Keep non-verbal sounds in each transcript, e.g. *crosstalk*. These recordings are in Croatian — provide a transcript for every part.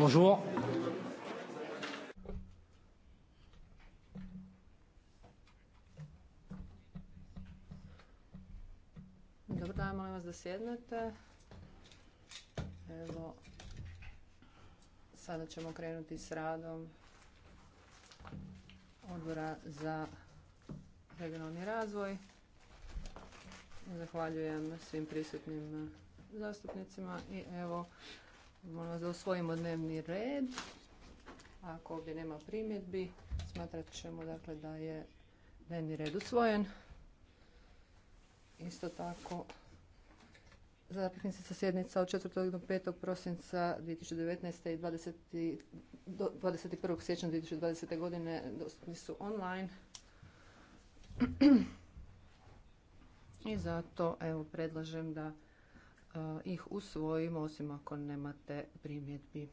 Bonjour. Dobar dan, molim vas da sjednete. Evo, sada ćemo krenuti s radom odbora za regionalni razvoj. Zahvaljujem svim prisutnim zastupnicima i evo Molim vas da usvojimo dnevni red. Ako ovdje nema primjedbi, smatrat ćemo dakle da je dnevni red usvojen. Isto tako, zapisnica sa sjednica od 4. do 5. prosinca 2019. i 20, do 21. siječnja 2020. godine dostupni su online. *clears throat* I zato evo predlažem da Eh, ih usvojimo osim ako nemate primjedbi.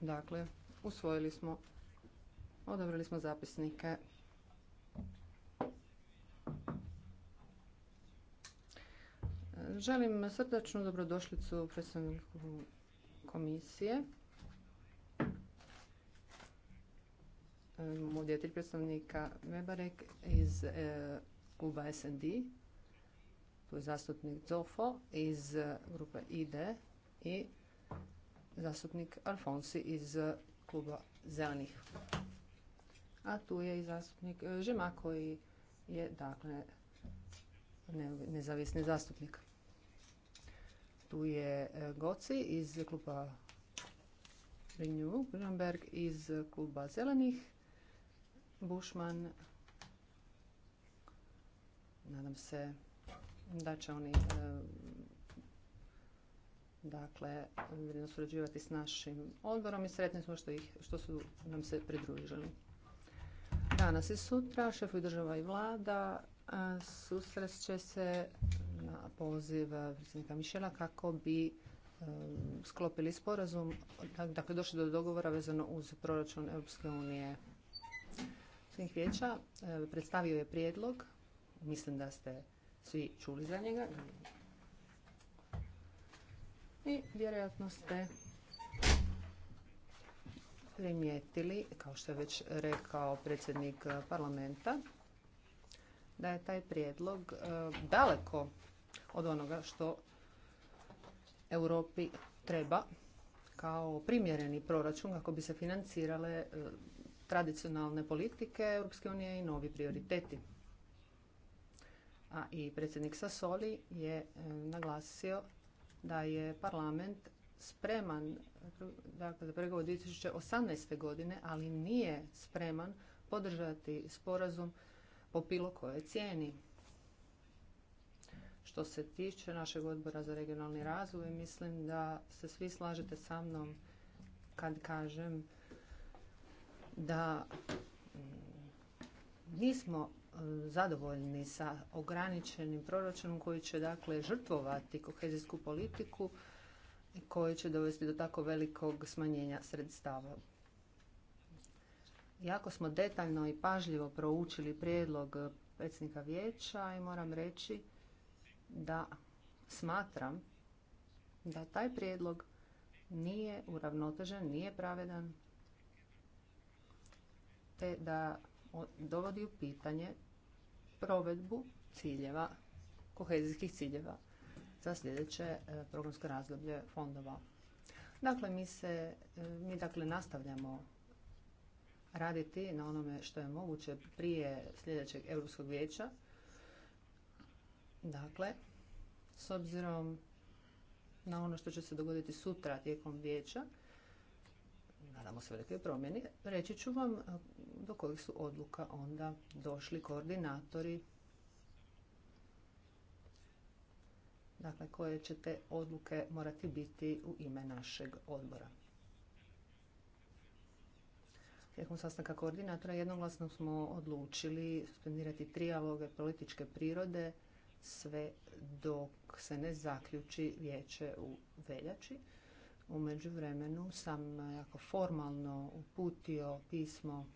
Dakle, usvojili smo, odabrali smo zapisnike. Želim srdačnu dobrodošlicu predstavniku komisije. Ovdje predstavnika Mebarek iz eh, kluba SND, tu je zastupnik Zofo iz eh, grupe ID i zastupnik Alfonsi iz eh, kluba Zelenih. A tu je i zastupnik eh, Žema koji je dakle nezavisni zastupnik. Tu je Goci iz kluba Renew, Grunberg iz kluba Zelenih, Bušman Nadam se da će oni e, dakle, surađivati s našim odborom i sretni smo što, ih, što su nam se pridružili. Danas i sutra šefovi država i vlada susrest će se na poziv predsjednika Mišela kako bi e, sklopili sporazum, dakle došli do dogovora vezano uz proračun Europske unije. Svih vijeća e, predstavio je prijedlog Mislim da ste svi čuli za njega. I vjerojatno ste primijetili, kao što je već rekao predsjednik parlamenta, da je taj prijedlog e, daleko od onoga što Europi treba kao primjereni proračun kako bi se financirale e, tradicionalne politike Europske unije i novi prioriteti a i predsjednik Sasoli je e, naglasio da je parlament spreman dakle, za pregovor 2018. godine, ali nije spreman podržati sporazum po bilo kojoj cijeni. Što se tiče našeg odbora za regionalni razvoj, mislim da se svi slažete sa mnom kad kažem da mm, nismo zadovoljni sa ograničenim proračunom koji će dakle žrtvovati kohezijsku politiku i koji će dovesti do tako velikog smanjenja sredstava. Jako smo detaljno i pažljivo proučili prijedlog predsjednika vijeća i moram reći da smatram da taj prijedlog nije uravnotežen, nije pravedan, te da dovodi u pitanje provedbu ciljeva, kohezijskih ciljeva za sljedeće e, programsko razdoblje fondova. Dakle, mi se, e, mi dakle nastavljamo raditi na onome što je moguće prije sljedećeg Europskog vijeća. Dakle, s obzirom na ono što će se dogoditi sutra tijekom vijeća, nadamo se velike promjene, reći ću vam e, do kojih su odluka onda došli koordinatori. Dakle, koje će te odluke morati biti u ime našeg odbora. Tijekom sastanka koordinatora jednoglasno smo odlučili suspendirati trijaloge političke prirode sve dok se ne zaključi vijeće u veljači. U međuvremenu sam eh, jako formalno uputio pismo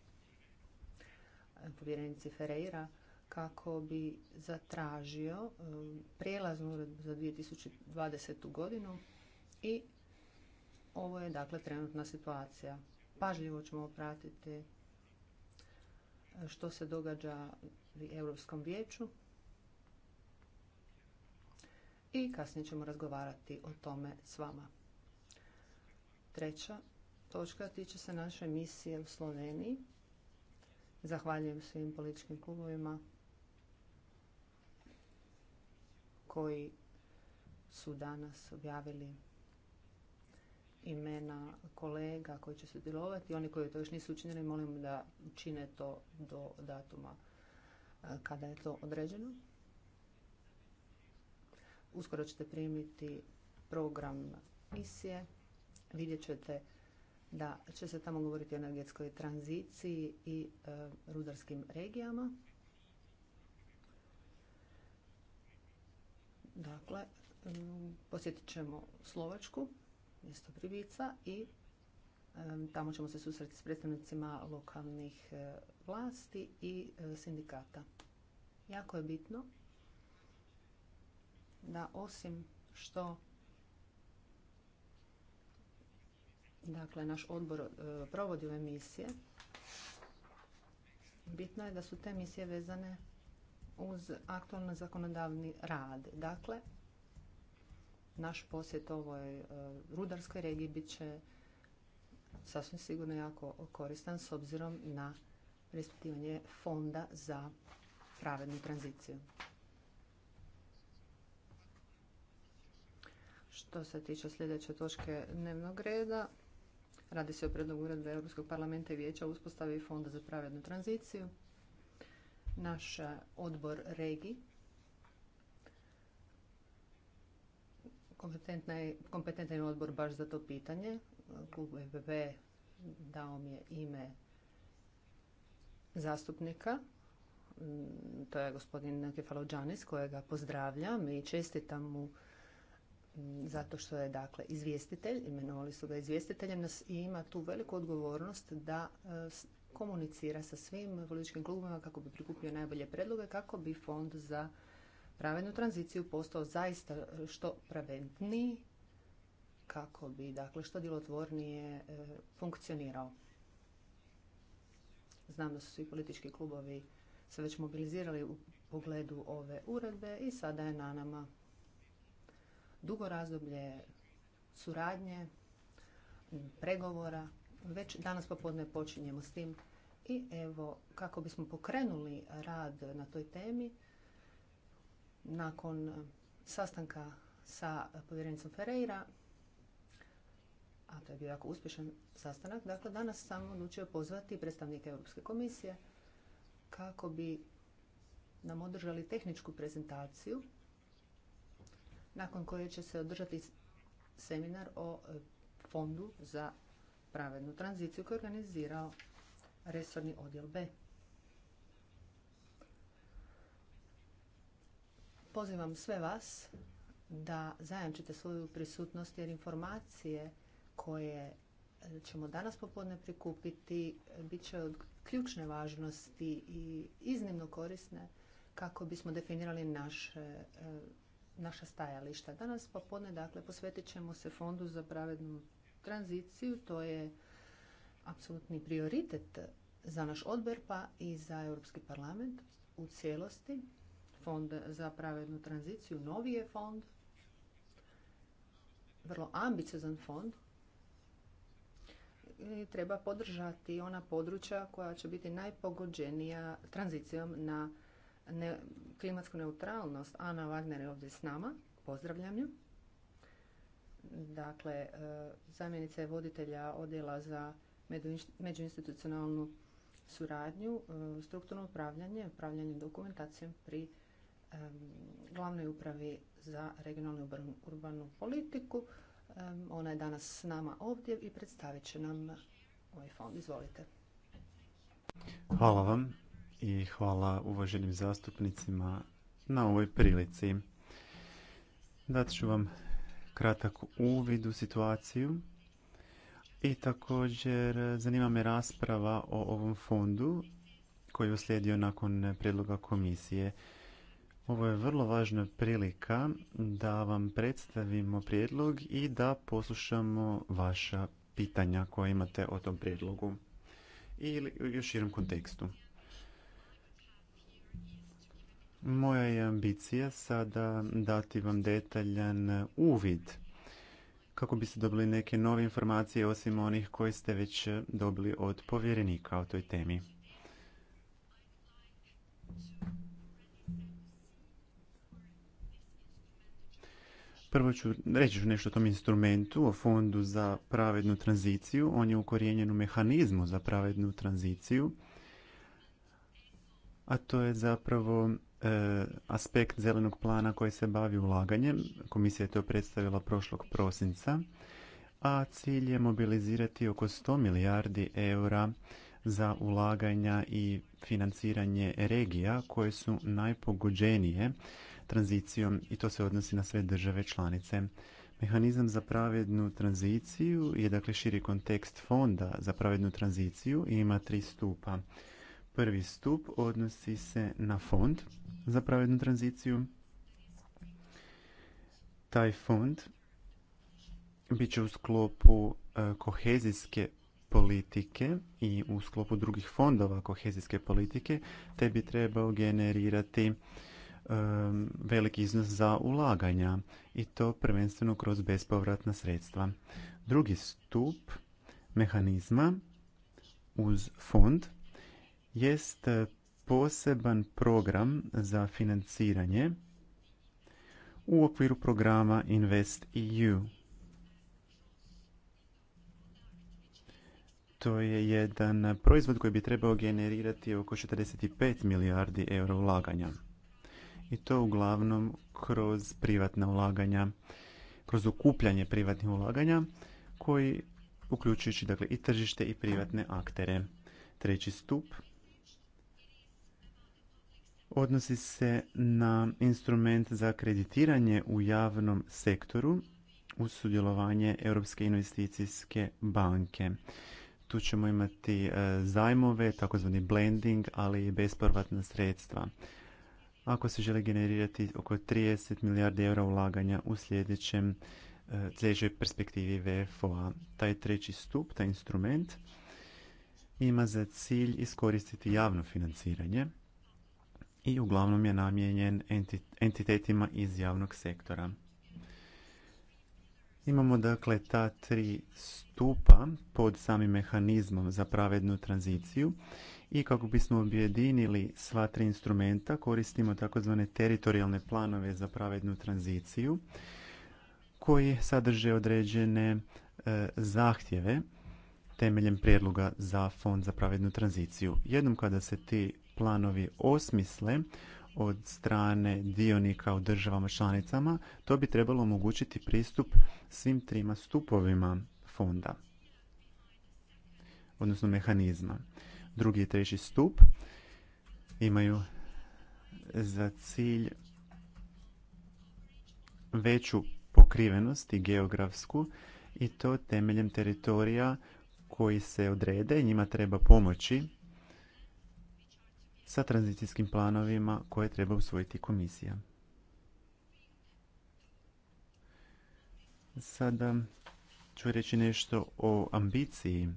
eh, povjerenici Ferreira kako bi zatražio eh, prijelaznu uredbu za 2020. godinu i ovo je dakle trenutna situacija. Pažljivo ćemo pratiti što se događa u Europskom vijeću i kasnije ćemo razgovarati o tome s vama. Treća točka tiče se naše misije u Sloveniji. Zahvaljujem svim političkim klubovima koji su danas objavili imena kolega koji će sudjelovati. Oni koji to još nisu učinili, molim da učine to do datuma e, kada je to određeno. Uskoro ćete primiti program misije. Vidjet ćete da će se tamo govoriti o energetskoj tranziciji i e, rudarskim regijama. Dakle, posjetit ćemo Slovačku, mjesto Pribica i e, tamo ćemo se susreti s predstavnicima lokalnih e, vlasti i sindikata. Jako je bitno da osim što dakle naš odbor e, provodi u emisije, bitno je da su te emisije vezane uz aktualno zakonodavni rad. Dakle, naš posjet ovoj e, rudarskoj regiji bit će sasvim sigurno jako koristan s obzirom na respektivanje fonda za pravednu tranziciju. Što se tiče sljedeće točke dnevnog reda, Radi se o predlogu uredbe Europskog parlamenta i vijeća o uspostavi Fonda za pravednu tranziciju. Naš e, odbor REGI kompetentan je odbor baš za to pitanje. Klub EBB dao mi je ime zastupnika. Mm, to je gospodin Kefalođanis kojega pozdravljam i čestitam mu zato što je dakle izvjestitelj, imenovali su ga izvjestiteljem i ima tu veliku odgovornost da e, komunicira sa svim političkim klubovima kako bi prikupio najbolje predloge, kako bi fond za pravednu tranziciju postao zaista što pravedniji, kako bi dakle što djelotvornije e, funkcionirao. Znam da su svi politički klubovi se već mobilizirali u pogledu ove uredbe i sada je na nama dugo razdoblje suradnje, pregovora. Već danas popodne počinjemo s tim i evo kako bismo pokrenuli rad na toj temi nakon sastanka sa povjerenicom Ferreira, a to je bio jako uspješan sastanak, dakle danas sam odlučio pozvati predstavnike Europske komisije kako bi nam održali tehničku prezentaciju nakon koje će se održati seminar o e, fondu za pravednu tranziciju koju je organizirao resorni odjel B. Pozivam sve vas da zajamčite svoju prisutnost jer informacije koje e, ćemo danas popodne prikupiti e, bit će od ključne važnosti i iznimno korisne kako bismo definirali naše naša stajališta. Danas popodne dakle, posvetit ćemo se Fondu za pravednu tranziciju. To je apsolutni prioritet za naš odbor pa i za Europski parlament u cijelosti. Fond za pravednu tranziciju, novi je fond, vrlo ambiciozan fond. I treba podržati ona područja koja će biti najpogođenija tranzicijom na ne, klimatsku neutralnost. Ana Wagner je ovdje s nama. Pozdravljam ju. Dakle, e, zamjenica je voditelja odjela za međuinstitucionalnu suradnju, e, strukturno upravljanje, upravljanje dokumentacijom pri glavnoj upravi za regionalnu urbanu politiku. Ona je danas s nama ovdje i predstavit će nam ovaj fond. Izvolite. Hvala vam i hvala uvaženim zastupnicima na ovoj prilici. Dat ću vam kratak uvid u situaciju i također zanima me rasprava o ovom fondu koji je uslijedio nakon predloga komisije. Ovo je vrlo važna prilika da vam predstavimo prijedlog i da poslušamo vaša pitanja koja imate o tom prijedlogu ili u širem kontekstu. Moja je ambicija sada dati vam detaljan uvid kako biste dobili neke nove informacije osim onih koje ste već dobili od povjerenika o toj temi. Prvo ću reći nešto o tom instrumentu, o fondu za pravednu tranziciju. On je ukorijenjen u mehanizmu za pravednu tranziciju, a to je zapravo E, aspekt zelenog plana koji se bavi ulaganjem. Komisija je to predstavila prošlog prosinca, a cilj je mobilizirati oko 100 milijardi eura za ulaganja i financiranje regija koje su najpogođenije tranzicijom i to se odnosi na sve države članice. Mehanizam za pravednu tranziciju je dakle širi kontekst fonda za pravednu tranziciju i ima tri stupa. Prvi stup odnosi se na fond za pravednu tranziciju. Taj fond bit će u sklopu e, kohezijske politike i u sklopu drugih fondova kohezijske politike, te bi trebao generirati e, veliki iznos za ulaganja i to prvenstveno kroz bespovratna sredstva. Drugi stup mehanizma uz fond jest e, poseban program za financiranje u okviru programa Invest EU. To je jedan proizvod koji bi trebao generirati oko 45 milijardi eura ulaganja. I to uglavnom kroz privatna ulaganja, kroz ukupljanje privatnih ulaganja koji uključujući dakle i tržište i privatne aktere. Treći stup odnosi se na instrument za kreditiranje u javnom sektoru uz sudjelovanje Europske investicijske banke. Tu ćemo imati e, zajmove, takozvani blending, ali i bespovratna sredstva. Ako se želi generirati oko 30 milijardi eura ulaganja u sljedećem e, sljedećoj perspektivi VFO-a. Taj treći stup, taj instrument, ima za cilj iskoristiti javno financiranje i uglavnom je namijenjen entitetima iz javnog sektora. Imamo dakle ta tri stupa pod samim mehanizmom za pravednu tranziciju i kako bismo objedinili sva tri instrumenta koristimo takozvane teritorijalne planove za pravednu tranziciju koji sadrže određene e, zahtjeve temeljem prijedloga za fond za pravednu tranziciju. Jednom kada se ti planovi osmisle od strane dionika u državama članicama, to bi trebalo omogućiti pristup svim trima stupovima fonda, odnosno mehanizma. Drugi i treći stup imaju za cilj veću pokrivenost i geografsku i to temeljem teritorija koji se odrede njima treba pomoći sa tranzicijskim planovima koje treba usvojiti komisija. Sada ću reći nešto o ambiciji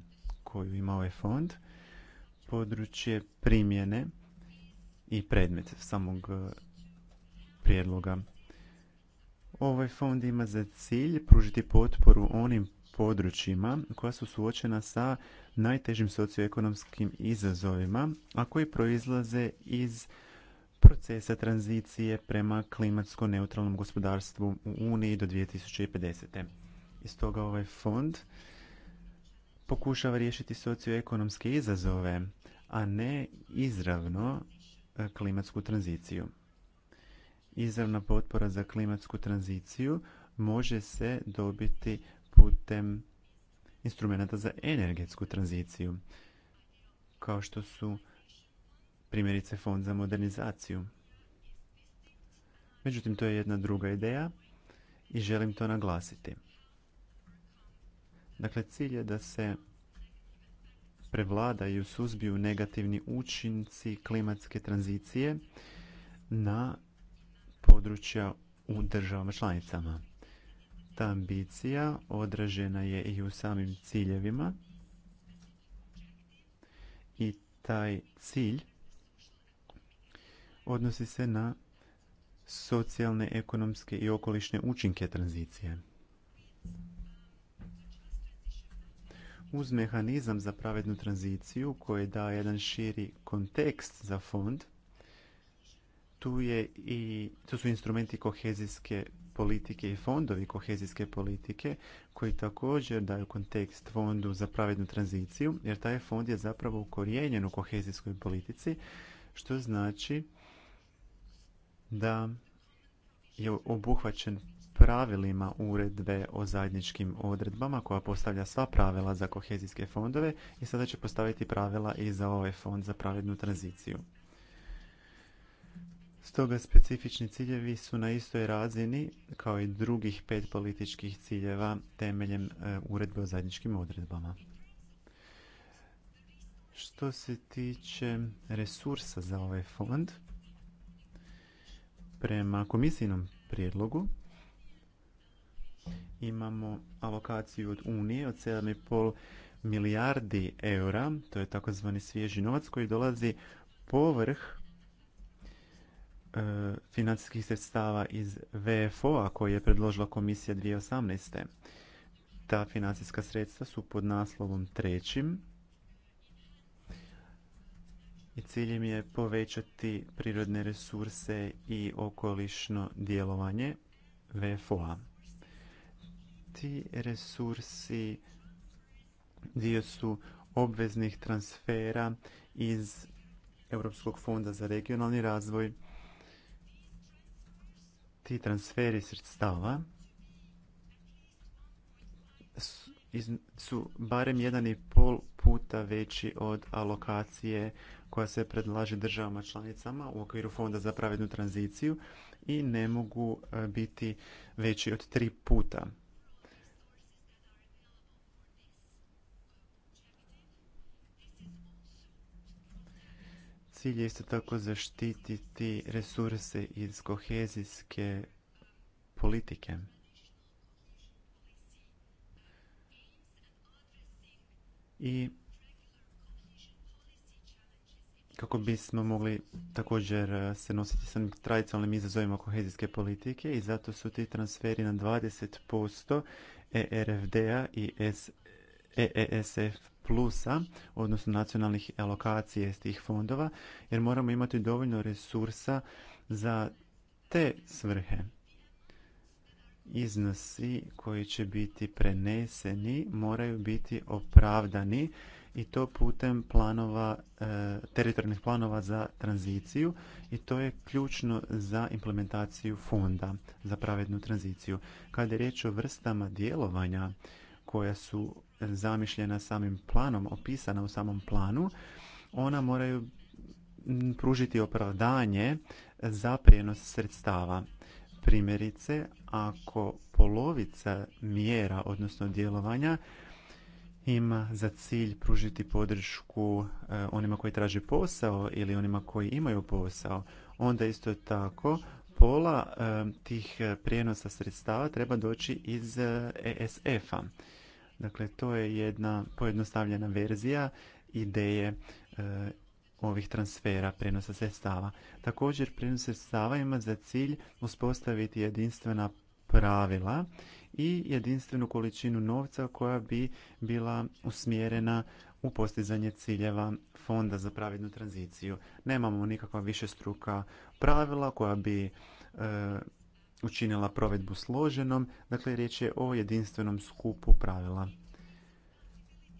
koju ima ovaj fond, područje primjene i predmet samog e, prijedloga. Ovaj fond ima za cilj pružiti potporu onim područjima koja su suočena sa najtežim socioekonomskim izazovima, a koji proizlaze iz procesa tranzicije prema klimatsko neutralnom gospodarstvu u Uniji do 2050. Iz toga ovaj fond pokušava riješiti socioekonomske izazove, a ne izravno e, klimatsku tranziciju. Izravna potpora za klimatsku tranziciju može se dobiti putem instrumenta za energetsku tranziciju, kao što su primjerice fond za modernizaciju. Međutim, to je jedna druga ideja i želim to naglasiti. Dakle, cilj je da se prevladaju suzbiju negativni učinci klimatske tranzicije na područja u državama članicama ambicija odražena je i u samim ciljevima i taj cilj odnosi se na socijalne, ekonomske i okolišne učinke tranzicije. Uz mehanizam za pravednu tranziciju koji daje jedan širi kontekst za fond, tu, je i, tu su instrumenti kohezijske politike i fondovi kohezijske politike koji također daju kontekst fondu za pravednu tranziciju jer taj fond je zapravo ukorijenjen u kohezijskoj politici što znači da je obuhvaćen pravilima uredbe o zajedničkim odredbama koja postavlja sva pravila za kohezijske fondove i sada će postaviti pravila i za ovaj fond za pravednu tranziciju. Stoga specifični ciljevi su na istoj razini kao i drugih pet političkih ciljeva temeljem e, uredbe o zajedničkim odredbama. Što se tiče resursa za ovaj fond, prema komisijnom prijedlogu imamo alokaciju od Unije od 7,5 milijardi eura, to je takozvani svježi novac koji dolazi povrh E, financijskih sredstava iz VFO-a koje je predložila komisija 2018. Ta financijska sredstva su pod naslovom trećim i ciljem je povećati prirodne resurse i okolišno djelovanje VFO-a. Ti resursi dio su obveznih transfera iz Europskog fonda za regionalni razvoj ti transferi sredstava su barem 1,5 puta veći od alokacije koja se predlaže državama članicama u okviru Fonda za pravednu tranziciju i ne mogu e, biti veći od tri puta. Cilj je isto tako zaštititi resurse iz kohezijske politike. I kako bismo mogli također eh, se nositi sa tradicionalnim izazovima kohezijske politike i zato su ti transferi na 20% ERFD-a i ESF e plusa, odnosno nacionalnih alokacije iz tih fondova, jer moramo imati dovoljno resursa za te svrhe. Iznosi koji će biti preneseni moraju biti opravdani i to putem planova, e, teritorijalnih planova za tranziciju i to je ključno za implementaciju fonda za pravednu tranziciju. Kada je riječ o vrstama djelovanja koja su zamišljena samim planom, opisana u samom planu, ona moraju pružiti opravdanje za prijenos sredstava. Primjerice, ako polovica mjera, odnosno djelovanja, ima za cilj pružiti podršku e, onima koji traže posao ili onima koji imaju posao, onda isto tako pola e, tih prijenosa sredstava treba doći iz ESF-a. E Dakle, to je jedna pojednostavljena verzija ideje e, ovih transfera prenosa sredstava. Također, prijenos sredstava ima za cilj uspostaviti jedinstvena pravila i jedinstvenu količinu novca koja bi bila usmjerena u postizanje ciljeva fonda za pravednu tranziciju. Nemamo nikakva više struka pravila koja bi e, učinila provedbu složenom, dakle riječ je o jedinstvenom skupu pravila.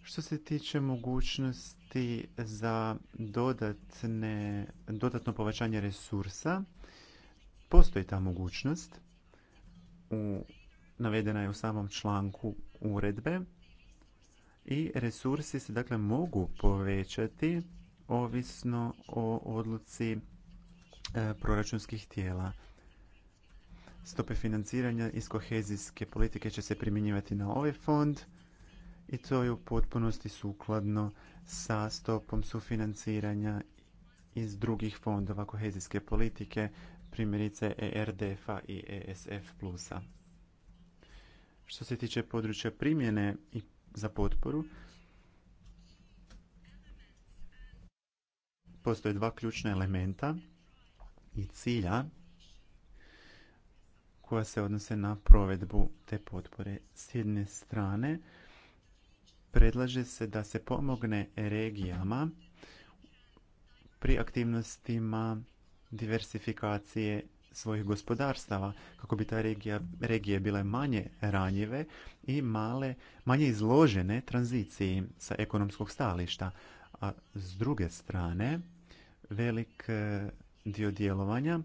Što se tiče mogućnosti za dodatne, dodatno povećanje resursa, postoji ta mogućnost. U, navedena je u samom članku uredbe i resursi se dakle mogu povećati ovisno o odluci e, proračunskih tijela stope financiranja iz kohezijske politike će se primjenjivati na ovaj fond i to je u potpunosti sukladno sa stopom sufinanciranja iz drugih fondova kohezijske politike, primjerice ERDF-a i ESF+. Što se tiče područja primjene i za potporu, postoje dva ključna elementa i cilja koja se odnose na provedbu te potpore. S jedne strane, predlaže se da se pomogne regijama pri aktivnostima diversifikacije svojih gospodarstava kako bi ta regija, regije bile manje ranjive i male, manje izložene tranziciji sa ekonomskog stališta. A s druge strane, velik eh, dio djelovanja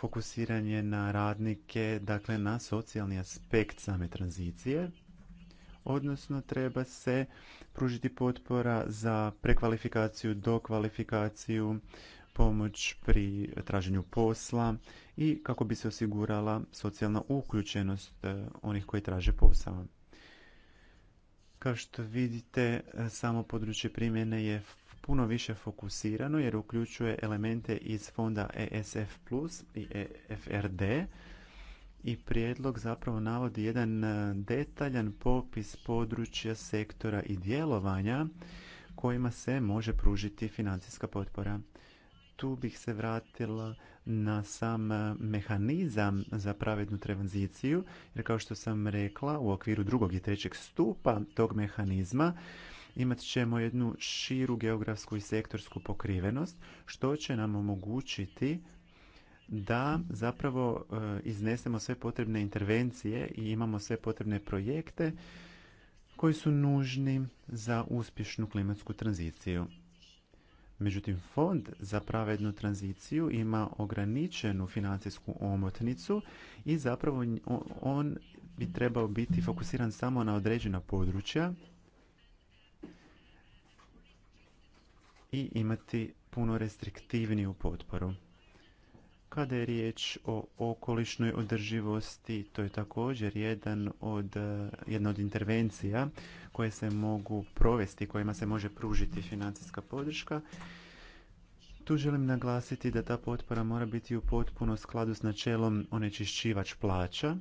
fokusiran je na radnike, dakle na socijalni aspekt same tranzicije, odnosno treba se pružiti potpora za prekvalifikaciju, dokvalifikaciju, pomoć pri traženju posla i kako bi se osigurala socijalna uključenost e, onih koji traže posao. Kao što vidite, e, samo područje primjene je puno više fokusirano jer uključuje elemente iz fonda ESF Plus i EFRD i prijedlog zapravo navodi jedan e, detaljan popis područja sektora i djelovanja kojima se može pružiti financijska potpora. Tu bih se vratila na sam e, mehanizam za pravednu tranziciju, jer kao što sam rekla, u okviru drugog i trećeg stupa tog mehanizma imat ćemo jednu širu geografsku i sektorsku pokrivenost što će nam omogućiti da zapravo e, iznesemo sve potrebne intervencije i imamo sve potrebne projekte koji su nužni za uspješnu klimatsku tranziciju. Međutim, fond za pravednu tranziciju ima ograničenu financijsku omotnicu i zapravo on bi trebao biti fokusiran samo na određena područja i imati puno restriktivniju potporu. Kada je riječ o okolišnoj održivosti, to je također jedan od, jedna od intervencija koje se mogu provesti, kojima se može pružiti financijska podrška. Tu želim naglasiti da ta potpora mora biti u potpuno skladu s načelom onečišćivač plaća,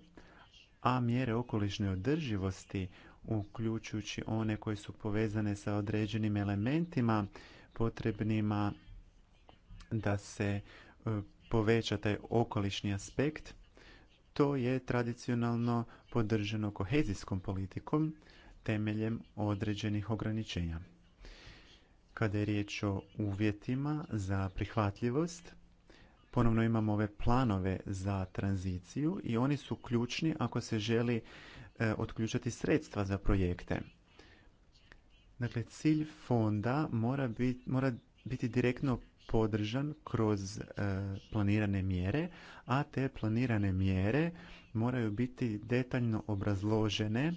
a mjere okolišne održivosti, uključujući one koje su povezane sa određenim elementima potrebnima da se e, poveća taj okolišni aspekt. To je tradicionalno podrženo kohezijskom politikom temeljem određenih ograničenja. Kada je riječ o uvjetima za prihvatljivost, ponovno imamo ove planove za tranziciju i oni su ključni ako se želi e, otključati sredstva za projekte. Dakle, cilj fonda mora, mora biti direktno podržan kroz e, planirane mjere, a te planirane mjere moraju biti detaljno obrazložene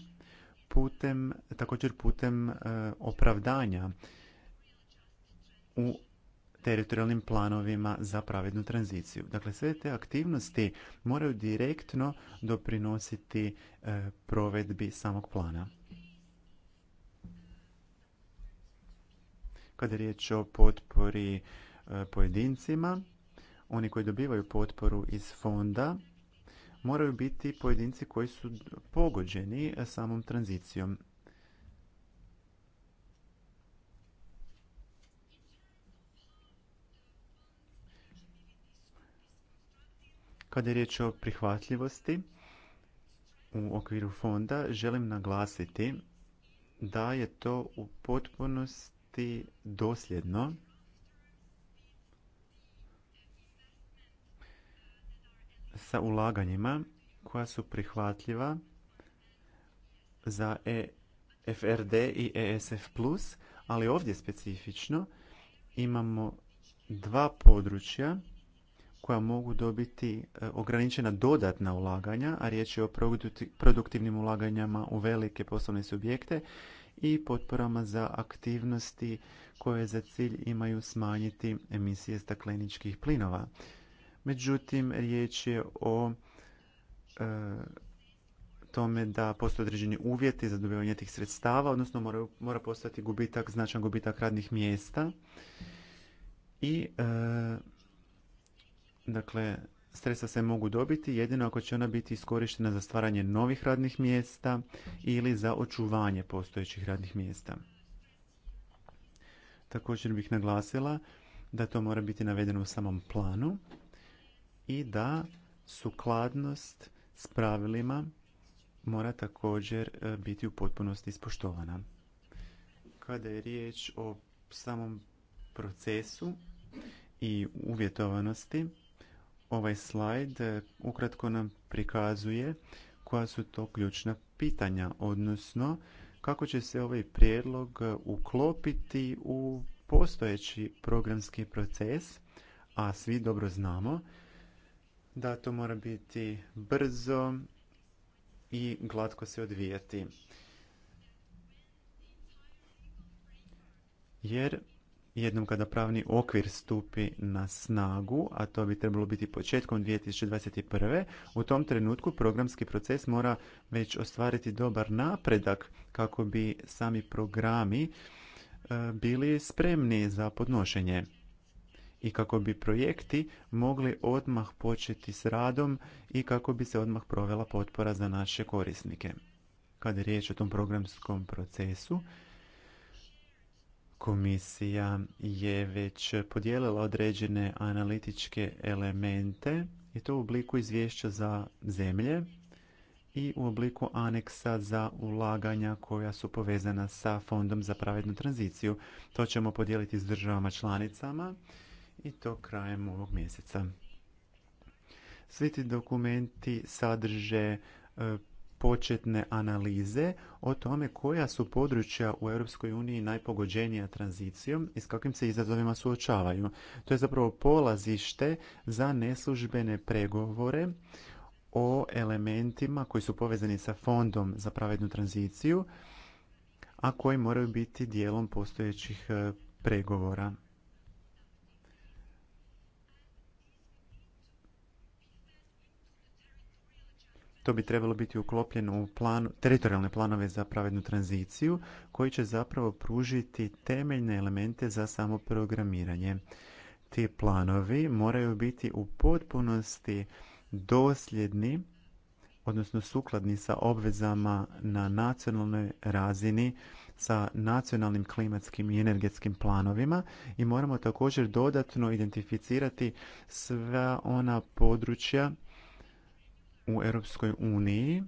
putem, također putem e, opravdanja u teritorijalnim planovima za pravednu tranziciju. Dakle, sve te aktivnosti moraju direktno doprinositi e, provedbi samog plana. Kada je riječ o potpori e, pojedincima, oni koji dobivaju potporu iz fonda moraju biti pojedinci koji su pogođeni e, samom tranzicijom. Kada je riječ o prihvatljivosti u okviru fonda, želim naglasiti da je to u potpunosti dosljedno sa ulaganjima koja su prihvatljiva za EFRD i ESF+, ali ovdje specifično imamo dva područja koja mogu dobiti e, ograničena dodatna ulaganja, a riječ je o produktivnim ulaganjama u velike poslovne subjekte i potporama za aktivnosti koje za cilj imaju smanjiti emisije stakleničkih plinova. Međutim, riječ je o e, tome da postoje određeni uvjeti za dobivanje tih sredstava, odnosno mora, mora postati gubitak, značan gubitak radnih mjesta. I e, dakle, Sredstva se mogu dobiti jedino ako će ona biti iskorištena za stvaranje novih radnih mjesta ili za očuvanje postojećih radnih mjesta. Također bih naglasila da to mora biti navedeno u samom planu i da sukladnost s pravilima mora također e, biti u potpunosti ispoštovana. Kada je riječ o samom procesu i uvjetovanosti, Ovaj slajd e, ukratko nam prikazuje koja su to ključna pitanja, odnosno kako će se ovaj prijedlog e, uklopiti u postojeći programski proces, a svi dobro znamo da to mora biti brzo i glatko se odvijati. Jer jednom kada pravni okvir stupi na snagu, a to bi trebalo biti početkom 2021. U tom trenutku programski proces mora već ostvariti dobar napredak kako bi sami programi e, bili spremni za podnošenje i kako bi projekti mogli odmah početi s radom i kako bi se odmah provela potpora za naše korisnike. Kada je riječ o tom programskom procesu, komisija je već podijelila određene analitičke elemente i to u obliku izvješća za zemlje i u obliku aneksa za ulaganja koja su povezana sa Fondom za pravednu tranziciju. To ćemo podijeliti s državama članicama i to krajem ovog mjeseca. Svi ti dokumenti sadrže e, početne analize o tome koja su područja u Europskoj uniji najpogođenija tranzicijom i s kakvim se izazovima suočavaju. To je zapravo polazište za neslužbene pregovore o elementima koji su povezani sa fondom za pravednu tranziciju, a koji moraju biti dijelom postojećih eh, pregovora. bi trebalo biti uklopljeno u plan, teritorijalne planove za pravednu tranziciju koji će zapravo pružiti temeljne elemente za samoprogramiranje. Ti planovi moraju biti u potpunosti dosljedni odnosno sukladni sa obvezama na nacionalnoj razini sa nacionalnim klimatskim i energetskim planovima i moramo također dodatno identificirati sva ona područja u Europskoj uniji.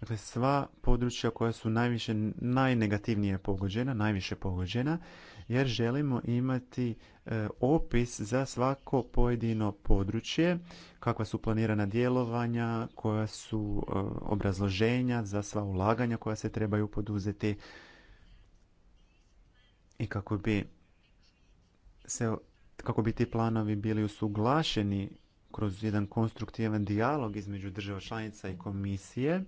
Dakle, sva područja koja su najviše, najnegativnije pogođena, najviše pogođena, jer želimo imati e, opis za svako pojedino područje, kakva su planirana djelovanja, koja su e, obrazloženja za sva ulaganja koja se trebaju poduzeti i kako bi se kako bi ti planovi bili usuglašeni kroz jedan konstruktivan dijalog između država članica i komisije.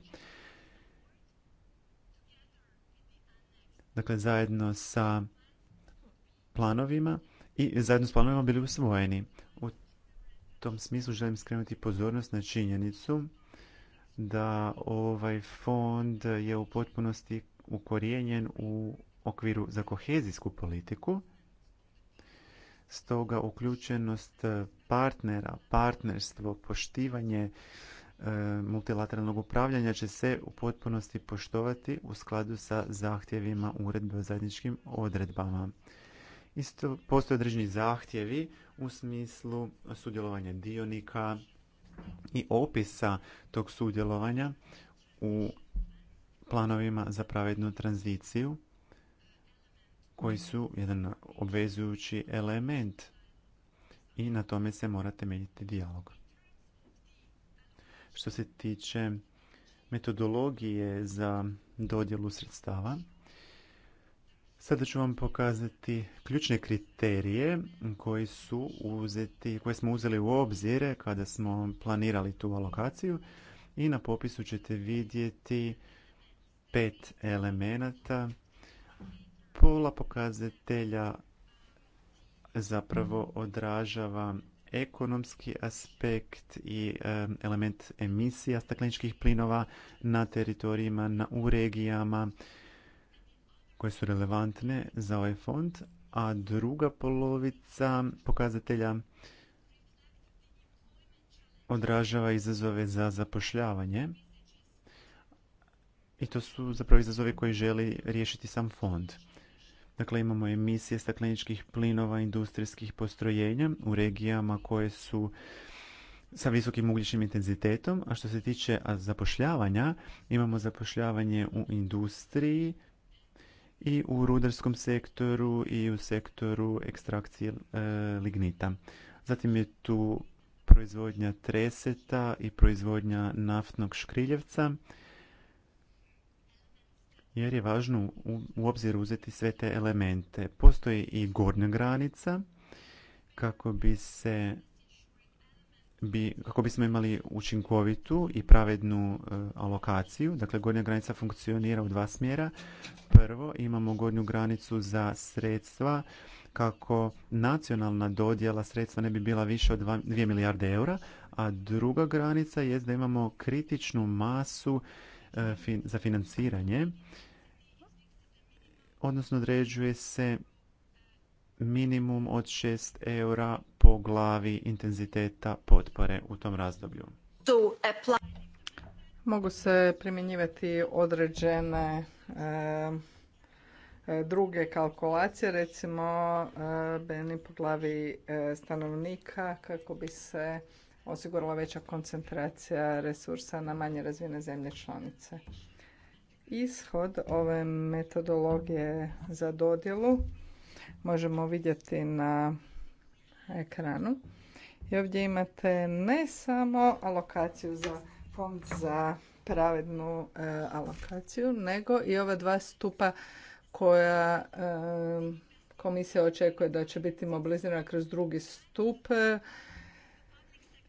Dakle, zajedno sa planovima i zajedno s planovima bili usvojeni. U tom smislu želim skrenuti pozornost na činjenicu da ovaj fond je u potpunosti ukorijenjen u okviru za kohezijsku politiku Stoga uključenost e, partnera, partnerstvo, poštivanje e, multilateralnog upravljanja će se u potpunosti poštovati u skladu sa zahtjevima uredbe o zajedničkim odredbama. Isto postoje određeni zahtjevi u smislu sudjelovanja dionika i opisa tog sudjelovanja u planovima za pravednu tranziciju koji su jedan obvezujući element i na tome se morate temeljiti dijalog. Što se tiče metodologije za dodjelu sredstava, sada ću vam pokazati ključne kriterije koji su uzeti, koje smo uzeli u obzire kada smo planirali tu alokaciju i na popisu ćete vidjeti pet elemenata pola pokazatelja zapravo mhm. odražava ekonomski aspekt i element emisija stakleničkih plinova na teritorijima, na, u regijama koje su relevantne za ovaj fond, a druga polovica pokazatelja odražava izazove za zapošljavanje. I to su zapravo izazovi koji želi riješiti sam fond. Dakle, imamo emisije stakleničkih plinova industrijskih postrojenja u regijama koje su sa visokim ugljičnim intenzitetom, a što se tiče zapošljavanja, imamo zapošljavanje u industriji i u rudarskom sektoru i u sektoru ekstrakcije e, lignita. Zatim je tu proizvodnja treseta i proizvodnja naftnog škriljevca jer je važno u obzir uzeti sve te elemente. Postoji i gornja granica kako bi se bi, kako bismo imali učinkovitu i pravednu e, alokaciju. Dakle, gornja granica funkcionira u dva smjera. Prvo, imamo gornju granicu za sredstva kako nacionalna dodjela sredstva ne bi bila više od 2 milijarde eura, a druga granica je da imamo kritičnu masu e, za financiranje odnosno određuje se minimum od 6 eura po glavi intenziteta potpore u tom razdoblju. Mogu se primjenjivati određene e, e druge kalkulacije, recimo e, beni po glavi e, stanovnika kako bi se osigurala veća koncentracija resursa na manje razvijene zemlje članice ishod ove metodologije za dodjelu možemo vidjeti na ekranu. I ovdje imate ne samo alokaciju za fond za pravednu e, alokaciju, nego i ova dva stupa koja e, komisija očekuje da će biti mobilizirana kroz drugi stup. E,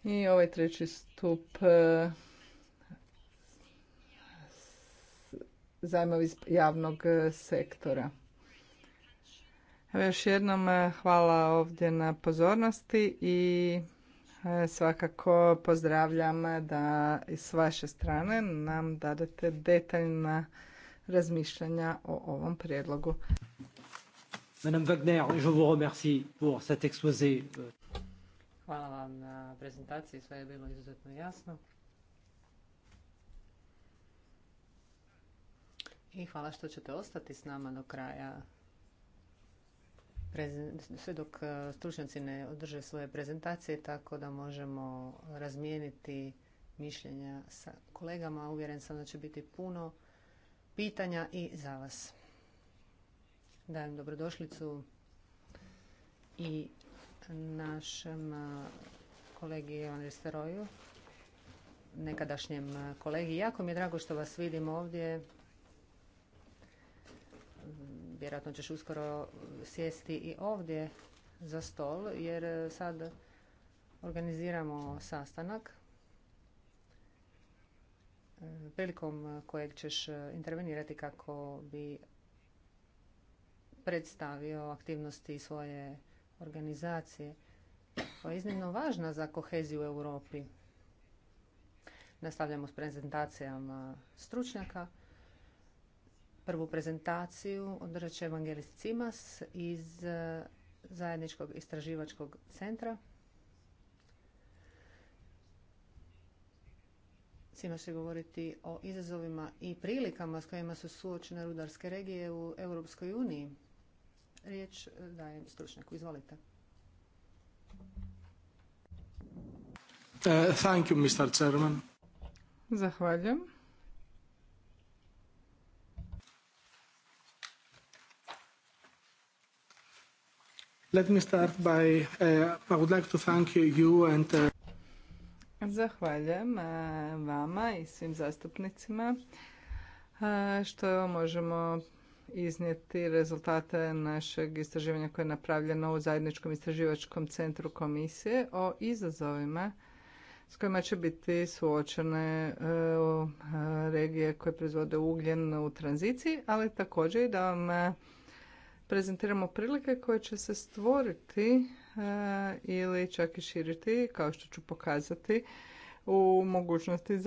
I ovaj treći stup zajmovi iz javnog e, sektora. Evo još jednom e, hvala ovdje na pozornosti i e, svakako pozdravljam da i s vaše strane nam dadete detaljna razmišljanja o ovom prijedlogu. Madame Wagner, je vous remercie pour cet exposé. Hvala vam na prezentaciji, sve je bilo izuzetno jasno. I hvala što ćete ostati s nama do kraja sve dok e, stručnjaci ne održe svoje prezentacije, tako da možemo razmijeniti mišljenja sa kolegama. Uvjeren sam da će biti puno pitanja i za vas. Dajem dobrodošlicu i našem e, kolegi Ivan Risteroju, nekadašnjem e, kolegi. Jako mi je drago što vas vidim ovdje vjerojatno ćeš uskoro sjesti i ovdje za stol, jer sad organiziramo sastanak e, prilikom kojeg ćeš intervenirati kako bi predstavio aktivnosti svoje organizacije koja je iznimno važna za koheziju u Europi. Nastavljamo s prezentacijama stručnjaka. Prvu prezentaciju održat će Evangelist Cimas iz eh, Zajedničkog istraživačkog centra. Cimas će govoriti o izazovima i prilikama s kojima su suočene rudarske regije u Europskoj uniji. Riječ eh, dajem stručnjaku. Izvolite. Eh, thank you, Mr. Zahvaljujem. Let Zahvaljujem vama i svim zastupnicima uh, što možemo iznijeti rezultate našeg istraživanja koje je napravljeno u zajedničkom istraživačkom centru komisije o izazovima s kojima će biti suočene uh, uh, regije koje proizvode ugljen u tranziciji, ali također i da vam prezentiramo prilike koje će se stvoriti e, ili čak i širiti, kao što ću pokazati, u mogućnosti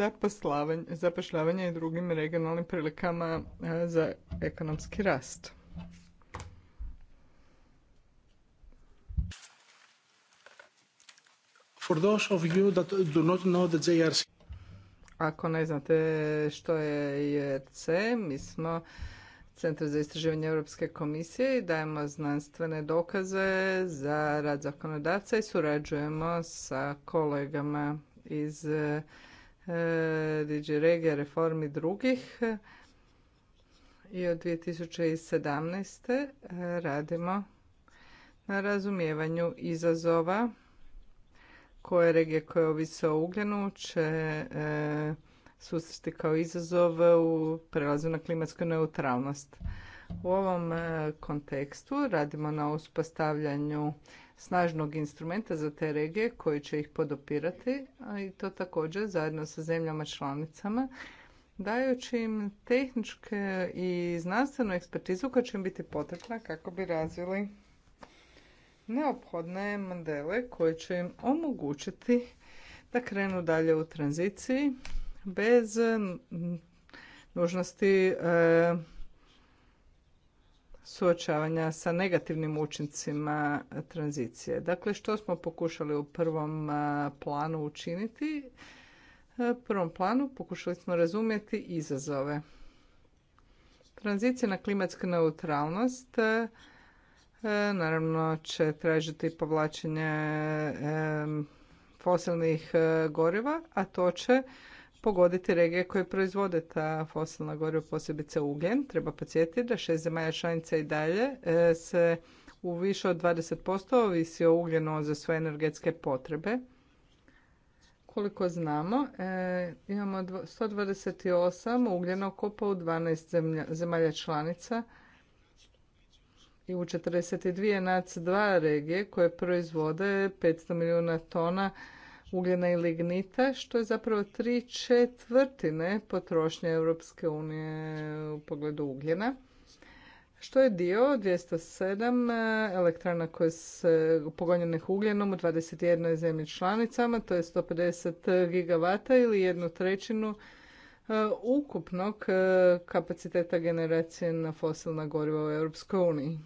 zapošljavanja i drugim regionalnim prilikama e, za ekonomski rast. For Ako ne znate što je JRC, mi smo Centar za istraživanje Europske komisije i dajemo znanstvene dokaze za rad zakonodavca i surađujemo sa kolegama iz e, Digi Regija, Reformi drugih. I od 2017. E, radimo na razumijevanju izazova koje regije koje ovise o ugljenu će e, susresti kao izazov u prelazu na klimatsku neutralnost. U ovom e, kontekstu radimo na uspostavljanju snažnog instrumenta za te regije koji će ih podopirati, a i to također zajedno sa zemljama članicama, dajući im tehničke i znanstvenu ekspertizu koja će im biti potrebna kako bi razvili neophodne modele koje će im omogućiti da krenu dalje u tranziciji bez nužnosti e, suočavanja sa negativnim učincima tranzicije. Dakle, što smo pokušali u prvom e, planu učiniti? E, u prvom planu pokušali smo razumjeti izazove. Tranzicija na klimatsku neutralnost naravno će tražiti povlačenje fosilnih goriva, a to će pogoditi regije koje proizvode ta fosilna goriva, posebice ugljen. Treba podsjetiti da šest zemalja članica i dalje e, se u više od 20% ovisi o ugljenu za svoje energetske potrebe. Koliko znamo, e, imamo 128 ugljeno kopa u 12 zemalja članica i u 42 NAC2 regije koje proizvode 500 milijuna tona ugljena i lignita, što je zapravo tri četvrtine potrošnje Europske unije u pogledu ugljena. Što je dio 207 e, elektrana koje se pogonjenih ugljenom u 21. zemlji članicama, to je 150 gigavata ili jednu trećinu e, ukupnog e, kapaciteta generacije na fosilna goriva u Europskoj uniji.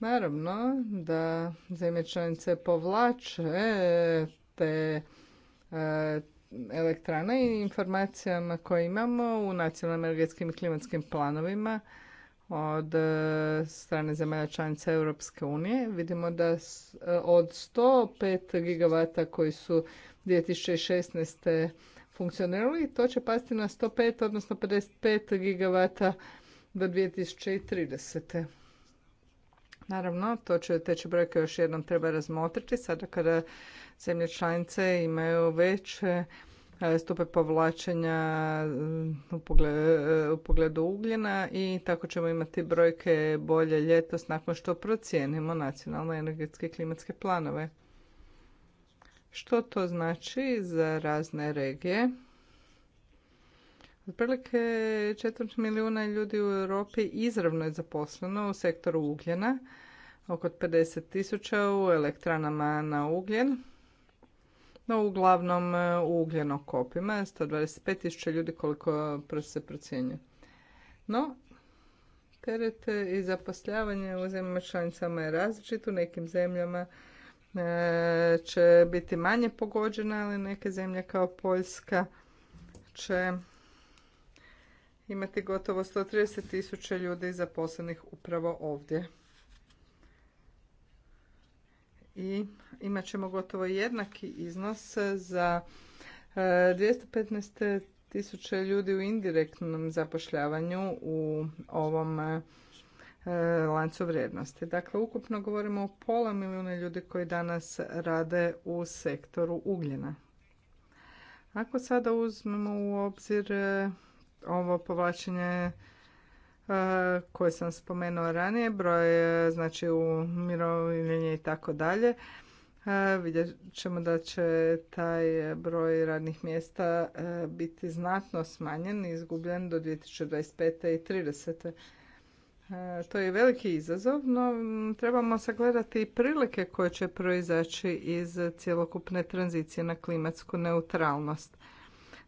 Naravno da zemlje članice povlače te e, elektrane i informacijama koje imamo u nacionalnim energetskim i klimatskim planovima od e, strane zemalja članica Europske unije. Vidimo da e, od 105 gigavata koji su 2016. funkcionirali, to će pasti na 105, odnosno 55 gigavata do 2030. Naravno, to će, te će brojke još jednom treba razmotriti. Sada kada zemlje članice imaju veće stupe povlačenja mm, u pogledu, e, u pogledu ugljena i tako ćemo imati brojke bolje ljetos nakon što procijenimo nacionalne energetske i klimatske planove. Što to znači za razne regije? Otprilike četvrt milijuna ljudi u Europi izravno je zaposleno u sektoru ugljena, oko 50 tisuća u elektranama na ugljen, no uglavnom e, u ugljenokopima, 125 tisuća ljudi koliko se procjenjuje. No, teret i zapošljavanje u zemljama članicama je različit, u nekim zemljama e, će biti manje pogođena, ali neke zemlje kao Poljska će imati gotovo 130 tisuća ljudi zaposlenih upravo ovdje. I imat ćemo gotovo jednaki iznos za 215 e, tisuća ljudi u indirektnom zapošljavanju u ovom e, lancu vrijednosti. Dakle, ukupno govorimo o pola milijuna ljudi koji danas rade u sektoru ugljena. Ako sada uzmemo u obzir e, ovo povlačenje e, koje sam spomenuo ranije, broj e, znači umirovljenje i tako dalje. E, vidjet ćemo da će taj broj radnih mjesta biti znatno smanjen i izgubljen do 2025. i 30. To je veliki izazov, no trebamo sagledati i prilike koje će proizaći iz cjelokupne tranzicije na klimatsku neutralnost.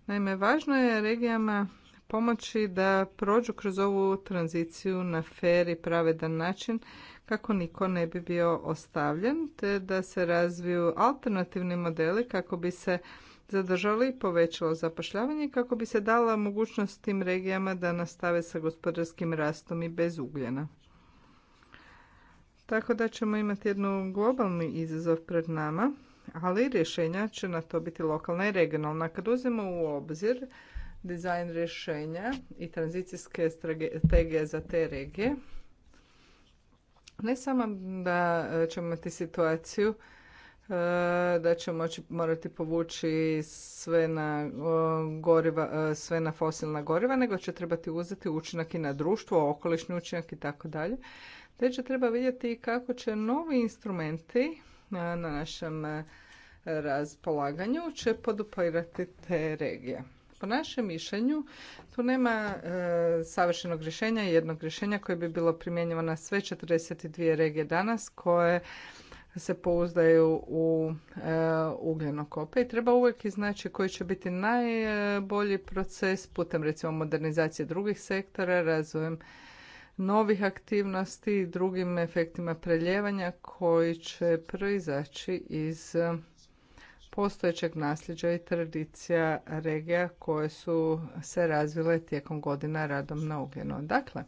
Naime, važno je regijama pomoći da prođu kroz ovu tranziciju na fer i pravedan način kako niko ne bi bio ostavljen, te da se razviju alternativni modeli kako bi se zadržali i povećalo zapošljavanje kako bi se dala mogućnost tim regijama da nastave sa gospodarskim rastom i bez ugljena. Tako da ćemo imati jednu globalni izazov pred nama, ali rješenja će na to biti lokalna i regionalna. Kad uzmemo u obzir dizajn rješenja i tranzicijske strategije za te regije. Ne samo da ćemo imati situaciju e, da ćemo morati povući sve na, goriva, e, sve na fosilna goriva, nego će trebati uzeti učinak i na društvo, okolišni učinak i tako dalje. Te će treba vidjeti kako će novi instrumenti e, na našem raspolaganju će podupirati te regije. Po našem mišljenju tu nema e, savršenog rješenja, jednog rješenja koje bi bilo primjenjivo na sve 42 regije danas koje se pouzdaju u e, ugljenokope i treba uvijek iznaći koji će biti najbolji proces putem recimo modernizacije drugih sektora, razvojem novih aktivnosti i drugim efektima preljevanja koji će proizaći iz postojećeg nasljeđa i tradicija regija koje su se razvile tijekom godina radom na ugljenu. Dakle,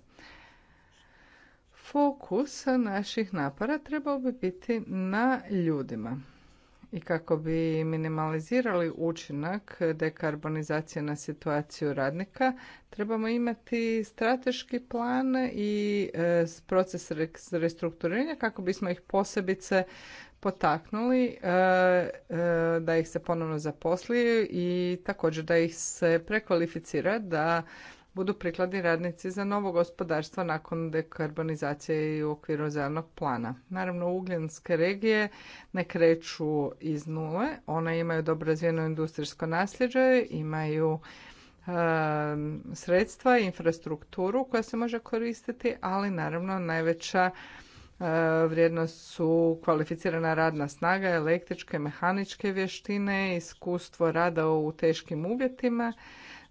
fokus naših napora trebao bi biti na ljudima. I kako bi minimalizirali učinak dekarbonizacije na situaciju radnika, trebamo imati strateški plan i e, proces restrukturiranja kako bismo ih posebice potaknuli e, e, da ih se ponovno zaposli i također da ih se prekvalificira da budu prikladni radnici za novo gospodarstvo nakon dekarbonizacije i u okviru zelenog plana. Naravno, ugljenske regije ne kreću iz nule, one imaju dobro razvijeno industrijsko nasljeđe, imaju e, sredstva i infrastrukturu koja se može koristiti, ali naravno najveća E, vrijednost su kvalificirana radna snaga, električke, mehaničke vještine, iskustvo rada u teškim uvjetima,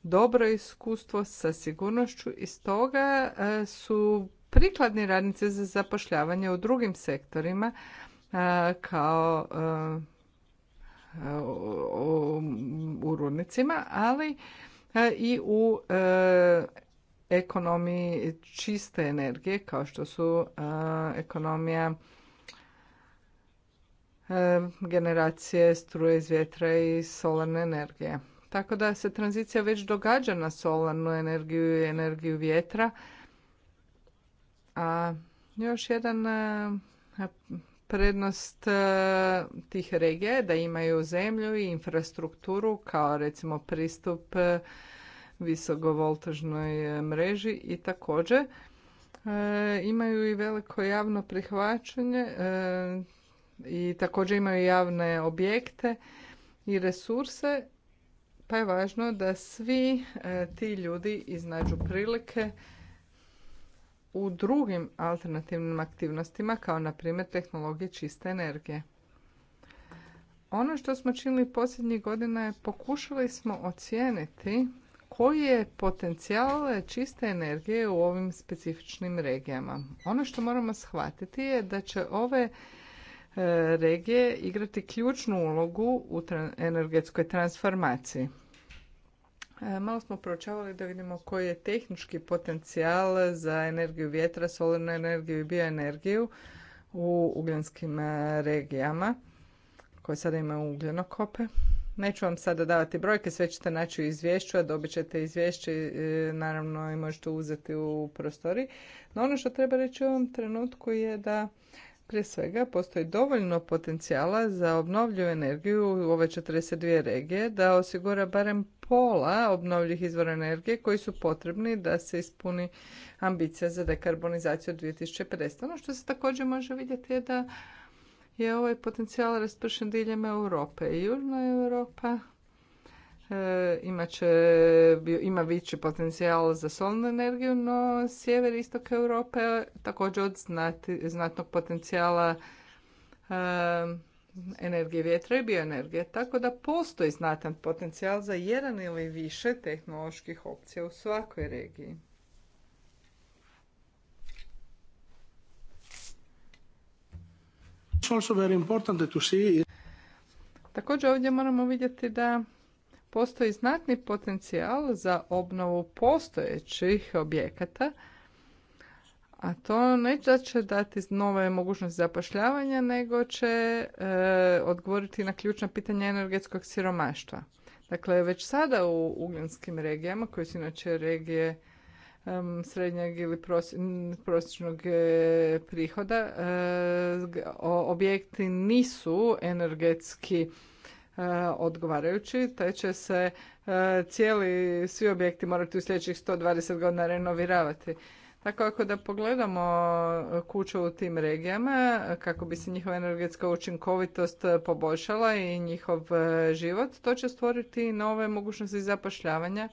dobro iskustvo sa sigurnošću i stoga e, su prikladni radnici za zapošljavanje u drugim sektorima e, kao u rudnicima, ali i u ekonomiji čiste energije kao što su e, ekonomija e, generacije struje iz vjetra i solarne energije. Tako da se tranzicija već događa na solarnu energiju i energiju vjetra. A još jedan e, prednost tih regija je da imaju zemlju i infrastrukturu kao recimo pristup visokovoltažnoj e, mreži i također e, imaju i veliko javno prihvaćanje e, i također imaju javne objekte i resurse pa je važno da svi ti ljudi iznađu prilike u drugim alternativnim aktivnostima kao na primjer tehnologije čiste energije. Ono što smo činili posljednjih godina je pokušali smo ocijeniti koji je potencijal čiste energije u ovim specifičnim regijama. Ono što moramo shvatiti je da će ove e, regije igrati ključnu ulogu u energetskoj transformaciji. E, malo smo proučavali da vidimo koji je tehnički potencijal za energiju vjetra, solarnu energiju i bioenergiju u ugljenskim e, regijama koje sada imaju ugljenokope. Neću vam sada davati brojke, sve ćete naći u izvješću, a dobit ćete izvješće e, naravno i možete uzeti u prostori. No ono što treba reći u ovom trenutku je da prije svega postoji dovoljno potencijala za obnovljivu energiju u ove 42 regije da osigura barem pola obnovljivih izvora energije koji su potrebni da se ispuni ambicija za dekarbonizaciju 2050. Ono što se također može vidjeti je da je ovaj potencijal raspršen diljem Europe. I Južna Europa e, ima veći potencijal za solnu energiju, no sjever i istok Europe također od znati, znatnog potencijala e, energije vjetra i bioenergije. Tako da postoji znatan potencijal za jedan ili više tehnoloških opcija u svakoj regiji. Također ovdje moramo vidjeti da postoji znatni potencijal za obnovu postojećih objekata, a to ne da će dati nove mogućnosti zapošljavanja, nego će e, odgovoriti na ključna pitanja energetskog siromaštva. Dakle, već sada u ugljanskim regijama, koje su inače regije srednjeg ili prosječnog e, prihoda. E, objekti nisu energetski e, odgovarajući, te će se cijeli, svi objekti morati u sljedećih 120 godina renoviravati. Tako ako da pogledamo kuću u tim regijama, kako bi se njihova energetska učinkovitost poboljšala i njihov život, to će stvoriti nove mogućnosti zapošljavanja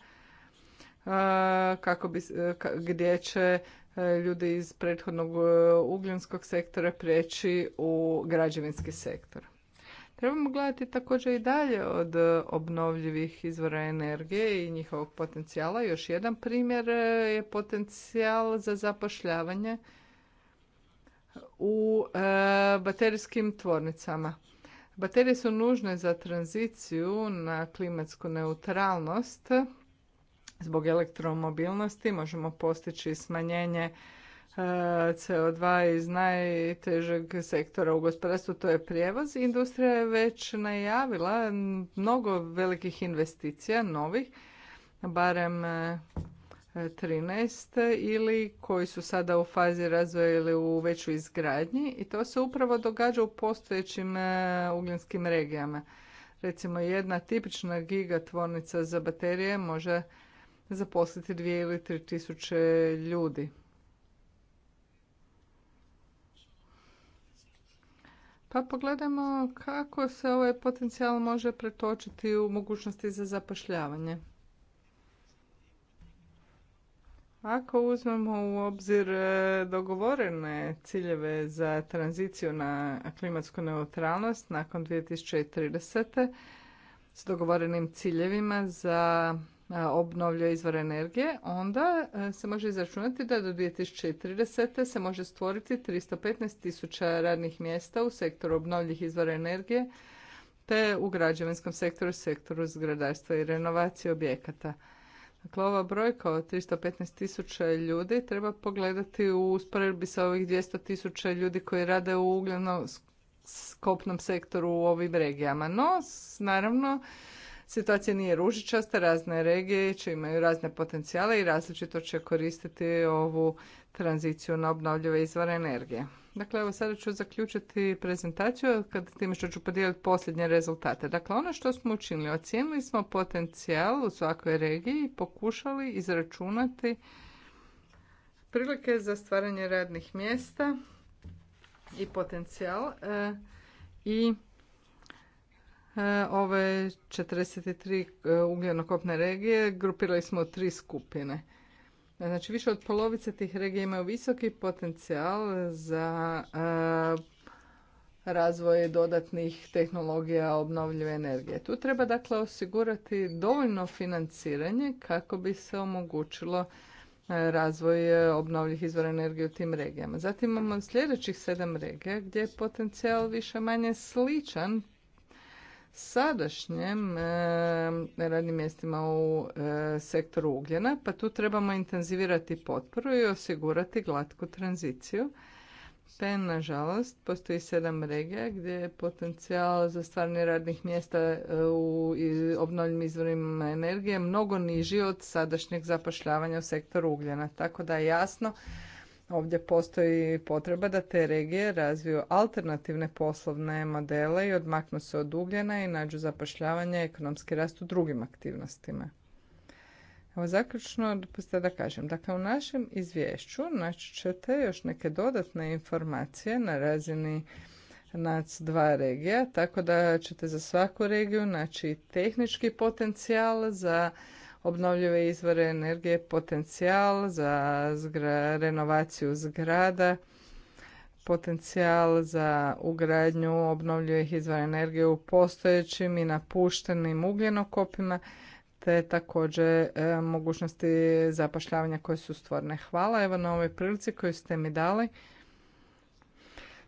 kako bi, e, gdje će e, ljudi iz prethodnog e, ugljenskog sektora prijeći u građevinski sektor. Trebamo gledati također i dalje od obnovljivih izvora energije i njihovog potencijala. Još jedan primjer je potencijal za zapošljavanje u baterijskim tvornicama. Baterije su nužne za tranziciju na klimatsku neutralnost zbog elektromobilnosti možemo postići smanjenje e, CO2 iz najtežeg sektora u gospodarstvu, to je prijevoz. Industrija je već najavila mnogo velikih investicija, novih, barem 13 e, ili koji su sada u fazi razvoja ili u većoj izgradnji i to se upravo događa u postojećim e, ugljenskim regijama. Recimo jedna tipična gigatvornica za baterije može zaposliti dvije ili tri tisuće ljudi. Pa pogledajmo kako se ovaj potencijal može pretočiti u mogućnosti za zapošljavanje. Ako uzmemo u obzir e, dogovorene ciljeve za tranziciju na klimatsku neutralnost nakon 2030. s dogovorenim ciljevima za obnovljive izvore energije, onda e, se može izračunati da do 2030. se može stvoriti 315 tisuća radnih mjesta u sektoru obnovljivih izvora energije, te u građevinskom sektoru, sektoru zgradarstva i renovacije objekata. Dakle, ova brojka od 315 tisuća ljudi treba pogledati u usporedbi sa ovih 200 tisuća ljudi koji rade u ugljeno kopnom sektoru u ovim regijama. No, naravno, Situacija nije ružičasta, razne regije će imaju razne potencijale i različito će koristiti ovu tranziciju na obnovljive izvore energije. Dakle, evo sada ću zaključiti prezentaciju kad time što ću podijeliti posljednje rezultate. Dakle, ono što smo učinili, ocijenili smo potencijal u svakoj regiji i pokušali izračunati prilike za stvaranje radnih mjesta i potencijal e, i E, ove 43 e, ugljeno regije grupirali smo u tri skupine. E, znači više od polovice tih regija imaju visoki potencijal za razvoj dodatnih tehnologija obnovljive energije. Tu treba dakle osigurati dovoljno financiranje kako bi se omogućilo razvoj obnovljivih izvora energije u tim regijama. Zatim imamo sljedećih sedam regija gdje je potencijal više manje sličan sadašnjem e, radnim mjestima u e, sektoru ugljena, pa tu trebamo intenzivirati potporu i osigurati glatku tranziciju. Te, nažalost, postoji sedam regija gdje je potencijal za stvaranje radnih mjesta e, u obnovljivim izvorima energije mnogo niži od sadašnjeg zapošljavanja u sektoru ugljena. Tako da je jasno Ovdje postoji potreba da te regije razviju alternativne poslovne modele i odmaknu se od ugljena i nađu zapošljavanje i ekonomski rast u drugim aktivnostima. Evo zaključno dopustite da kažem. Dakle, u našem izvješću naći ćete još neke dodatne informacije na razini NAC2 regija, tako da ćete za svaku regiju naći tehnički potencijal za obnovljive izvore energije, potencijal za renovaciju zgrada, potencijal za ugradnju obnovljivih izvora energije u postojećim i napuštenim ugljenokopima, te također e, mogućnosti zapošljavanja koje su stvorene. Hvala evo na ovoj prilici koju ste mi dali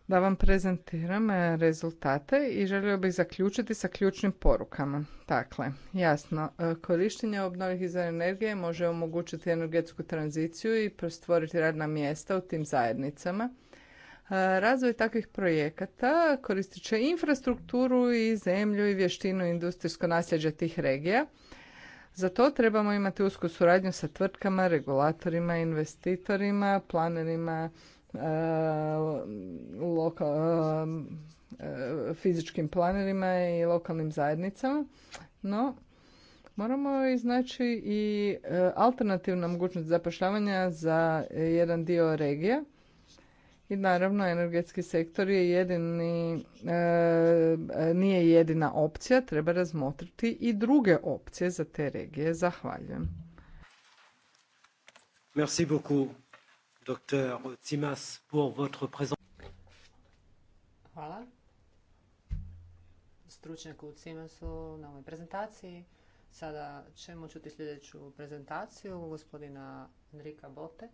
da vam prezentiram e, rezultate i želio bih zaključiti sa ključnim porukama. Dakle, jasno, e, korištenje obnovih izvora energije može omogućiti energetsku tranziciju i prostvoriti radna mjesta u tim zajednicama. E, razvoj takvih projekata koristit će infrastrukturu i zemlju i vještinu industrijsko nasljeđe tih regija. Za to trebamo imati usku suradnju sa tvrtkama, regulatorima, investitorima, planerima E, loka, e, fizičkim planerima i lokalnim zajednicama, no moramo iznaći i e, alternativna mogućnost zapošljavanja za jedan dio regija. I naravno, energetski sektor je jedini, nije jedina opcija, treba razmotriti i druge opcije za te regije. Zahvaljujem. Merci beaucoup. Timas, votre Hvala. Stručnjaku Cimasu na ovoj prezentaciji. Sada ćemo čuti sljedeću prezentaciju gospodina Enrika Bote.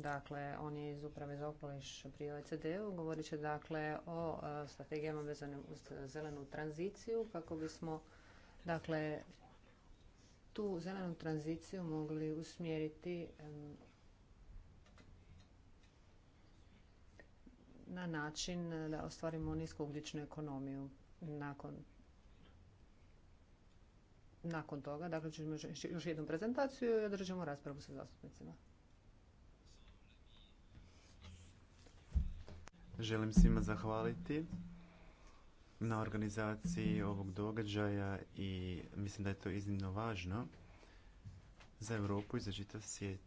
Dakle, on je iz Uprave za okoliš pri OECD-u. Govorit će dakle o e, strategijama vezanim uz zelenu tranziciju kako bismo dakle tu zelenu tranziciju mogli usmjeriti na način da ostvarimo niskougljičnu ekonomiju nakon nakon toga, dakle ćemo još jednu prezentaciju i održimo raspravu sa zastupnicima. Želim svima zahvaliti na organizaciji ovog događaja i mislim da je to iznimno važno za Europu i za čitav svijet.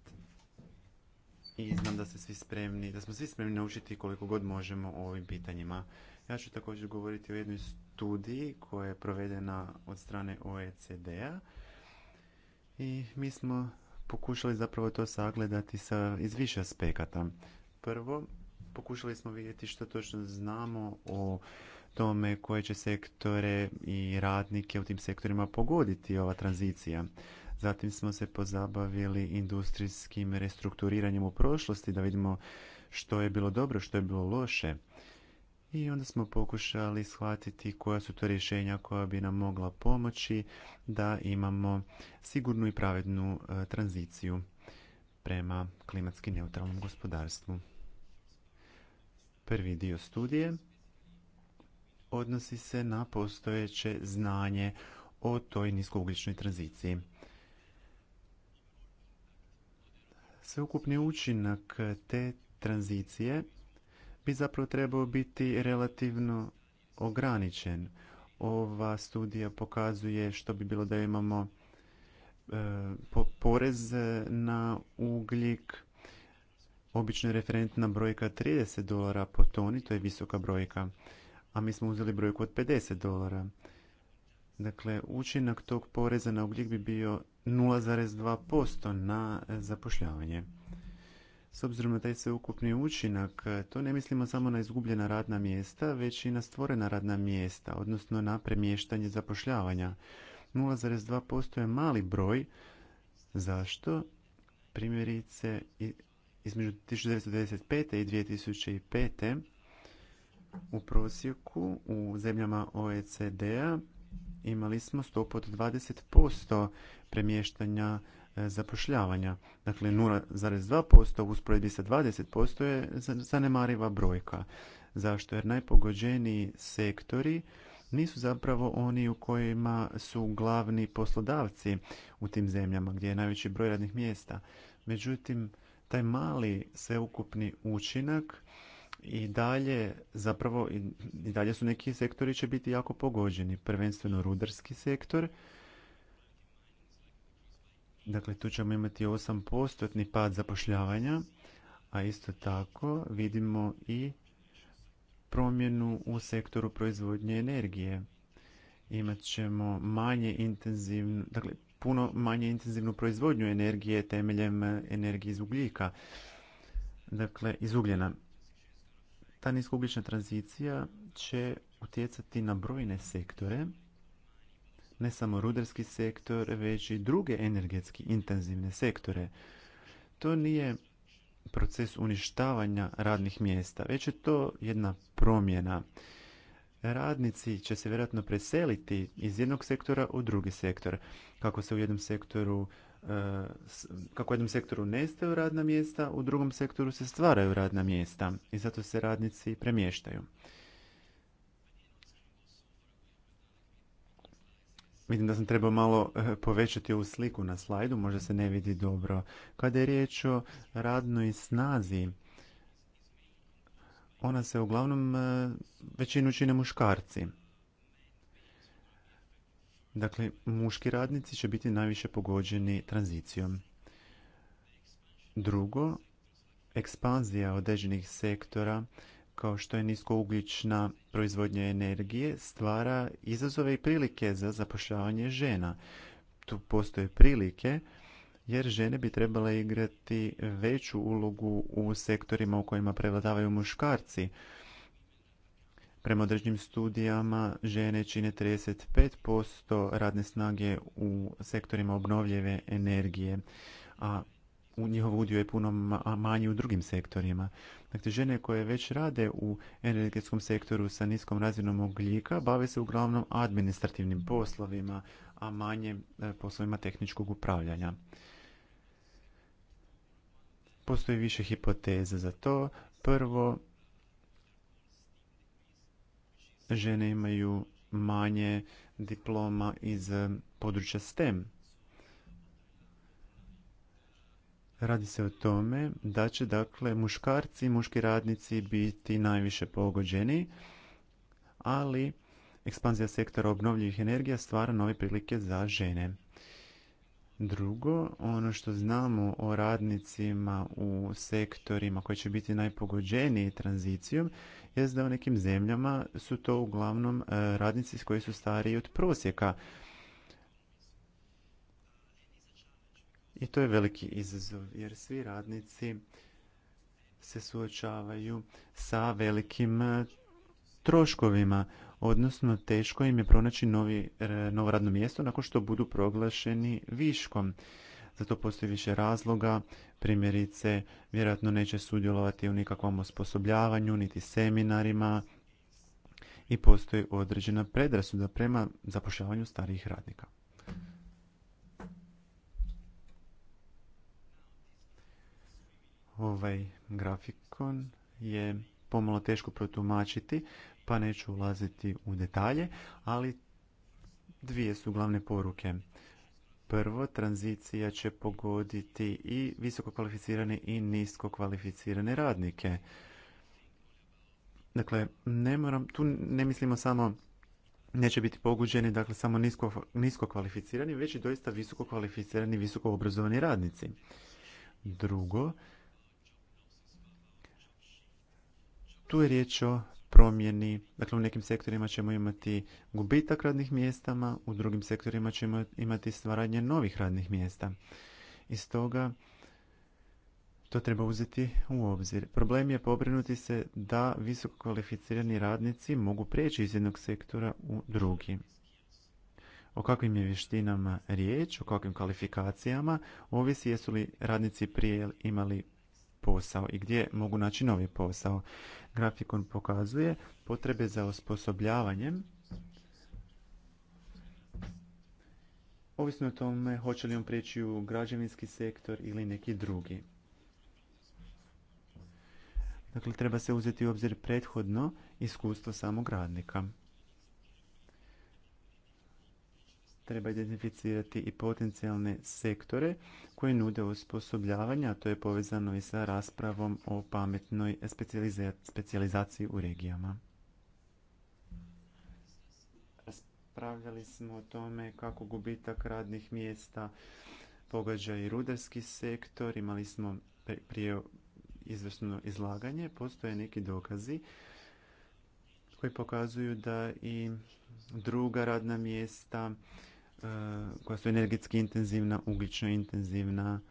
I znam da ste svi spremni, da smo svi spremni naučiti koliko god možemo o ovim pitanjima. Ja ću također govoriti o jednoj studiji koja je provedena od strane OECD-a i mi smo pokušali zapravo to sagledati sa, iz više aspekata. Prvo, pokušali smo vidjeti što točno znamo o tome koje će sektore i radnike u tim sektorima pogoditi ova tranzicija. Zatim smo se pozabavili industrijskim restrukturiranjem u prošlosti da vidimo što je bilo dobro, što je bilo loše. I onda smo pokušali shvatiti koja su to rješenja koja bi nam mogla pomoći da imamo sigurnu i pravednu e, tranziciju prema klimatski neutralnom gospodarstvu. Prvi dio studije odnosi se na postojeće znanje o toj niskougljičnoj tranziciji. Sveukupni učinak te tranzicije bi zapravo trebao biti relativno ograničen. Ova studija pokazuje što bi bilo da imamo e, porez na ugljik, obično je referentna brojka 30 dolara po toni, to je visoka brojka a mi smo uzeli brojku od 50 dolara. Dakle, učinak tog poreza na ugljik bi bio 0,2% na zapošljavanje. S obzirom na taj sveukupni učinak, to ne mislimo samo na izgubljena radna mjesta, već i na stvorena radna mjesta, odnosno na premještanje zapošljavanja. 0,2% je mali broj. Zašto? Primjerice, između 1995. i 2005 u prosjeku u zemljama OECD-a imali smo stopu od 20% premještanja e, zapošljavanja. Dakle, 0,2% u usporedbi sa 20% je zanemariva brojka. Zašto? Jer najpogođeniji sektori nisu zapravo oni u kojima su glavni poslodavci u tim zemljama gdje je najveći broj radnih mjesta. Međutim, taj mali sveukupni učinak i dalje zapravo i dalje su neki sektori će biti jako pogođeni, prvenstveno rudarski sektor. Dakle, tu ćemo imati 8% pad zapošljavanja, a isto tako vidimo i promjenu u sektoru proizvodnje energije. Imat ćemo manje intenzivnu, dakle, puno manje intenzivnu proizvodnju energije temeljem energije iz ugljika, dakle, iz ugljena. Ta niskougljična tranzicija će utjecati na brojne sektore, ne samo rudarski sektor, već i druge energetski intenzivne sektore. To nije proces uništavanja radnih mjesta, već je to jedna promjena. Radnici će se vjerojatno preseliti iz jednog sektora u drugi sektor. Kako se u jednom sektoru kako u jednom sektoru nestaju radna mjesta, u drugom sektoru se stvaraju radna mjesta i zato se radnici premještaju. Vidim da sam trebao malo eh, povećati ovu sliku na slajdu, možda se ne vidi dobro. Kada je riječ o radnoj snazi, ona se uglavnom eh, većinu čine muškarci. Dakle, muški radnici će biti najviše pogođeni tranzicijom. Drugo, ekspanzija određenih sektora kao što je niskougljična proizvodnja energije stvara izazove i prilike za zapošljavanje žena. Tu postoje prilike jer žene bi trebale igrati veću ulogu u sektorima u kojima prevladavaju muškarci Prema određenim studijama žene čine 35% radne snage u sektorima obnovljive energije, a u njihov udio je puno manji u drugim sektorima. Dakle, žene koje već rade u energetskom sektoru sa niskom razinom ugljika bave se uglavnom administrativnim poslovima, a manje e, poslovima tehničkog upravljanja. Postoji više hipoteza za to. Prvo, žene imaju manje diploma iz eh, područja STEM. Radi se o tome da će dakle muškarci i muški radnici biti najviše pogođeni, ali ekspanzija sektora obnovljivih energija stvara nove prilike za žene. Drugo, ono što znamo o radnicima u sektorima koji će biti najpogođeniji tranzicijom je da u nekim zemljama su to uglavnom e, radnici koji su stariji od prosjeka. I to je veliki izazov jer svi radnici se suočavaju sa velikim e, troškovima odnosno teško im je pronaći novi, e, novo radno mjesto nakon što budu proglašeni viškom. Zato postoji više razloga, primjerice vjerojatno neće sudjelovati u nikakvom osposobljavanju niti seminarima i postoji određena predrasuda prema zapošljavanju starijih radnika. Ovaj grafikon je pomalo teško protumačiti pa neću ulaziti u detalje, ali dvije su glavne poruke. Prvo, tranzicija će pogoditi i visoko kvalificirane i nisko kvalificirane radnike. Dakle, ne moram, tu ne mislimo samo neće biti poguđeni, dakle samo nisko, nisko kvalificirani, već i doista visoko kvalificirani, visoko obrazovani radnici. Drugo, tu je riječ o promjeni. Dakle, u nekim sektorima ćemo imati gubitak radnih mjesta, u drugim sektorima ćemo imati stvaranje novih radnih mjesta. I stoga to treba uzeti u obzir. Problem je pobrinuti se da visoko kvalificirani radnici mogu prijeći iz jednog sektora u drugi. O kakvim je vještinama riječ, o kakvim kvalifikacijama, ovisi jesu li radnici prije imali posao i gdje mogu naći novi posao. Grafikon pokazuje potrebe za osposobljavanjem ovisno o tome hoće li on prijeći u građevinski sektor ili neki drugi. Dakle, treba se uzeti u obzir prethodno iskustvo samog radnika. treba identificirati i potencijalne sektore koji nude osposobljavanje, a to je povezano i sa raspravom o pametnoj specijalizaciji u regijama. Raspravljali smo o tome kako gubitak radnih mjesta pogađa i rudarski sektor. Imali smo prije izvrsno izlaganje. Postoje neki dokazi koji pokazuju da i druga radna mjesta E, koja su energetski intenzivna, ugljično intenzivna,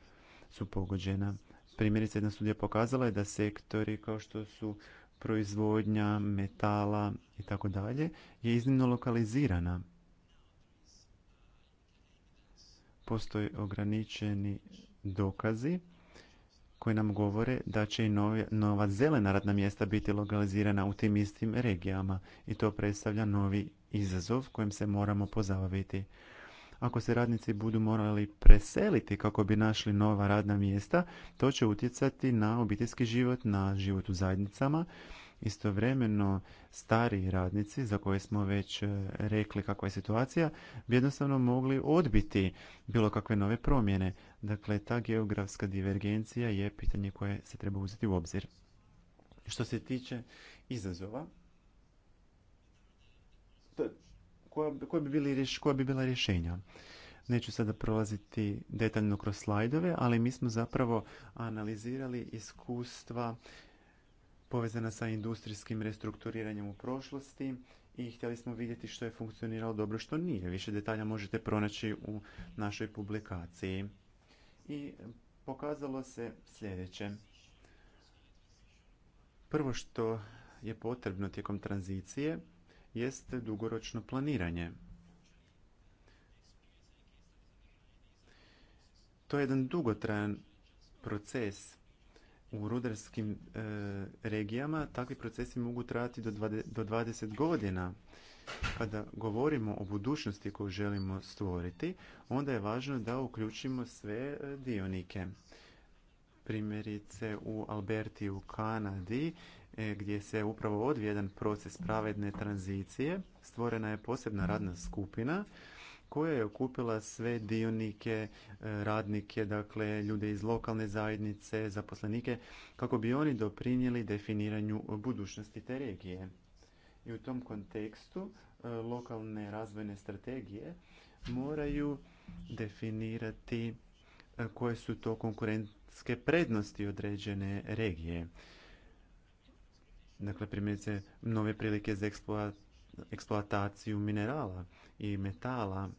su pogođena. Primjerice, jedna studija pokazala je da sektori kao što su proizvodnja metala i tako dalje je iznimno lokalizirana. Postoje ograničeni dokazi koji nam govore da će i nova zelena radna mjesta biti lokalizirana u tim istim regijama i to predstavlja novi izazov kojim se moramo pozabaviti. Ako se radnici budu morali preseliti kako bi našli nova radna mjesta, to će utjecati na obiteljski život, na život u zajednicama. Istovremeno, stari radnici, za koje smo već e, rekli kakva je situacija, bi jednostavno mogli odbiti bilo kakve nove promjene. Dakle, ta geografska divergencija je pitanje koje se treba uzeti u obzir. Što se tiče izazova, koja, bi, bili, bi bila rješenja. Neću sada prolaziti detaljno kroz slajdove, ali mi smo zapravo analizirali iskustva povezana sa industrijskim restrukturiranjem u prošlosti i htjeli smo vidjeti što je funkcioniralo dobro, što nije. Više detalja možete pronaći u našoj publikaciji. I pokazalo se sljedeće. Prvo što je potrebno tijekom tranzicije jeste dugoročno planiranje. To je jedan dugotrajan proces u rudarskim e, regijama. Takvi procesi mogu trajati do 20 godina. Kada govorimo o budućnosti koju želimo stvoriti, onda je važno da uključimo sve e, dionike. Primjerice u Alberti u Kanadi E, gdje se upravo odvija jedan proces pravedne tranzicije. Stvorena je posebna radna skupina koja je okupila sve dionike, e, radnike, dakle ljude iz lokalne zajednice, zaposlenike, kako bi oni doprinijeli definiranju budućnosti te regije. I u tom kontekstu e, lokalne razvojne strategije moraju definirati koje su to konkurentske prednosti određene regije. Dakle, primjerice nove prilike za eksploataciju minerala i metala.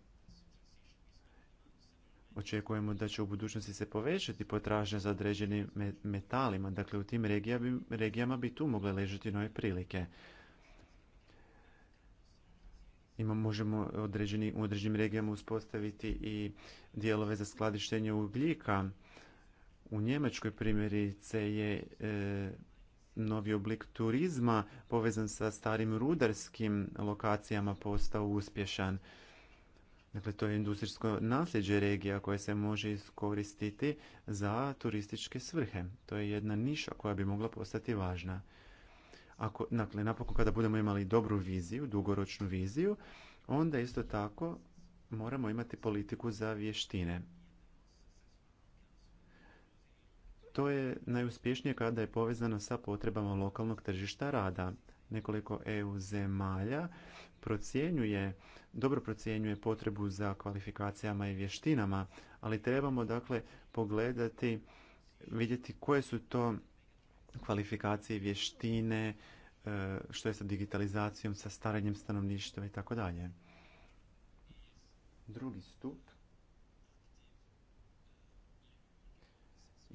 Očekujemo da će u budućnosti se povećati potražnja za određenim metalima. Dakle, u tim regijama bi tu mogle ležiti nove prilike. Ima, možemo određeni, u određenim regijama uspostaviti i dijelove za skladištenje ugljika. U Njemačkoj primjerice je e, novi oblik turizma povezan sa starim rudarskim lokacijama postao uspješan. Dakle, to je industrijsko nasljeđe regija koje se može iskoristiti za turističke svrhe. To je jedna niša koja bi mogla postati važna. Ako, dakle, napokon kada budemo imali dobru viziju, dugoročnu viziju, onda isto tako moramo imati politiku za vještine. To je najuspješnije kada je povezano sa potrebama lokalnog tržišta rada. Nekoliko EU zemalja procjenjuje, dobro procjenjuje potrebu za kvalifikacijama i vještinama, ali trebamo dakle pogledati, vidjeti koje su to kvalifikacije, i vještine, e, što je sa digitalizacijom, sa starenjem stanovništva i tako dalje. Drugi stup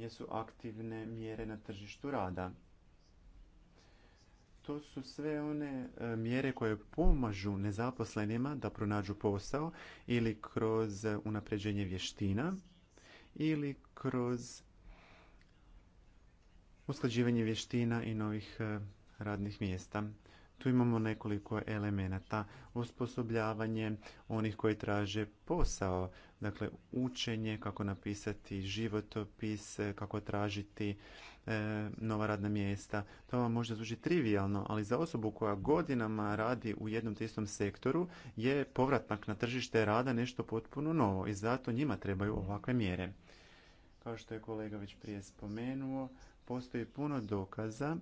jesu aktivne mjere na tržištu rada. To su sve one e, mjere koje pomažu nezaposlenima da pronađu posao ili kroz unapređenje vještina ili kroz usklađivanje vještina i novih e, radnih mjesta. Tu imamo nekoliko elemenata. Osposobljavanje onih koji traže posao, dakle učenje, kako napisati životopis, kako tražiti e, nova radna mjesta. To vam možda zvuči trivialno, ali za osobu koja godinama radi u jednom te istom sektoru je povratak na tržište rada nešto potpuno novo i zato njima trebaju ovakve mjere. Kao što je kolega već prije spomenuo, postoji puno dokaza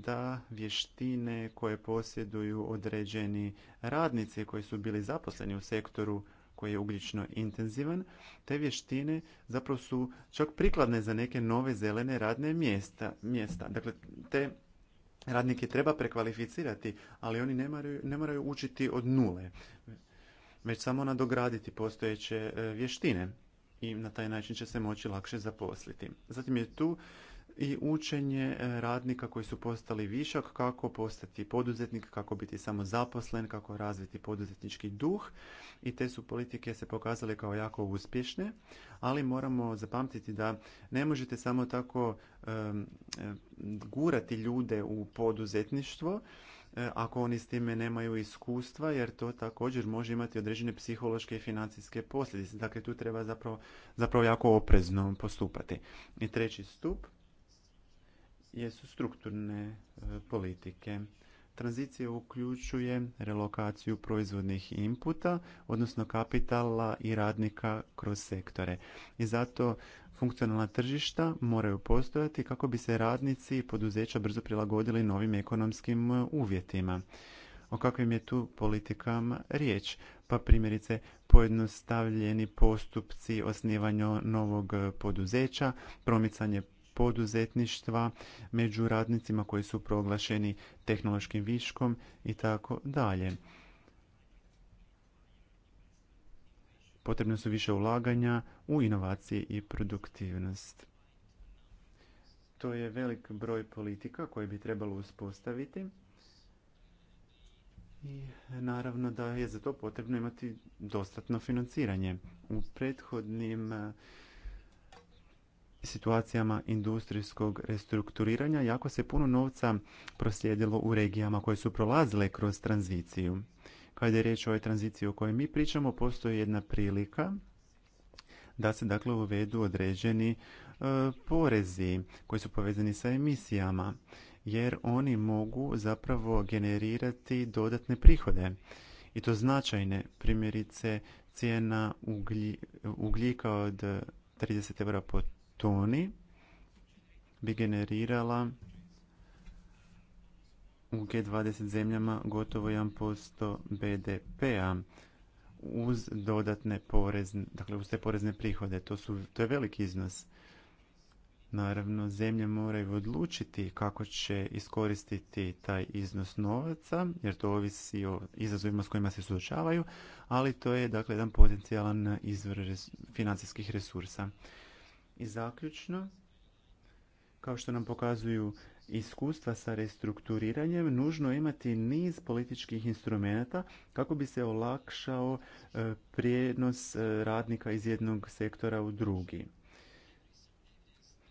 da vještine koje posjeduju određeni radnici koji su bili zaposleni u sektoru koji je ugljično intenzivan, te vještine zapravo su čak prikladne za neke nove zelene radne mjesta. mjesta. Dakle, te radnike treba prekvalificirati, ali oni ne moraju, ne moraju učiti od nule, već samo nadograditi postojeće e, vještine i na taj način će se moći lakše zaposliti. Zatim je tu i učenje e, radnika koji su postali višak, kako postati poduzetnik, kako biti samozaposlen, kako razviti poduzetnički duh i te su politike se pokazale kao jako uspješne, ali moramo zapamtiti da ne možete samo tako gurati ljude u poduzetništvo e, ako oni s time nemaju iskustva, jer to također može imati određene psihološke i financijske posljedice. Dakle, tu treba zapravo, zapravo jako oprezno postupati. I treći stup, jesu strukturne e, politike. Tranzicija uključuje relokaciju proizvodnih inputa, odnosno kapitala i radnika kroz sektore. I zato funkcionalna tržišta moraju postojati kako bi se radnici i poduzeća brzo prilagodili novim ekonomskim e, uvjetima. O kakvim je tu politikama riječ? Pa primjerice pojednostavljeni postupci osnivanja novog e, poduzeća, promicanje poduzetništva među radnicima koji su proglašeni tehnološkim viškom i tako dalje. Potrebno su više ulaganja u inovacije i produktivnost. To je velik broj politika koje bi trebalo uspostaviti. I naravno da je za to potrebno imati dostatno financiranje. U prethodnim situacijama industrijskog restrukturiranja jako se puno novca proslijedilo u regijama koje su prolazile kroz tranziciju. Kada je riječ o ovoj tranziciji o kojoj mi pričamo, postoji jedna prilika da se dakle uvedu određeni e, porezi koji su povezani sa emisijama, jer oni mogu zapravo generirati dodatne prihode i to značajne, primjerice cijena ugljika od 30 eura po toni bi generirala u G20 zemljama gotovo 1% BDP-a uz dodatne porezne, dakle uz te porezne prihode. To, su, to je veliki iznos. Naravno, zemlje moraju odlučiti kako će iskoristiti taj iznos novaca, jer to ovisi o izazovima s kojima se suočavaju, ali to je dakle jedan potencijalan izvor financijskih resursa. I zaključno, kao što nam pokazuju iskustva sa restrukturiranjem, nužno je imati niz političkih instrumenata kako bi se olakšao e, prijenos e, radnika iz jednog sektora u drugi.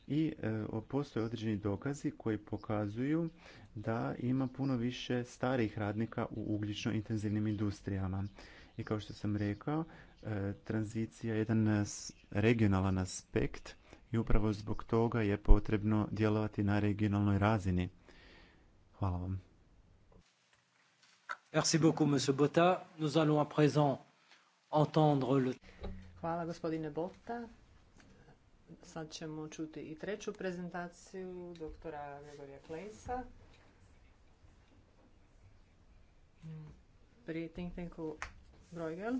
I e, postoje određeni dokazi koji pokazuju da ima puno više starih radnika u ugljično intenzivnim industrijama. I kao što sam rekao, E, tranzicija jedan e, regionalan aspekt i upravo zbog toga je potrebno djelovati na regionalnoj razini. Hvala vam. Merci beaucoup, monsieur Botta. Nous allons à présent entendre le... Hvala, gospodine Botta. Sad ćemo čuti i treću prezentaciju doktora Gregorija Klejsa. Pri Think Tanku Bruegel.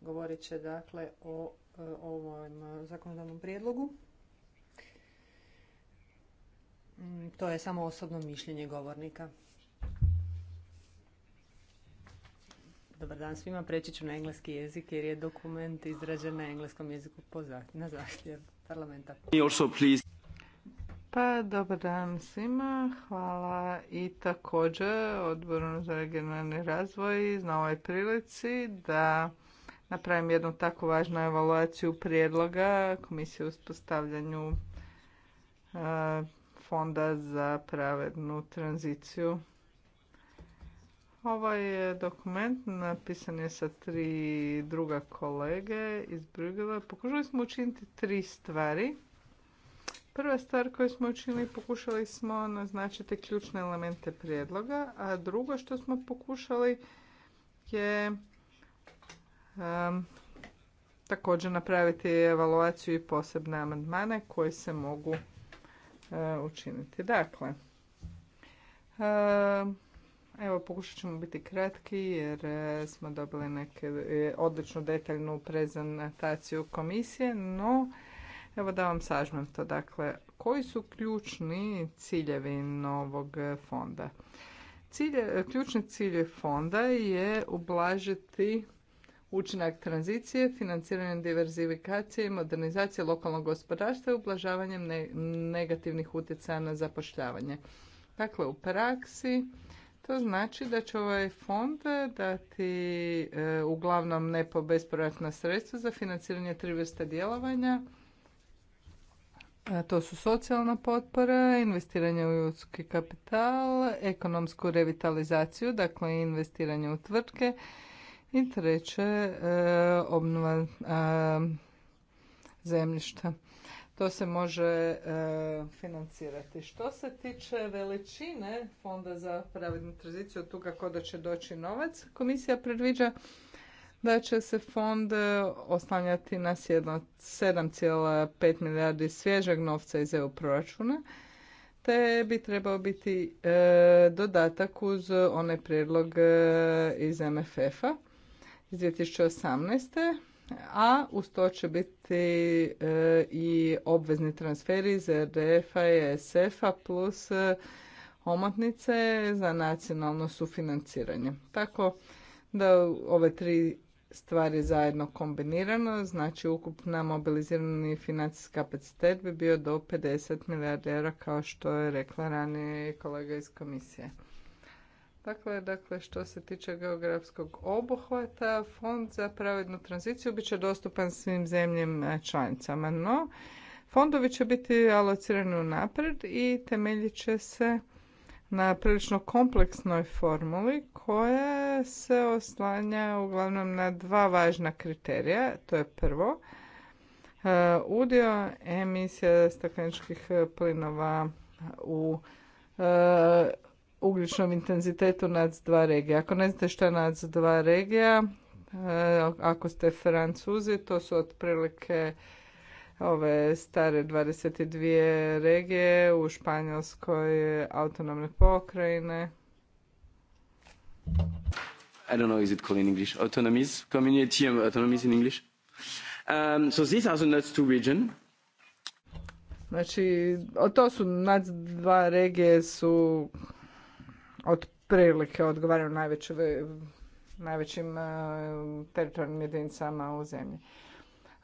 Govorit će dakle o e, ovom e, zakonodavnom prijedlogu. Mm, to je samo osobno mišljenje govornika. Dobar dan svima, preći ću na engleski jezik jer je dokument izrađen na engleskom jeziku na zahtjev parlamenta. Pa dobar dan svima, hvala i također odboru za regionalni razvoj na ovoj prilici da napravim jednu tako važnu evaluaciju prijedloga Komisije uspostavljanju e, Fonda za pravednu tranziciju. Ovaj dokument napisan je sa tri druga kolege iz Brugela. Pokušali smo učiniti tri stvari. Prva stvar koju smo učinili, pokušali smo naznačiti ključne elemente prijedloga, a drugo što smo pokušali je također napraviti evaluaciju i posebne amandmane koji se mogu e, učiniti. Dakle, evo pokušat ćemo biti kratki jer e, smo dobili neke e, odličnu detaljnu prezentaciju komisije, no evo da vam sažmem to. Dakle, koji su ključni ciljevi novog fonda? ključni cilj fonda je ublažiti učinak tranzicije, financiranjem diverzifikacije modernizacije lokalnog gospodarstva i ublažavanjem negativnih utjecaja na zapošljavanje. Dakle, u praksi to znači da će ovaj fond dati e, uglavnom nepo bespovratna sredstva za financiranje tri vrste djelovanja. E, to su socijalna potpora, investiranje u ljudski kapital, ekonomsku revitalizaciju, dakle investiranje u tvrtke i treće, e, obnova e, zemljišta. To se može e, financirati. Što se tiče veličine Fonda za pravidnu tranziciju, tu kako da će doći novac, komisija predviđa da će se fond oslanjati na 7,5 milijardi svježeg novca iz EU proračuna, te bi trebao biti dodatak uz onaj prijedlog iz MFF-a iz 2018. A uz to će biti e, i obvezni transferi iz RDF-a i e sf a plus e, omotnice za nacionalno sufinanciranje. Tako da ove tri stvari zajedno kombinirano, znači ukupna mobilizirani financijski kapacitet bi bio do 50 milijardi eura kao što je rekla ranije kolega iz komisije. Dakle, dakle, što se tiče geografskog obuhvata, fond za pravednu tranziciju bit će dostupan svim zemljim e, članicama, no fondovi će biti alocirani napred i temeljit će se na prilično kompleksnoj formuli koja se oslanja uglavnom na dva važna kriterija. To je prvo, e, udio emisija stakleničkih plinova u e, ugljičnom intenzitetu NAC2 regija. Ako ne znate što je NAC2 regija, e, ako ste francuzi, to su otprilike ove stare 22 regije u Španjolskoj autonomne pokrajine. I don't know, is it called in English? Autonomies? Community autonomies in English? Um, so these are the nuts two region. Znači, to su NUTS 2 regije su otprilike odgovaraju najvećim, najvećim teritorijalnim jedinicama u zemlji.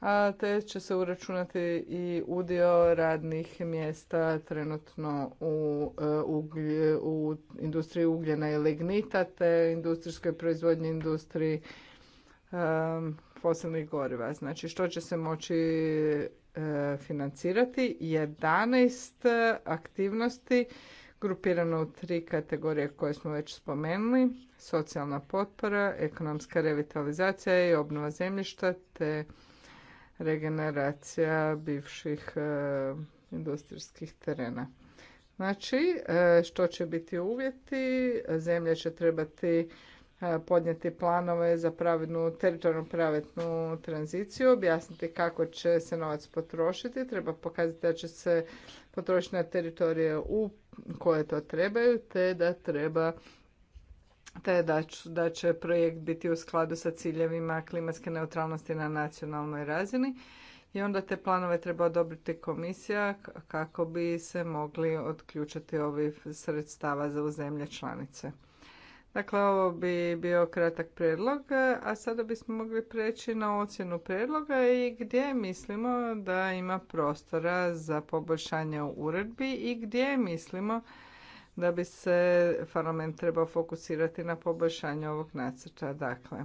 A te će se uračunati i udio radnih mjesta trenutno u, e, u industriji ugljena i lignita te industrijskoj proizvodnji industriji e, fosilnih goriva. Znači što će se moći e, financirati 11 aktivnosti grupirano u tri kategorije koje smo već spomenuli, socijalna potpora, ekonomska revitalizacija i obnova zemljišta te regeneracija bivših e, industrijskih terena. Znači, e, što će biti uvjeti? Zemlja će trebati E, podnijeti planove za pravednu, teritorijalnu pravednu tranziciju, objasniti kako će se novac potrošiti, treba pokazati da će se potrošiti na teritorije u koje to trebaju, te da treba te da će projekt biti u skladu sa ciljevima klimatske neutralnosti na nacionalnoj razini i onda te planove treba odobriti komisija kako bi se mogli odključiti ovih sredstava za zemlje članice. Dakle, ovo bi bio kratak predlog, a sada bismo mogli preći na ocjenu predloga i gdje mislimo da ima prostora za poboljšanje u uredbi i gdje mislimo da bi se parlament trebao fokusirati na poboljšanje ovog nacrta. Dakle,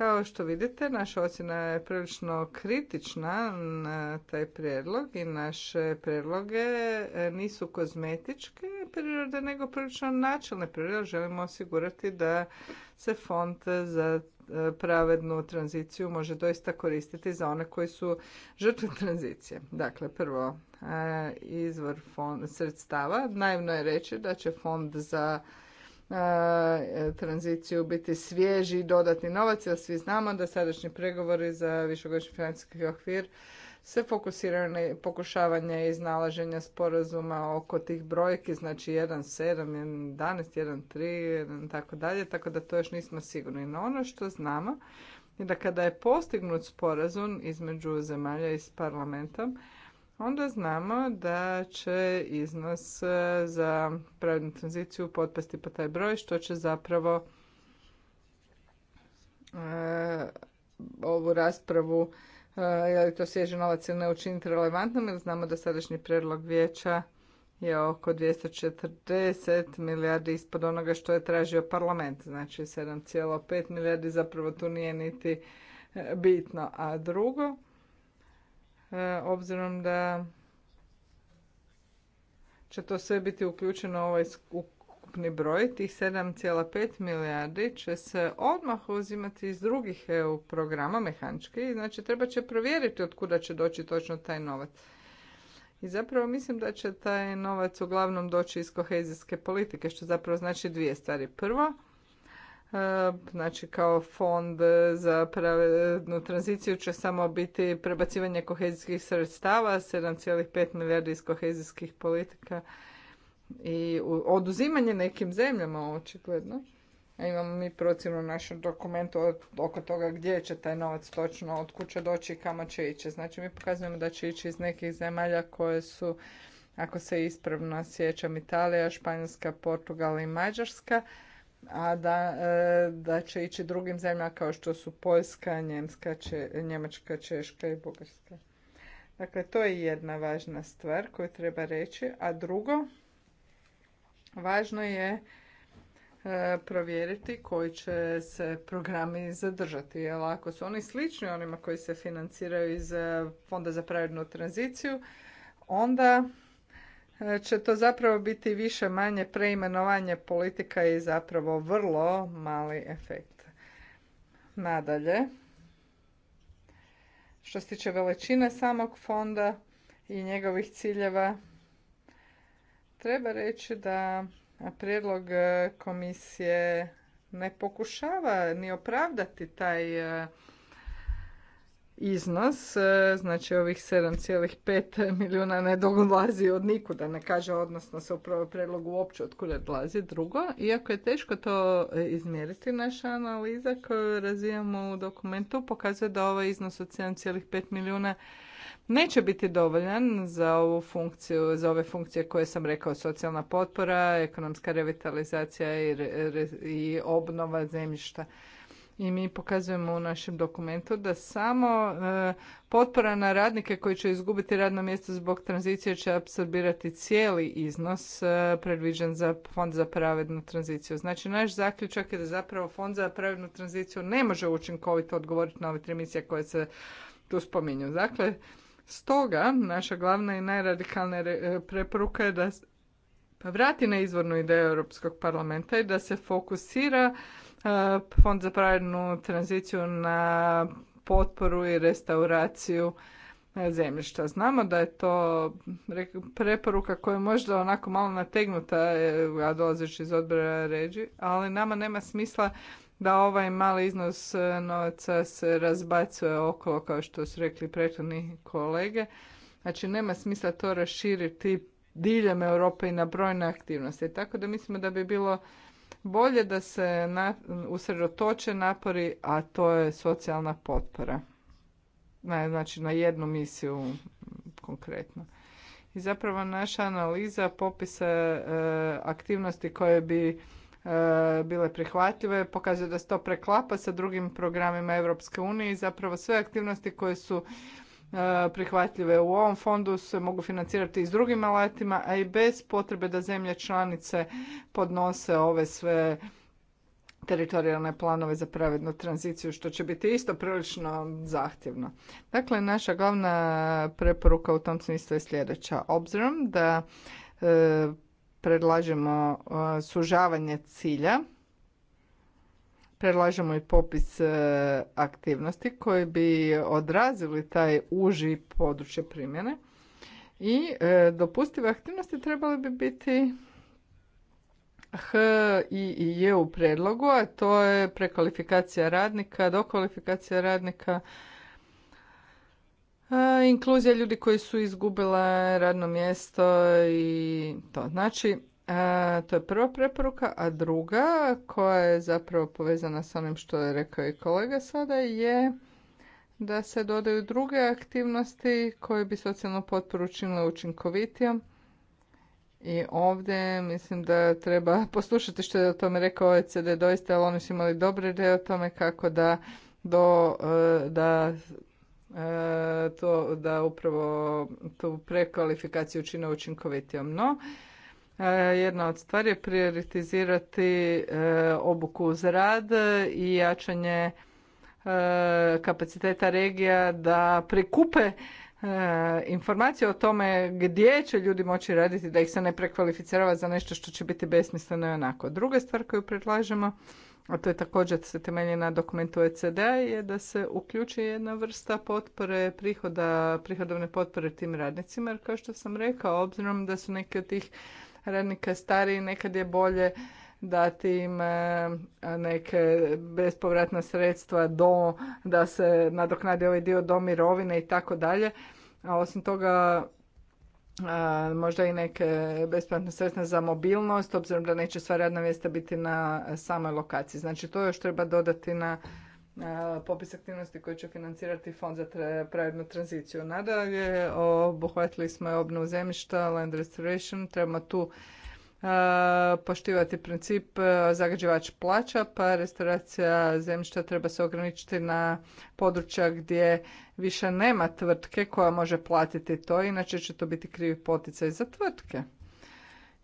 kao što vidite, naša ocjena je prilično kritična na taj prijedlog i naše prijedloge nisu kozmetičke prirode, nego prilično načelne prirode. Želimo osigurati da se fond za e, pravednu tranziciju može doista koristiti za one koji su žrtve tranzicije. Dakle, prvo, e, izvor fond, sredstava. Naivno je reći da će fond za E, tranziciju biti svježi i dodatni novac, jer svi znamo da sadašnji pregovori za višegodišnji financijski okvir se fokusiraju na pokušavanje iznalaženja sporazuma oko tih brojki, znači 1.7, 1.11, 1.3, tako dalje, tako da to još nismo sigurni. No ono što znamo je da kada je postignut sporazum između zemalja i s parlamentom, onda znamo da će iznos e, za pravednu tranziciju potpasti po taj broj, što će zapravo e, ovu raspravu e, je li to svježi novac ili ne učiniti relevantnom jer znamo da sadašnji predlog vijeća je oko 240 milijardi ispod onoga što je tražio parlament. Znači 7,5 milijardi zapravo tu nije niti bitno. A drugo, E, obzirom da će to sve biti uključeno u ovaj ukupni broj, tih 7,5 milijardi će se odmah uzimati iz drugih EU programa mehanički, znači treba će provjeriti od kuda će doći točno taj novac. I zapravo mislim da će taj novac uglavnom doći iz kohezijske politike, što zapravo znači dvije stvari. Prvo, E, znači kao fond za pravednu tranziciju će samo biti prebacivanje kohezijskih sredstava 7,5 milijardi iz kohezijskih politika i oduzimanje nekim zemljama očigledno. A imamo mi procjenu u našem dokumentu oko toga gdje će taj novac točno, od kuće doći i kamo će ići. Znači mi pokazujemo da će ići iz nekih zemalja koje su, ako se ispravno sjećam, Italija, Španjolska, Portugal i Mađarska a da, e, da će ići drugim zemljama kao što su Poljska, Njemska, Njemačka, Češka i Bugarska. Dakle, to je jedna važna stvar koju treba reći. A drugo, važno je e, provjeriti koji će se programi zadržati. Jer ako su oni slični onima koji se financiraju iz e, Fonda za pravednu tranziciju, onda će to zapravo biti više manje preimenovanje politika i zapravo vrlo mali efekt. Nadalje, što se tiče veličine samog fonda i njegovih ciljeva, treba reći da prijedlog komisije ne pokušava ni opravdati taj iznos, e, znači ovih 7,5 milijuna ne dolazi od nikuda, ne kaže odnosno se u predlogu uopće od kuda dolazi. Drugo, iako je teško to e, izmjeriti, naša analiza koju razvijamo u dokumentu pokazuje da ovaj iznos od 7,5 milijuna neće biti dovoljan za ovu funkciju, za ove funkcije koje sam rekao, socijalna potpora, ekonomska revitalizacija i, i obnova zemljišta i mi pokazujemo u našem dokumentu da samo e, potpora na radnike koji će izgubiti radno mjesto zbog tranzicije će apsorbirati cijeli iznos e, predviđen za Fond za pravednu tranziciju. Znači naš zaključak je da zapravo Fond za pravednu tranziciju ne može učinkovito odgovoriti na ove tri misije koje se tu spominju. Dakle, stoga naša glavna i najradikalna e, preporuka je da pa vrati na izvornu ideju Europskog parlamenta i da se fokusira E, Fond za pravilnu tranziciju na potporu i restauraciju e, zemljišta. Znamo da je to preporuka koja je možda onako malo nategnuta, e, a dolazeći iz odbora ređi, ali nama nema smisla da ovaj mali iznos novaca se razbacuje okolo, kao što su rekli prethodni kolege. Znači, nema smisla to raširiti diljem Europe i na brojne aktivnosti. Tako da mislimo da bi bilo bolje da se usredotoče napori, a to je socijalna potpora. Na, znači na jednu misiju konkretno. I zapravo naša analiza popisa e, aktivnosti koje bi e, bile prihvatljive pokazuje da se to preklapa sa drugim programima Europske unije i zapravo sve aktivnosti koje su E, prihvatljive. U ovom fondu se mogu financirati i s drugim alatima, a i bez potrebe da zemlje članice podnose ove sve teritorijalne planove za pravednu tranziciju, što će biti isto prilično zahtjevno. Dakle, naša glavna preporuka u tom smislu je sljedeća. Obzirom da e, predlažemo e, sužavanje cilja, Predlažemo i popis e, aktivnosti koji bi odrazili taj uži područje primjene i e, dopustive aktivnosti trebale bi biti H i J u predlogu, a to je prekvalifikacija radnika, dokvalifikacija radnika, e, inkluzija ljudi koji su izgubila radno mjesto i to. Znači, to je prva preporuka, a druga koja je zapravo povezana s onim što je rekao i kolega sada je da se dodaju druge aktivnosti koje bi socijalnu potporu učinile učinkovitijom. I ovdje mislim da treba poslušati što je o tome rekao OECD doista, ali oni su imali dobre ideje o tome kako da do, e, da e, to da upravo tu prekvalifikaciju čine učinkovitijom. No, E, jedna od stvari je prioritizirati e, obuku uz rad i jačanje e, kapaciteta regija da prikupe informacije o tome gdje će ljudi moći raditi, da ih se ne prekvalificirava za nešto što će biti besmisleno i onako. Druga stvar koju predlažemo, a to je također se temelji na dokumentu OECD, je da se uključi jedna vrsta potpore prihoda, prihodovne potpore tim radnicima, jer kao što sam rekao, obzirom da su neke od tih radnika stariji, nekad je bolje dati im e, neke bespovratna sredstva do, da se nadoknadi ovaj dio do mirovine i tako dalje. A osim toga, e, možda i neke besplatne sredstva za mobilnost, obzirom da neće sva radna mjesta biti na samoj lokaciji. Znači to još treba dodati na popis aktivnosti koje će financirati Fond za pravednu tranziciju. Nadalje, obuhvatili smo obnovu zemljišta, land restoration, trebamo tu poštivati princip zagađivač plaća, pa restauracija zemljišta treba se ograničiti na područja gdje više nema tvrtke koja može platiti to, inače će to biti krivi poticaj za tvrtke.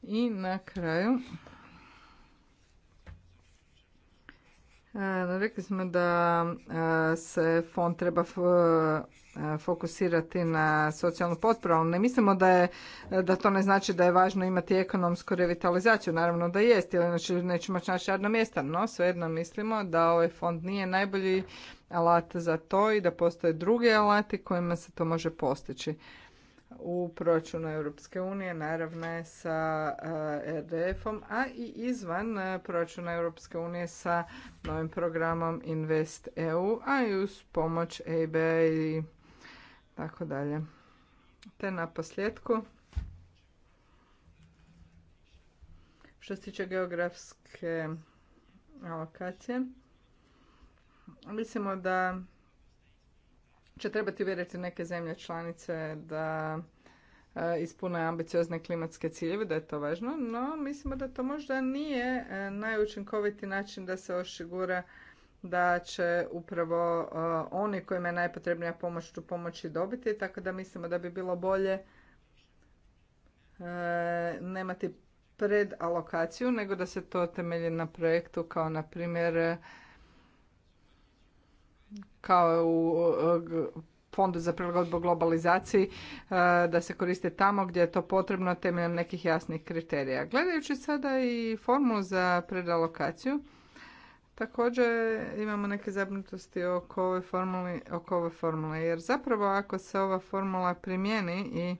I na kraju, E, rekli smo da e, se fond treba e, fokusirati na socijalnu potporu, ali ne mislimo da, je, da to ne znači da je važno imati ekonomsku revitalizaciju. Naravno da jest, jer znači nećemo moći naći radna mjesta, no svejedno mislimo da ovaj fond nije najbolji alat za to i da postoje drugi alati kojima se to može postići u proračunu Europske unije, naravno je sa e, RDF-om, a i izvan e, proračuna Europske unije sa novim programom Invest EU, a i uz pomoć EIB i tako dalje. Te na posljedku, što se tiče geografske alokacije, mislimo da će trebati uvjeriti neke zemlje članice da e, ispune ambiciozne klimatske ciljeve, da je to važno, no mislimo da to možda nije e, najučinkoviti način da se osigura da će upravo e, oni kojima je najpotrebnija pomoć tu pomoći dobiti, tako da mislimo da bi bilo bolje nemati alokaciju nego da se to temelji na projektu kao na primjer kao u fondu za prilagodbu globalizaciji e, da se koriste tamo gdje je to potrebno temeljem nekih jasnih kriterija. Gledajući sada i formulu za predalokaciju, također imamo neke zabrinutosti oko ove formule, oko ove formule jer zapravo ako se ova formula primijeni i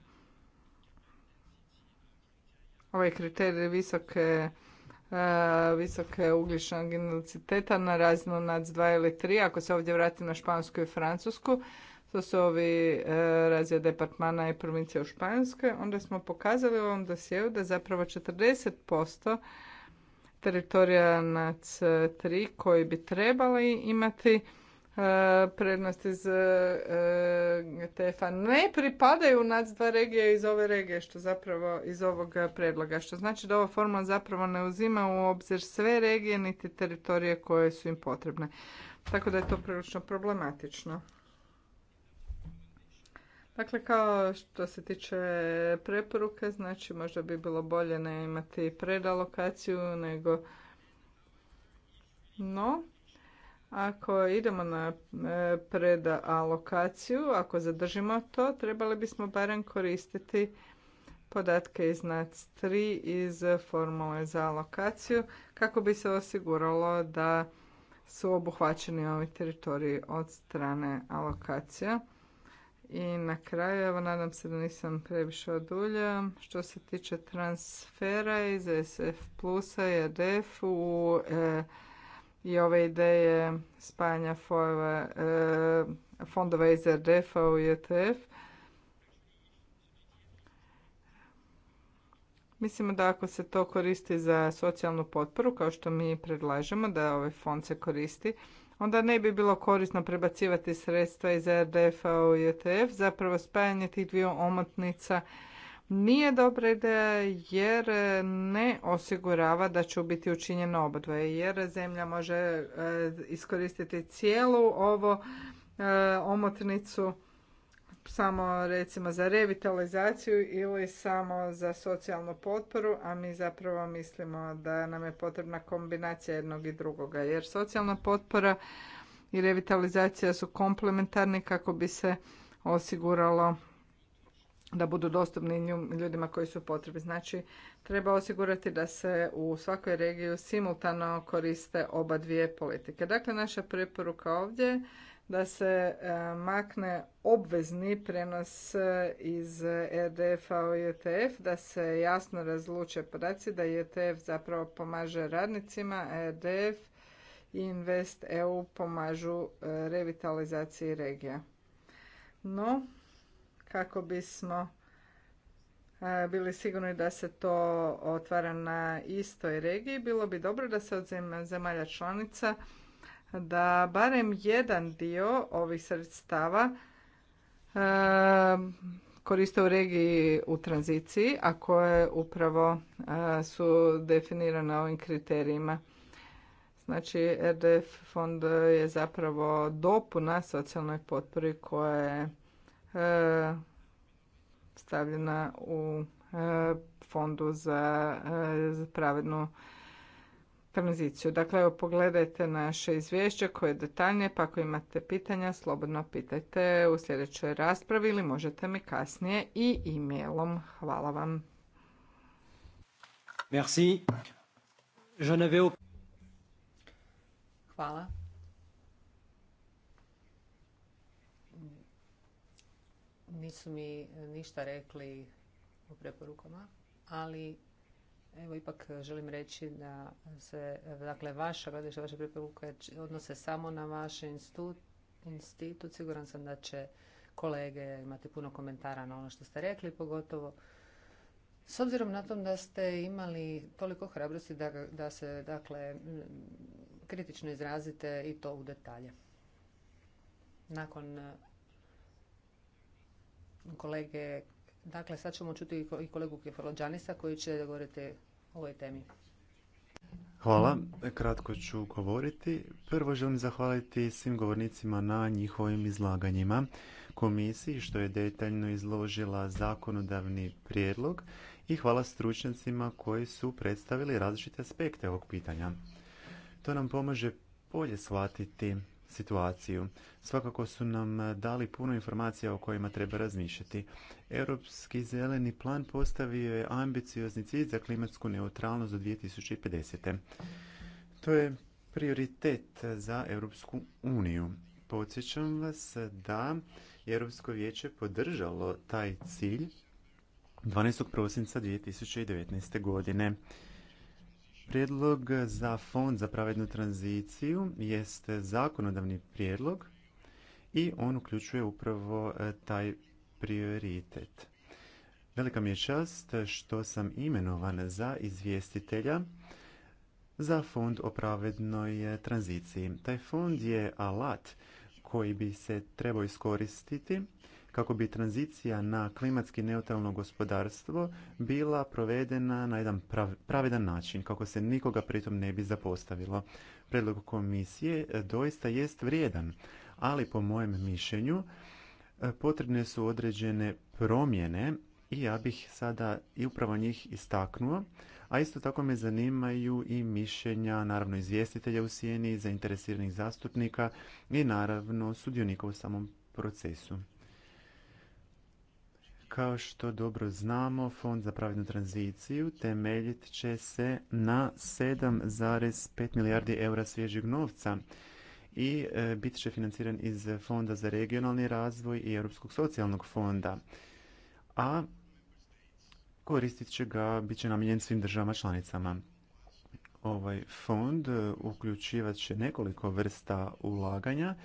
ovaj kriterij visoke E, visoke ugljičnog inociteta na razinu NAC2 ili 3. Ako se ovdje vrati na Špansku i Francusku, to su ovi e, razvije departmana i provincije u Španjolskoj, onda smo pokazali u ovom dosjeu da zapravo 40% teritorija NAC3 koji bi trebali imati E, prednost iz e, TFA. ne pripadaju nas dva regije iz ove regije, što zapravo iz ovog predloga, što znači da ova formula zapravo ne uzima u obzir sve regije niti teritorije koje su im potrebne. Tako da je to prilično problematično. Dakle, kao što se tiče preporuke, znači možda bi bilo bolje ne imati predalokaciju nego... No, ako idemo na e, predalokaciju, ako zadržimo to, trebali bismo barem koristiti podatke iz NAC3 iz formule za alokaciju kako bi se osiguralo da su obuhvaćeni ovi teritoriji od strane alokacija. I na kraju, evo nadam se da nisam previše odulja, što se tiče transfera iz SF plusa i ADF e u e, i ove ideje spajanja e, fondova iz RDF-a u ETF. Mislimo da ako se to koristi za socijalnu potporu, kao što mi predlažemo da ovaj fond se koristi, onda ne bi bilo korisno prebacivati sredstva iz RDF-a u ETF. Zapravo spajanje tih dviju omotnica nije dobra ideja jer ne osigurava da će biti učinjeno obadvoje, jer zemlja može e, iskoristiti cijelu ovo e, omotnicu samo recimo za revitalizaciju ili samo za socijalnu potporu, a mi zapravo mislimo da nam je potrebna kombinacija jednog i drugoga jer socijalna potpora i revitalizacija su komplementarni kako bi se osiguralo da budu dostupni ljudima koji su potrebi. Znači, treba osigurati da se u svakoj regiji simultano koriste oba dvije politike. Dakle, naša preporuka ovdje da se e, makne obvezni prenos e, iz EDF-a u ETF, da se jasno razluče podaci da ETF zapravo pomaže radnicima, a EDF i Invest EU pomažu e, revitalizaciji regija. No, kako bismo bili sigurni da se to otvara na istoj regiji, bilo bi dobro da se od zemalja članica da barem jedan dio ovih sredstava koriste u regiji u tranziciji, a koje upravo su definirane ovim kriterijima. Znači, RDF fond je zapravo dopuna socijalnoj potpori koja je E, stavljena u e, fondu e, za pravednu tranziciju. Dakle, evo, pogledajte naše izvješće koje je detaljnije, pa ako imate pitanja, slobodno pitajte u sljedećoj raspravi ili možete mi kasnije i e-mailom. Hvala vam. Merci. Hvala. nisu mi e, ništa rekli u preporukama, ali evo ipak želim reći da se, dakle, vaša preporuka vaše preporuka odnose samo na vaš institut, Siguran sam da će kolege imati puno komentara na ono što ste rekli, pogotovo s obzirom na to da ste imali toliko hrabrosti da, da se, dakle, kritično izrazite i to u detalje. Nakon kolege. Dakle, sad ćemo čuti i kolegu Kefalođanisa koji će govoriti o ovoj temi. Hvala, kratko ću govoriti. Prvo želim zahvaliti svim govornicima na njihovim izlaganjima komisiji što je detaljno izložila zakonodavni prijedlog i hvala stručnjacima koji su predstavili različite aspekte ovog pitanja. To nam pomaže bolje shvatiti situaciju. Svakako su nam eh, dali puno informacija o kojima treba razmišljati. Europski zeleni plan postavio je ambiciozni cilj za klimatsku neutralnost do 2050. To je prioritet za Europsku uniju. Podsjećam vas da je Europsko vijeće podržalo taj cilj 12. prosinca 2019. godine. Prijedlog za fond za pravednu tranziciju jeste zakonodavni prijedlog i on uključuje upravo e, taj prioritet. Velika mi je čast što sam imenovan za izvjestitelja za fond o pravednoj e, tranziciji. Taj fond je alat koji bi se trebao iskoristiti kako bi tranzicija na klimatski neutralno gospodarstvo bila provedena na jedan pravedan način, kako se nikoga pritom ne bi zapostavilo. Predlog komisije e, doista jest vrijedan, ali po mojem mišljenju e, potrebne su određene promjene i ja bih sada i upravo njih istaknuo, a isto tako me zanimaju i mišljenja naravno izvjestitelja u sjeni, zainteresiranih zastupnika i naravno sudionika u samom procesu. Kao što dobro znamo, Fond za pravednu tranziciju temeljit će se na 7,5 milijardi eura svježeg novca i e, bit će financiran iz Fonda za regionalni razvoj i Europskog socijalnog fonda. A koristit će ga, bit će namijenjen svim državama članicama. Ovaj fond e, uključivat će nekoliko vrsta ulaganja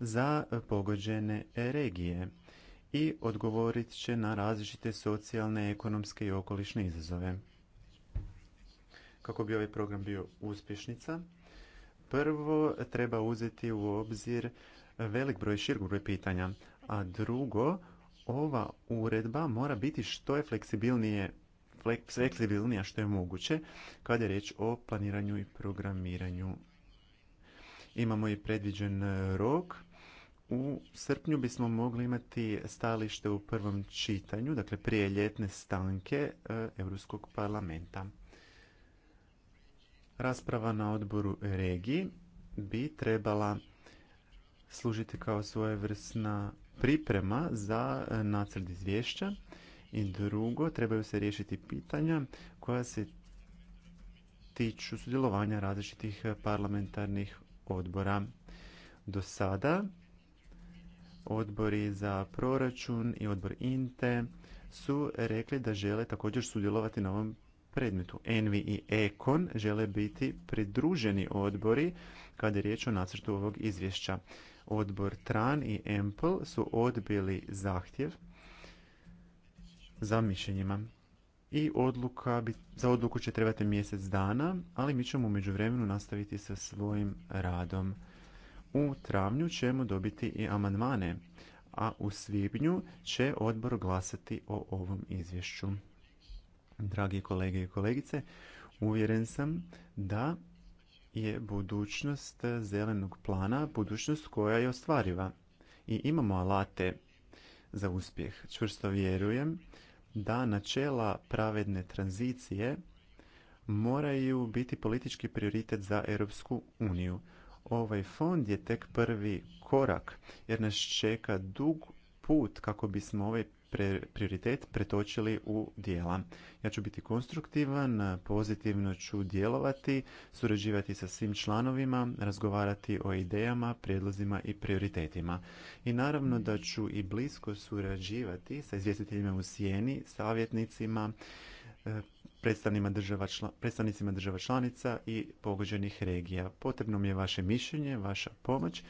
za pogođene regije i odgovorit će na različite socijalne, ekonomske i okolišne izazove. Kako bi ovaj program bio uspješnica, prvo treba uzeti u obzir velik broj širg broj pitanja, a drugo, ova uredba mora biti što je fleksibilnije fleksibilnija što je moguće kada je riječ o planiranju i programiranju. Imamo i predviđen rok u srpnju bismo mogli imati stajalište u prvom čitanju, dakle prije ljetne stanke e, Europskog parlamenta. Rasprava na odboru regiji bi trebala služiti kao svojevrsna priprema za e, nacrt izvješća i drugo trebaju se riješiti pitanja koja se tiču sudjelovanja različitih e, parlamentarnih odbora. Do sada odbori za proračun i odbor INTE su rekli da žele također sudjelovati na ovom predmetu. Envi i Ekon žele biti pridruženi odbori kada je riječ o nacrtu ovog izvješća. Odbor Tran i Empl su odbili zahtjev za mišljenjima. I odluka, za odluku će trebati mjesec dana, ali mi ćemo u međuvremenu nastaviti sa svojim radom. U travnju ćemo dobiti i amandmane, a u svibnju će odbor glasati o ovom izvješću. Dragi kolege i kolegice, uvjeren sam da je budućnost zelenog plana budućnost koja je ostvariva i imamo alate za uspjeh. Čvrsto vjerujem da načela pravedne tranzicije moraju biti politički prioritet za Europsku uniju. Ovaj fond je tek prvi korak jer nas čeka dug put kako bismo ovaj prioritet pretočili u dijela. Ja ću biti konstruktivan, pozitivno ću djelovati, surađivati sa svim članovima, razgovarati o idejama, prijedlozima i prioritetima. I naravno da ću i blisko surađivati sa izvjestiteljima u sjeni, savjetnicima, E, predstavnicima država članica i pogođenih regija. Potrebno mi je vaše mišljenje, vaša pomoć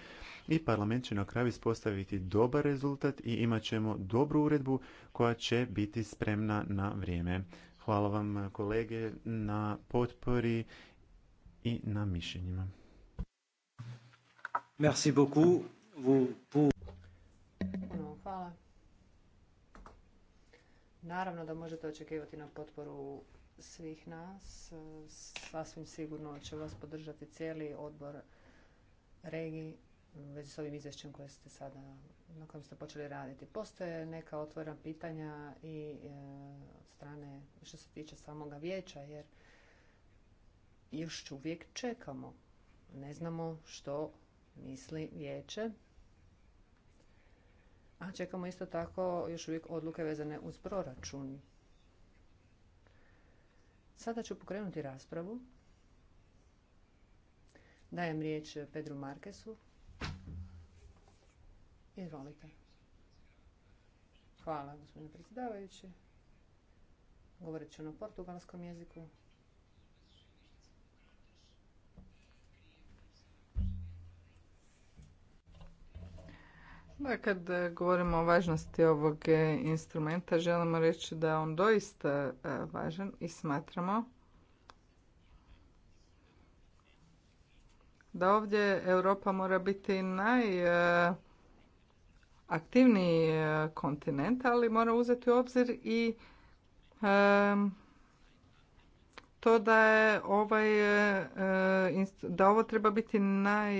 i parlament će na kraju ispostaviti dobar rezultat i imat ćemo dobru uredbu koja će biti spremna na vrijeme. Hvala vam kolege na potpori i na mišljenjima. Merci beaucoup. Vous... Hvala Naravno da možete očekivati na potporu svih nas. Sasvim sigurno će vas podržati cijeli odbor regiji već s ovim izvješćem koje ste sada, na kojem ste počeli raditi. Postoje neka otvorena pitanja i e, od strane što se tiče samoga vijeća, jer još uvijek čekamo. Ne znamo što misli vijeće a čekamo isto tako još uvijek odluke vezane uz proračun. Sada ću pokrenuti raspravu. Dajem riječ Pedru Markesu. Izvolite. Hvala, gospodine predsjedavajući. Govorit ću na portugalskom jeziku. Da, kad e, govorimo o važnosti ovog e, instrumenta, želimo reći da je on doista e, važan i smatramo da ovdje Europa mora biti najaktivniji kontinent, ali mora uzeti u obzir i to da je ovaj, da ovo treba biti naj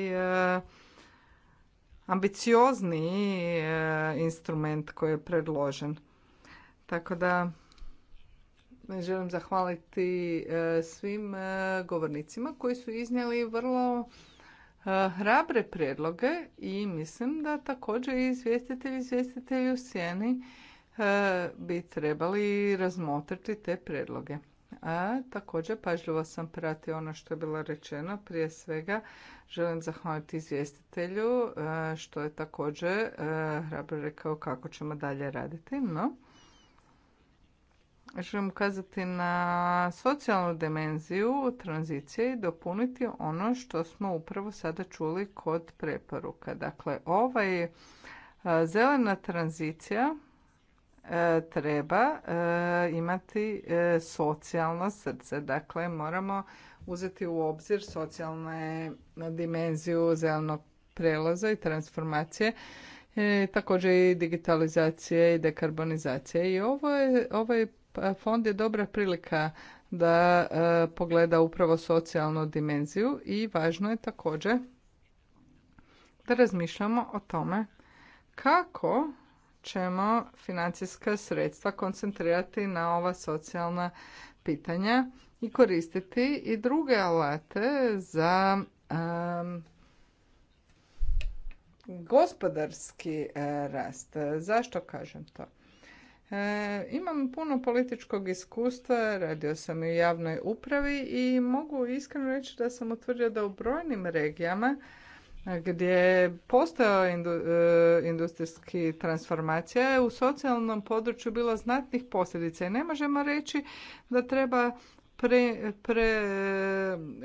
ambiciozniji e, instrument koji je predložen. Tako da želim zahvaliti e, svim e, govornicima koji su iznijeli vrlo hrabre prijedloge i mislim da također i izvjestitelji i izvjestitelji u sjeni bi trebali razmotriti te prijedloge. A također pažljivo sam pratio ono što je bilo rečeno. Prije svega želim zahvaliti izvjestitelju e, što je također e, hrabro rekao kako ćemo dalje raditi. No, želim ukazati na socijalnu dimenziju tranzicije i dopuniti ono što smo upravo sada čuli kod preporuka. Dakle, je ovaj, zelena tranzicija E, treba e, imati e, socijalno srce. Dakle, moramo uzeti u obzir socijalne dimenziju zelenog prelaza i transformacije, također i digitalizacije i dekarbonizacije. I ovo je, ovaj fond je dobra prilika da pogleda upravo socijalnu dimenziju i važno je također da razmišljamo o tome kako ćemo financijska sredstva koncentrirati na ova socijalna pitanja i koristiti i druge alate za gospodarski e, rast. Zašto kažem to? E, imam puno političkog iskustva, radio sam i u javnoj upravi i mogu iskreno reći da sam utvrdio da u brojnim regijama gdje je postojao e, industrijski transformacija je u socijalnom području bilo znatnih posljedica i ne možemo reći da treba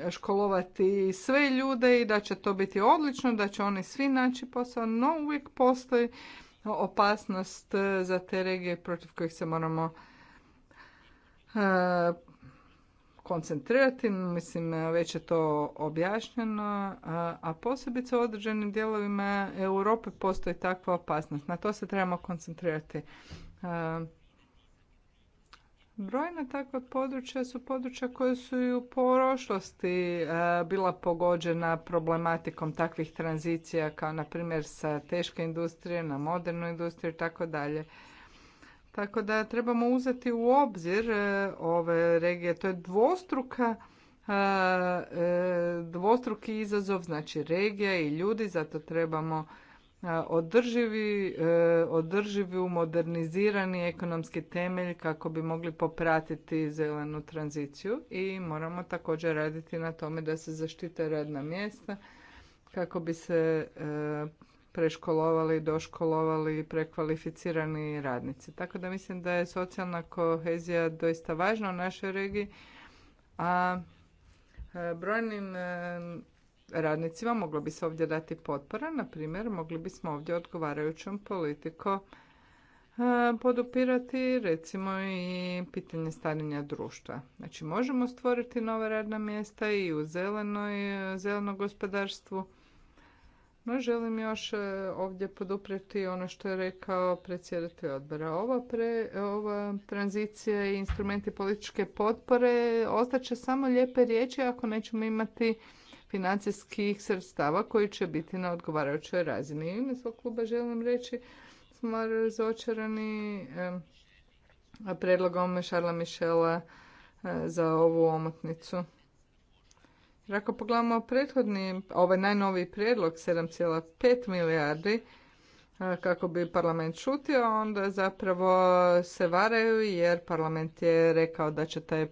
preškolovati pre sve ljude i da će to biti odlično, da će oni svi naći posao, no uvijek postoji opasnost za te regije protiv kojih se moramo e, koncentrirati, mislim već je to objašnjeno, a posebice u određenim dijelovima Europe postoji takva opasnost. Na to se trebamo koncentrirati. Brojna takva područja su područja koja su i u prošlosti bila pogođena problematikom takvih tranzicija kao na primjer sa teške industrije na modernu industriju i tako dalje. Tako da trebamo uzeti u obzir e, ove regije. To je dvostruka e, e, dvostruki izazov, znači regija i ljudi, zato trebamo održivi, održivi modernizirani ekonomski temelj kako bi mogli popratiti zelenu tranziciju i moramo također raditi na tome da se zaštite radna mjesta kako bi se preškolovali, doškolovali, prekvalificirani radnici. Tako da mislim da je socijalna kohezija doista važna u našoj regiji, a e, brojnim e, radnicima moglo bi se ovdje dati potpora, na primjer mogli bismo ovdje odgovarajućom politiko e, podupirati recimo i pitanje starenja društva. Znači možemo stvoriti nova radna mjesta i u zelenoj, gospodarstvu no želim još e, ovdje poduprijeti ono što je rekao predsjedatelj odbora. Ova, pre, ova tranzicija i instrumenti političke potpore ostaće samo lijepe riječi ako nećemo imati financijskih sredstava koji će biti na odgovarajućoj razini. I u ime svog kluba želim reći smo razočarani e, predlogom Šarla Mišela e, za ovu omotnicu. Jer ako pogledamo prethodni, ovaj najnoviji prijedlog 7,5 milijardi kako bi parlament šutio, onda zapravo se varaju jer parlament je rekao da će taj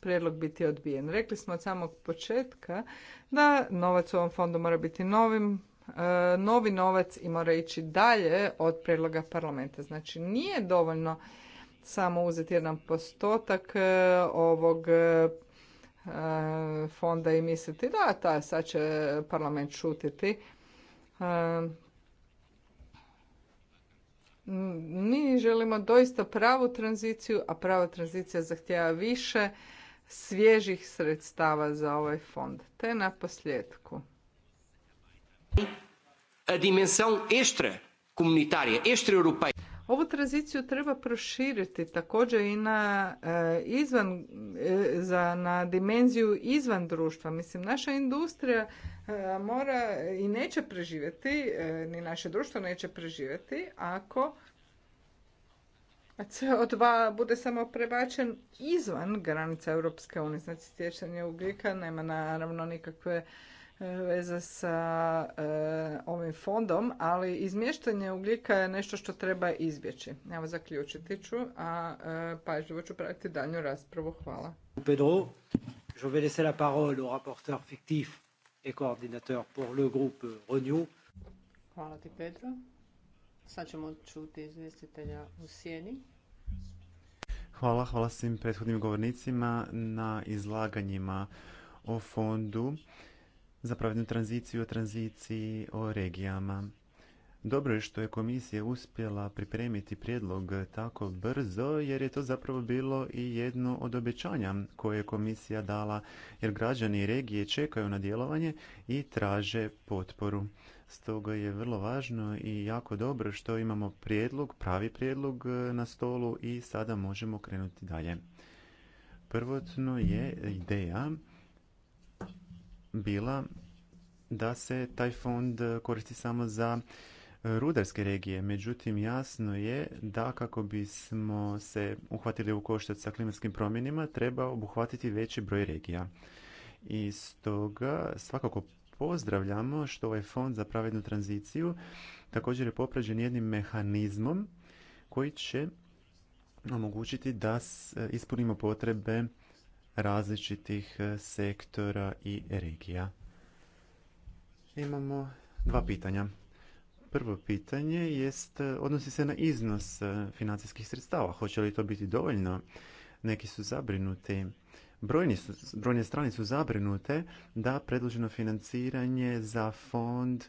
prijedlog biti odbijen. Rekli smo od samog početka da novac u ovom fondu mora biti novim, novi novac i mora ići dalje od prijedloga parlamenta. Znači nije dovoljno samo uzeti jedan postotak e, ovog e, E, fonda i misliti da, ta, sad će parlament šutiti. E, mi želimo doista pravu tranziciju, a prava tranzicija zahtjeva više svježih sredstava za ovaj fond. Te na posljedku. A dimensão extra comunitária, extra europeia. Ovu tranziciju treba proširiti također i na e, izvan, e, za, na dimenziju izvan društva. Mislim, naša industrija e, mora i neće preživjeti, ni naše društvo neće preživjeti ako CO2 bude samo prebačen izvan granica Europske unije. Znači, stječanje ugljika nema naravno nikakve E, veze sa e, ovim fondom, ali izmještanje ugljika je nešto što treba izbjeći. Evo zaključiti ću, a e, pažljivo ću pratiti daljnju raspravu. Hvala. Pedro, je vais laisser la parole au rapporteur fictif et coordinateur pour le groupe Renew. Hvala ti Pedro. Sad ćemo čuti izvjestitelja u sjeni. Hvala, hvala svim prethodnim govornicima na izlaganjima o fondu za pravednu tranziciju, o tranziciji, o regijama. Dobro je što je komisija uspjela pripremiti prijedlog tako brzo jer je to zapravo bilo i jedno od obećanja koje je komisija dala jer građani regije čekaju na djelovanje i traže potporu. Stoga je vrlo važno i jako dobro što imamo prijedlog, pravi prijedlog e, na stolu i sada možemo krenuti dalje. Prvotno je ideja bila da se taj fond koristi samo za rudarske regije. Međutim, jasno je da kako bismo se uhvatili u koštac sa klimatskim promjenima, treba obuhvatiti veći broj regija. I stoga svakako pozdravljamo što ovaj fond za pravednu tranziciju također je poprađen jednim mehanizmom koji će omogućiti da e, ispunimo potrebe različitih e, sektora i regija. Imamo dva pitanja. Prvo pitanje jest, e, odnosi se na iznos e, financijskih sredstava. Hoće li to biti dovoljno? Neki su zabrinuti. Brojni su, brojne strane su zabrinute da predloženo financiranje za fond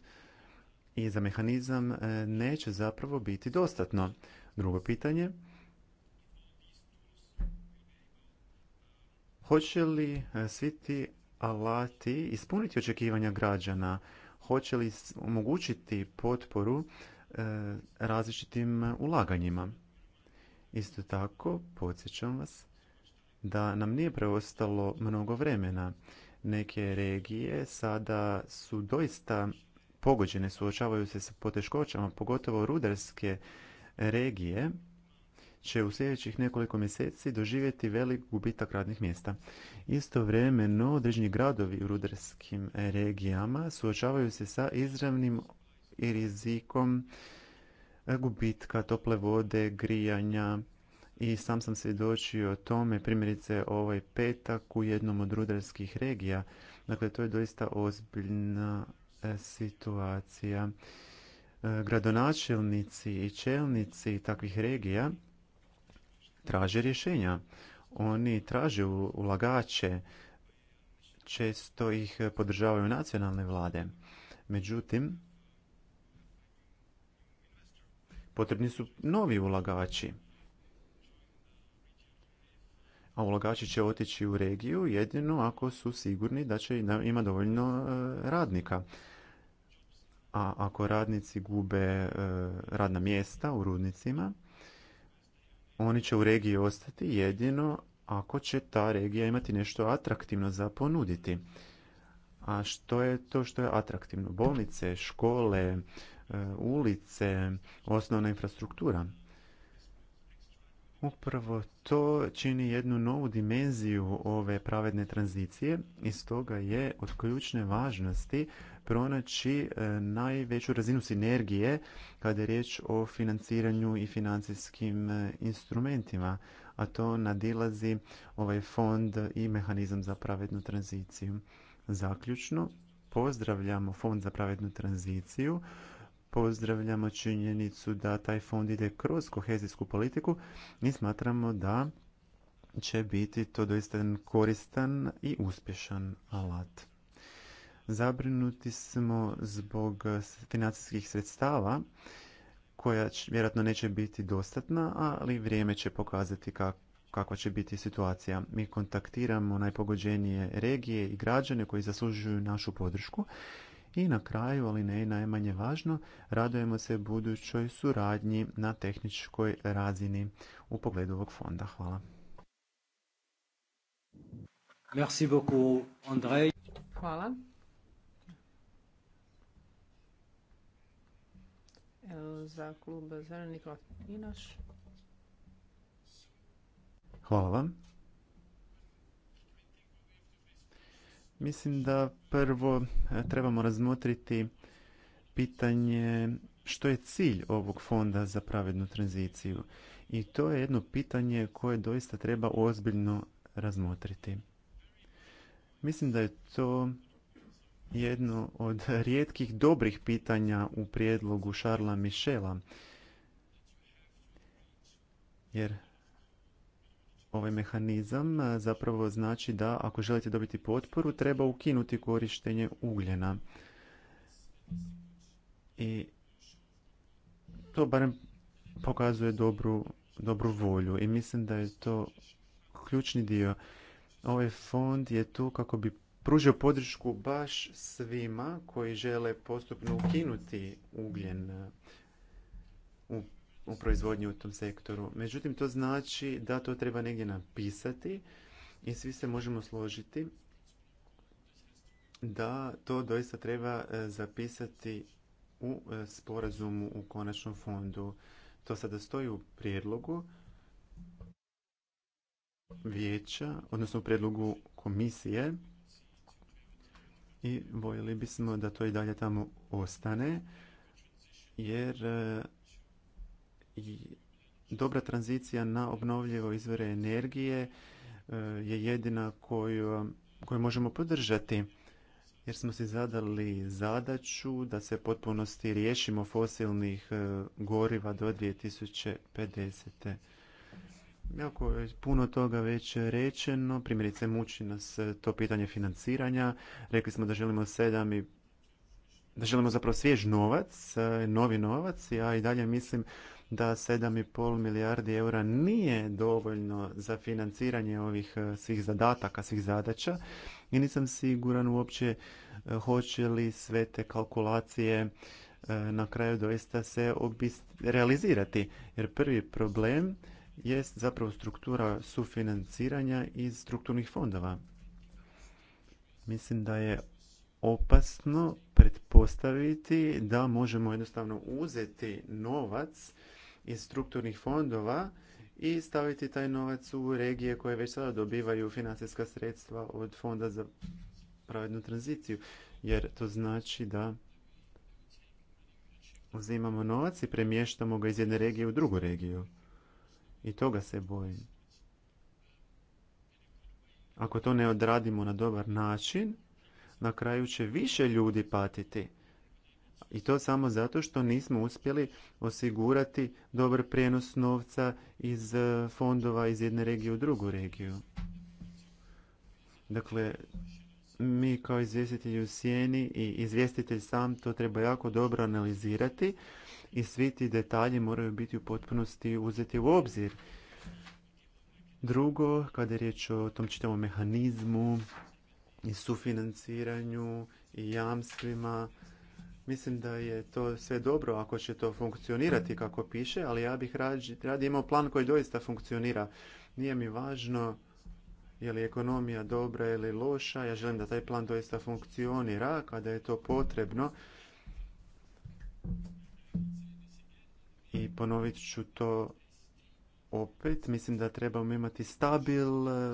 i za mehanizam neće zapravo biti dostatno. Drugo pitanje Hoće li e, svi ti alati ispuniti očekivanja građana? Hoće li omogućiti potporu e, različitim ulaganjima? Isto tako, podsjećam vas da nam nije preostalo mnogo vremena. Neke regije sada su doista pogođene, suočavaju se sa poteškoćama, pogotovo rudarske regije će u sljedećih nekoliko mjeseci doživjeti velik gubitak radnih mjesta. Istovremeno, određeni gradovi u rudarskim regijama suočavaju se sa izravnim rizikom e, gubitka tople vode, grijanja i sam sam svjedočio tome, primjerice ovaj petak u jednom od rudarskih regija. Dakle, to je doista ozbiljna e, situacija e, gradonačelnici i čelnici takvih regija traže rješenja. Oni traže ulagače, često ih podržavaju nacionalne vlade. Međutim, potrebni su novi ulagači. A ulagači će otići u regiju jedino ako su sigurni da će ima dovoljno e, radnika. A ako radnici gube e, radna mjesta u rudnicima, oni će u regiji ostati jedino ako će ta regija imati nešto atraktivno za ponuditi. A što je to što je atraktivno? Bolnice, škole, e, ulice, osnovna infrastruktura. Upravo to čini jednu novu dimenziju ove pravedne tranzicije i stoga je od ključne važnosti pronaći e, najveću razinu sinergije kada je riječ o financiranju i financijskim e, instrumentima, a to nadilazi ovaj fond i mehanizam za pravednu tranziciju. Zaključno, pozdravljamo fond za pravednu tranziciju, pozdravljamo činjenicu da taj fond ide kroz kohezijsku politiku i smatramo da će biti to doista koristan i uspješan alat. Zabrinuti smo zbog financijskih sredstava koja vjerojatno neće biti dostatna, ali vrijeme će pokazati kako kakva će biti situacija. Mi kontaktiramo najpogođenije regije i građane koji zaslužuju našu podršku. I na kraju, ali ne i najmanje važno, radujemo se budućoj suradnji na tehničkoj razini u pogledu ovog fonda. Hvala. Hvala. za klub Nikola Latinaš. Hvala vam. Mislim da prvo e, trebamo razmotriti pitanje što je cilj ovog fonda za pravednu tranziciju. I to je jedno pitanje koje doista treba ozbiljno razmotriti. Mislim da je to jedno od rijetkih dobrih pitanja u prijedlogu Šarla Mišela. Jer ovaj mehanizam zapravo znači da ako želite dobiti potporu treba ukinuti korištenje ugljena. I to barem pokazuje dobru, dobru volju i mislim da je to ključni dio. Ovaj fond je tu kako bi pružio podršku baš svima koji žele postupno ukinuti ugljen u, proizvodnji u tom sektoru. Međutim, to znači da to treba negdje napisati i svi se možemo složiti da to doista treba e, zapisati u e, sporazumu u konačnom fondu. To sada stoji u prijedlogu vijeća, odnosno u prijedlogu komisije i voljeli bismo da to i dalje tamo ostane jer e, dobra tranzicija na obnovljivo izvore energije e, je jedina koju, koju možemo podržati jer smo si zadali zadaću da se potpunosti riješimo fosilnih e, goriva do 2050. Jako je puno toga već rečeno, primjerice muči nas e, to pitanje financiranja. Rekli smo da želimo sedam i da želimo zapravo svjež novac, e, novi novac. Ja i dalje mislim da 7,5 milijardi eura nije dovoljno za financiranje ovih e, svih zadataka, svih zadaća. I nisam siguran uopće hoće li sve te kalkulacije na kraju doista se realizirati. Jer prvi problem jest zapravo struktura sufinanciranja iz strukturnih fondova. Mislim da je opasno pretpostaviti da možemo jednostavno uzeti novac iz strukturnih fondova i staviti taj novac u regije koje već sada dobivaju financijska sredstva od Fonda za pravednu tranziciju. Jer to znači da uzimamo novac i premještamo ga iz jedne regije u drugu regiju. I toga se bojim. Ako to ne odradimo na dobar način, na kraju će više ljudi patiti. I to samo zato što nismo uspjeli osigurati dobar prijenos novca iz e, fondova iz jedne regije u drugu regiju. Dakle, mi kao izvjestitelji u sjeni i izvjestitelj sam to treba jako dobro analizirati i svi ti detalji moraju biti u potpunosti uzeti u obzir. Drugo, kada je riječ o tom čitavom mehanizmu i sufinanciranju i jamstvima, mislim da je to sve dobro ako će to funkcionirati kako piše, ali ja bih radije imao plan koji doista funkcionira. Nije mi važno je li ekonomija dobra ili loša. Ja želim da taj plan doista funkcionira kada je to potrebno. I ponovit ću to opet. Mislim da trebamo imati stabil,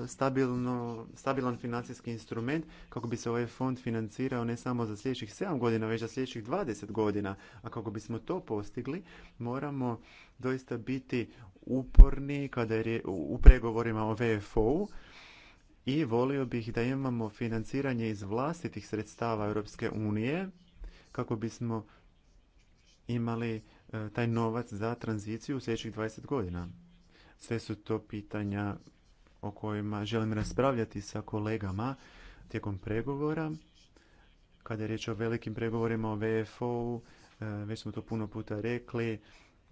stabilno, stabilan financijski instrument kako bi se ovaj fond financirao ne samo za sljedećih 7 godina, već za sljedećih 20 godina. A kako bismo to postigli, moramo doista biti uporni kada je u pregovorima o VFO-u i volio bih da imamo financiranje iz vlastitih sredstava Europske unije kako bismo imali e, taj novac za tranziciju u sljedećih 20 godina. Sve su to pitanja o kojima želim raspravljati sa kolegama tijekom pregovora. Kada je riječ o velikim pregovorima o VFO-u, e, već smo to puno puta rekli,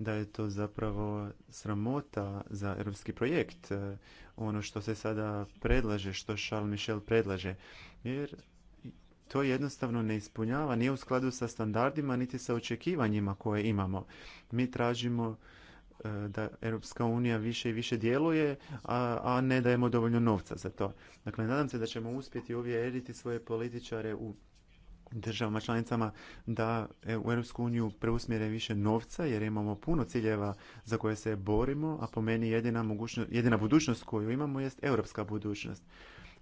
da je to zapravo sramota za europski projekt, e, ono što se sada predlaže, što Charles Michel predlaže, jer to jednostavno ne ispunjava, nije u skladu sa standardima niti sa očekivanjima koje imamo. Mi tražimo e, da Europska unija više i više djeluje, a, a ne dajemo dovoljno novca za to. Dakle, nadam se da ćemo uspjeti uvjeriti svoje političare u državama članicama da e, u Europsku uniju preusmjere više novca jer imamo puno ciljeva za koje se borimo, a po meni jedina, mogućnost, jedina budućnost koju imamo jest europska budućnost.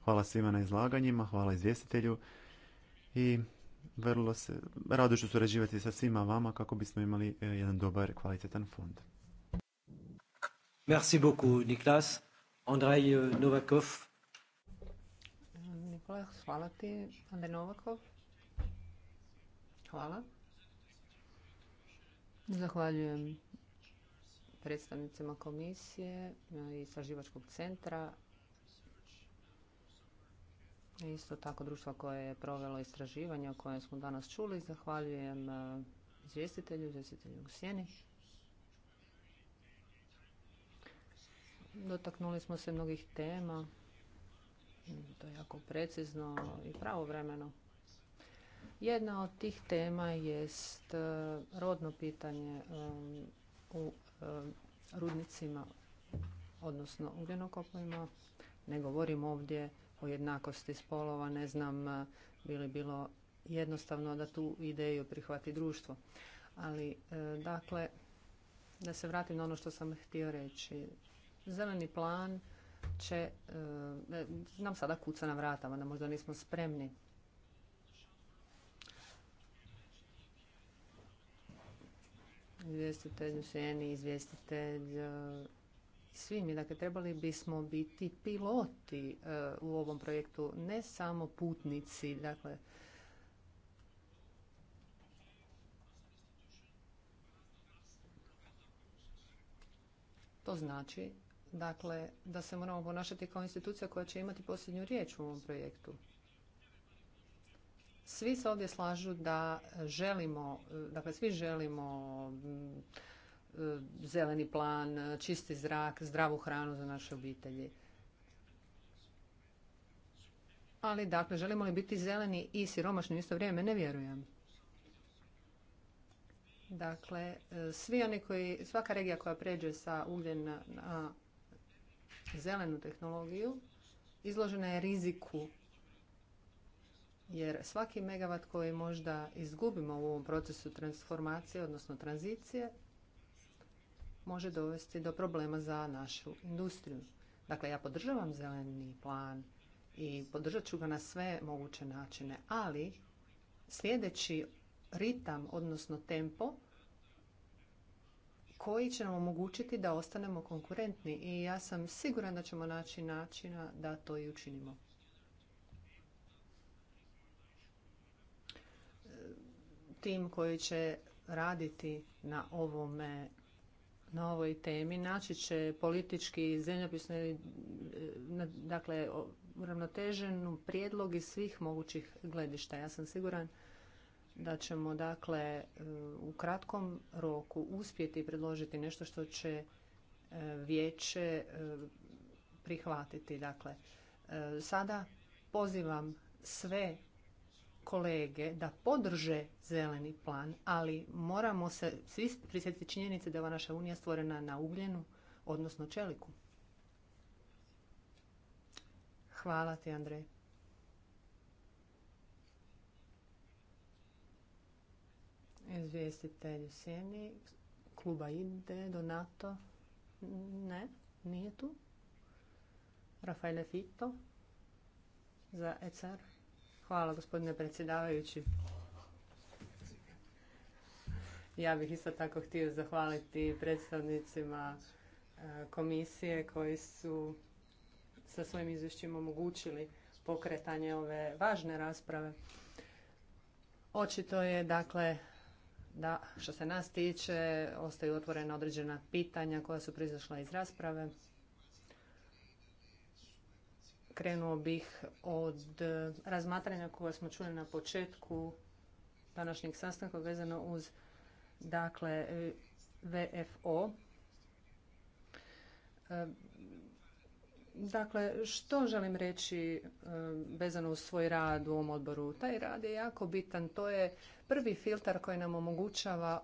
Hvala svima na izlaganjima, hvala izvjestitelju i vrlo se, rado ću surađivati sa svima vama kako bismo imali e, jedan dobar kvalitetan fond. Merci beaucoup, Niklas. Andrej e, Novakov. hvala ti. Andrej Novakov. Hvala. Zahvaljujem predstavnicima komisije i istraživačkog centra. Isto tako društva koje je provelo istraživanje o kojem smo danas čuli. Zahvaljujem e, izvjestitelju, izvjestitelju u sjeni. Dotaknuli smo se mnogih tema. To je jako precizno i pravovremeno. Jedna od tih tema jest e, rodno pitanje e, u e, rudnicima, odnosno ugljenokopima. Ne govorim ovdje o jednakosti spolova, ne znam bi li bilo jednostavno da tu ideju prihvati društvo. Ali, dakle, da se vratim na ono što sam htio reći. Zeleni plan će, nam sada kuca na vrata, da možda nismo spremni izvjestitelj u izvjestitelj e, svi mi. Dakle, trebali bismo biti piloti e, u ovom projektu, ne samo putnici. Dakle, to znači dakle, da se moramo ponašati kao institucija koja će imati posljednju riječ u ovom projektu. Svi se ovdje slažu da želimo, dakle svi želimo mm, e, zeleni plan, čisti zrak, zdravu hranu za naše obitelji. Ali dakle, želimo li biti zeleni i siromašni u isto vrijeme? Ne vjerujem. Dakle, e, svi oni koji, svaka regija koja pređe sa ugljen na zelenu tehnologiju, izložena je riziku jer svaki megavat koji možda izgubimo u ovom procesu transformacije, odnosno tranzicije, može dovesti do problema za našu industriju. Dakle, ja podržavam zeleni plan i podržat ću ga na sve moguće načine, ali sljedeći ritam, odnosno tempo, koji će nam omogućiti da ostanemo konkurentni i ja sam siguran da ćemo naći načina da to i učinimo. tim koji će raditi na ovome na ovoj temi naći će politički zemljopisno e, dakle uravnotežen prijedlog iz svih mogućih gledišta. Ja sam siguran da ćemo dakle e, u kratkom roku uspjeti predložiti nešto što će e, vijeće prihvatiti. Dakle, sada pozivam sve kolege da podrže zeleni plan, ali moramo se svi prisjetiti činjenice da je ova naša unija stvorena na ugljenu, odnosno čeliku. Hvala ti, Andrej. Izvjestitelj Sjeni, kluba ide, NATO. Ne, nije tu. Rafaele Fito za ECR. Hvala gospodine predsjedavajući. Ja bih isto tako htio zahvaliti predstavnicima e, komisije koji su sa svojim izvješćima omogućili pokretanje ove važne rasprave. Očito je dakle da što se nas tiče ostaju otvorena određena pitanja koja su prizašla iz rasprave krenuo bih od eh, razmatranja koja smo čuli na početku današnjeg sastanka vezano uz dakle eh, VFO. Eh, dakle, što želim reći vezano uz svoj rad u ovom odboru? Taj rad je jako bitan. To je prvi filtar koji nam omogućava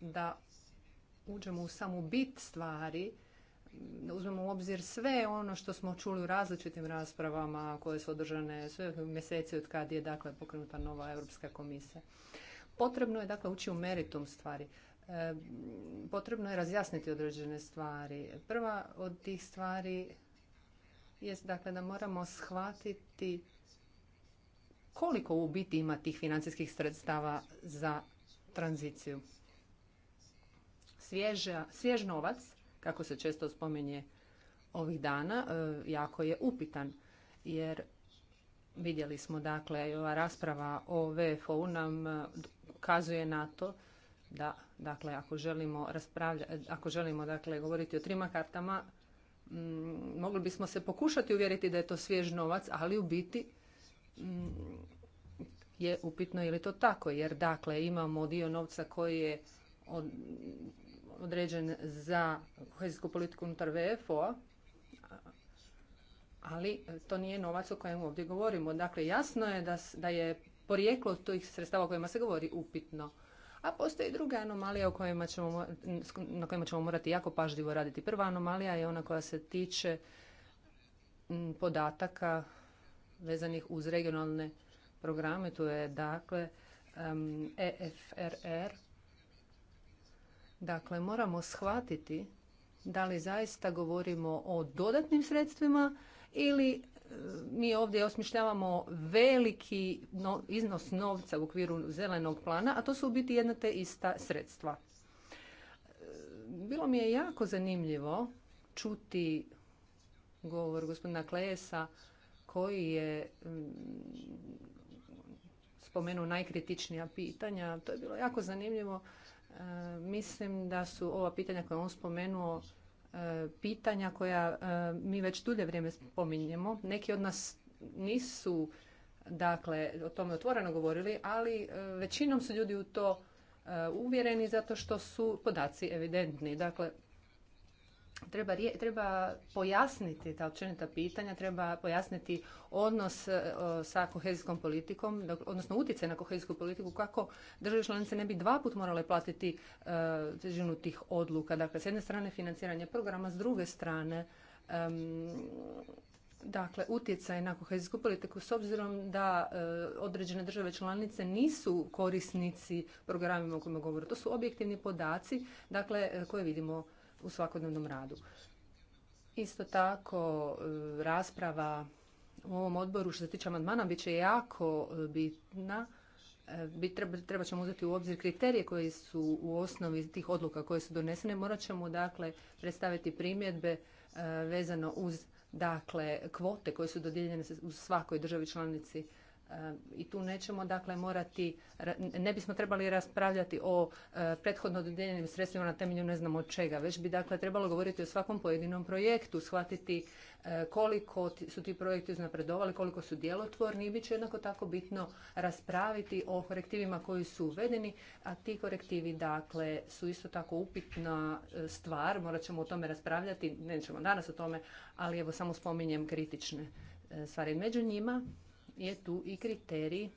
da uđemo u samu bit stvari uzmemo u obzir sve ono što smo čuli u različitim raspravama koje su održane sve mjeseci od kad je dakle pokrenuta nova Europska komisija. Potrebno je dakle ući u meritum stvari. E, potrebno je razjasniti određene stvari. Prva od tih stvari jest dakle da moramo shvatiti koliko u biti ima tih financijskih sredstava za tranziciju. Svježa, svjež novac kako se često spominje ovih dana, e, jako je upitan jer vidjeli smo dakle ova rasprava o VFO-u nam e, ukazuje na to da dakle ako želimo ako želimo dakle govoriti o trima kartama mm, mogli bismo se pokušati uvjeriti da je to svjež novac, ali u biti mm, je upitno ili to tako jer dakle imamo dio novca koji je od, određen za kohezijsku politiku unutar VFO-a, ali to nije novac o kojem ovdje govorimo. Dakle, jasno je da, je porijeklo tih sredstava o kojima se govori upitno. A postoji i anomalija ćemo, na kojima ćemo morati jako pažljivo raditi. Prva anomalija je ona koja se tiče podataka vezanih uz regionalne programe. Tu je dakle EFRR Dakle, moramo shvatiti da li zaista govorimo o dodatnim sredstvima ili e, mi ovdje osmišljavamo veliki iznos novca u okviru zelenog plana, a to su u biti jedna te ista sredstva. E, bilo mi je jako zanimljivo čuti govor gospodina Klejesa koji je spomenuo najkritičnija pitanja. To je bilo jako zanimljivo E, mislim da su ova pitanja koja on spomenuo e, pitanja koja e, mi već dulje vrijeme spominjemo. Neki od nas nisu dakle o tome otvoreno govorili, ali većinom su ljudi u to uvjereni zato što su podaci evidentni. Dakle, Treba, treba pojasniti ta općenita pitanja, treba pojasniti odnos e, sa kohezijskom politikom, odnosno utjecaj na kohezijsku politiku, kako države članice ne bi dva put morale platiti e, težinu tih odluka. Dakle, s jedne strane financiranje programa, s druge strane dakle utjecaj na kohezijsku politiku s obzirom da e, određene države članice nisu korisnici programima o kojima govorim. To su objektivni podaci dakle koje vidimo u svakodnevnom radu. Isto tako, e, rasprava u ovom odboru što se tiče amandmana bit će jako bitna. E, treba, ćemo uzeti u obzir kriterije koji su u osnovi tih odluka koje su donesene. Morat ćemo dakle predstaviti primjedbe e, vezano uz dakle kvote koje su dodijeljene u svakoj državi članici Ehm, i tu nećemo dakle morati, ne bismo trebali raspravljati o ehm, prethodno dodijeljenim sredstvima na temelju ne znamo čega, već bi dakle trebalo govoriti o svakom pojedinom projektu, shvatiti ehm, koliko su ti projekti uznapredovali, koliko su djelotvorni i bit će jednako tako bitno raspraviti o korektivima koji su uvedeni, a ti korektivi dakle su isto tako upitna stvar, morat ćemo o tome raspravljati, nećemo danas o tome, ali evo samo spominjem kritične stvari. Među njima je tu i kriterij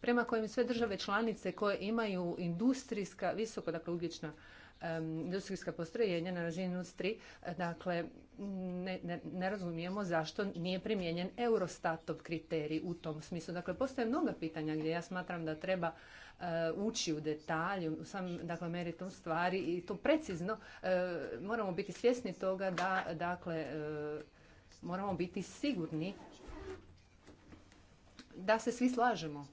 prema kojem sve države članice koje imaju industrijska, visoko, dakle ugljična industrijska postrojenja na razini industri, dakle ne, razumijemo zašto nije primijenjen Eurostatov kriterij u tom smislu. Dakle, postoje mnoga pitanja gdje ja smatram da treba e, ući u detalju, u sam dakle, meritum stvari i to precizno. E, moramo biti svjesni toga da dakle, e, moramo biti sigurni da se svi slažemo.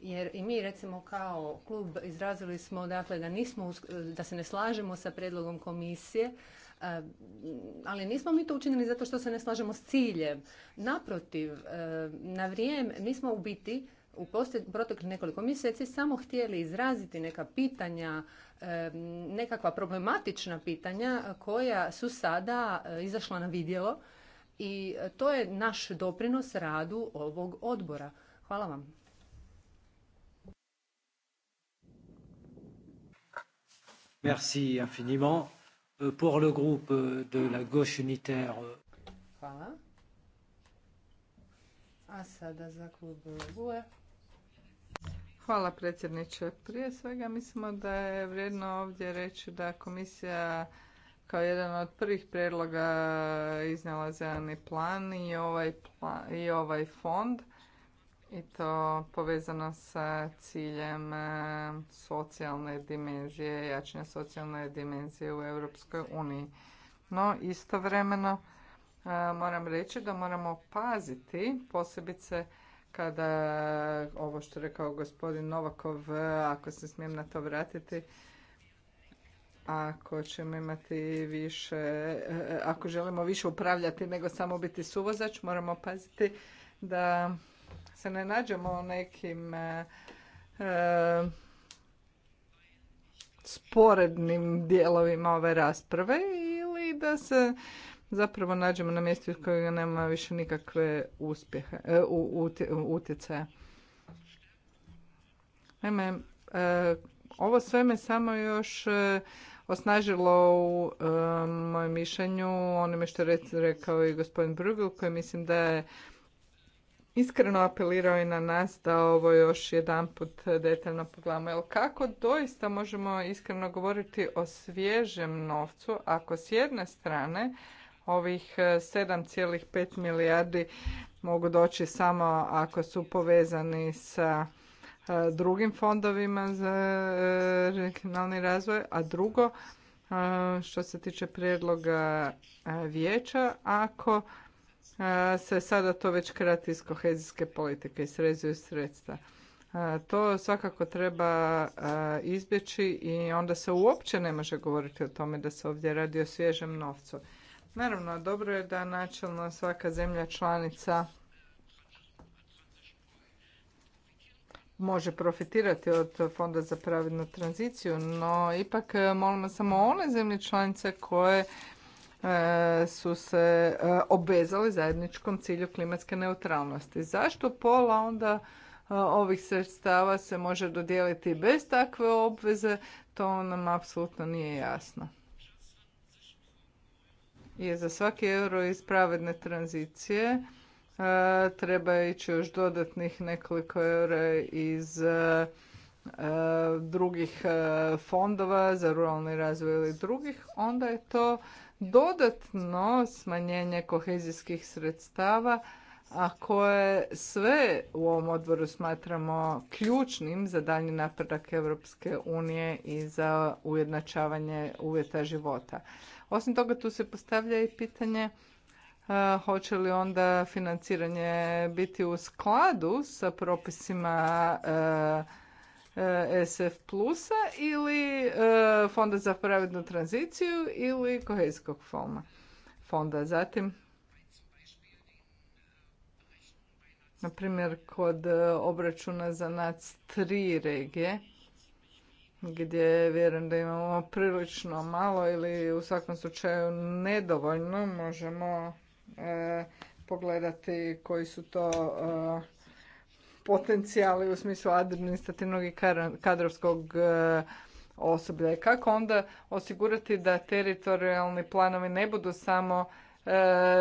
Jer i mi recimo kao klub izrazili smo dakle da nismo da se ne slažemo sa predlogom komisije, e, ali nismo mi to učinili zato što se ne slažemo s ciljem. Naprotiv, e, na vrijeme mi smo u biti u proteklih nekoliko mjeseci samo htjeli izraziti neka pitanja, e, nekakva problematična pitanja koja su sada izašla na vidjelo i e, to je naš doprinos radu ovog odbora. Hvala vam. Merci infiniment. Euh, pour le groupe euh, de la gauche unitaire. Euh, Hvala. A sada za klub e, e. Hvala predsjedniče. Prije svega mislimo da je vrijedno ovdje reći da komisija kao jedan od prvih predloga iznala zeleni plan i ovaj, plan, i ovaj fond i to povezano sa ciljem e, socijalne dimenzije, jačanja socijalne dimenzije u Europskoj uniji. No, istovremeno e, moram reći da moramo paziti, posebice kada ovo što je rekao gospodin Novakov, e, ako se smijem na to vratiti, ako ćemo imati više, eh, ako želimo više upravljati nego samo biti suvozač, moramo paziti da se ne nađemo u nekim eh, eh, sporednim dijelovima ove rasprave ili da se zapravo nađemo na mjestu iz kojega nema više nikakve uspjehe, utjecaja. Naime, ovo sve me samo još osnažilo u mojem mišljenju onome što je rekao i gospodin Brugel koji mislim da je iskreno apelirao i na nas da ovo još jedanput detaljno pogledamo. Jer kako doista možemo iskreno govoriti o svježem novcu ako s jedne strane ovih 7,5 eh, milijardi mogu doći samo ako su povezani sa E, drugim fondovima za e, regionalni razvoj, a drugo e, što se tiče prijedloga vijeća, ako se sada to već krati iz kohezijske politike i srezuju sredstva. To svakako treba izbjeći i onda se uopće ne može govoriti o tome da se ovdje radi o svježem novcu. Naravno, dobro je da načelno svaka zemlja članica može profitirati od Fonda za pravednu tranziciju, no ipak e, molimo samo one zemlje članice koje e, su se e, obezali zajedničkom cilju klimatske neutralnosti. Zašto pola onda ovih sredstava se može dodijeliti bez takve obveze, to nam apsolutno nije jasno. I za svaki euro iz pravedne tranzicije E, treba ići još dodatnih nekoliko eura iz e, e, drugih fondova za ruralni razvoj ili drugih, onda je to dodatno smanjenje kohezijskih sredstava, a koje sve u ovom odboru smatramo ključnim za daljnji napredak Europske unije i za ujednačavanje uvjeta života. Osim toga tu se postavlja i pitanje E, hoće li onda financiranje biti u skladu sa propisima e, e, SF plusa ili Fonda za pravednu tranziciju ili kohezijskog fonda. Zatim, na primjer kod obračuna za NAC tri regije, gdje vjerujem da imamo prilično malo ili u svakom slučaju nedovoljno, možemo E, pogledati koji su to e, potencijali u smislu administrativnog i kadrovskog e, osoblja i kako onda osigurati da teritorijalni planovi ne budu samo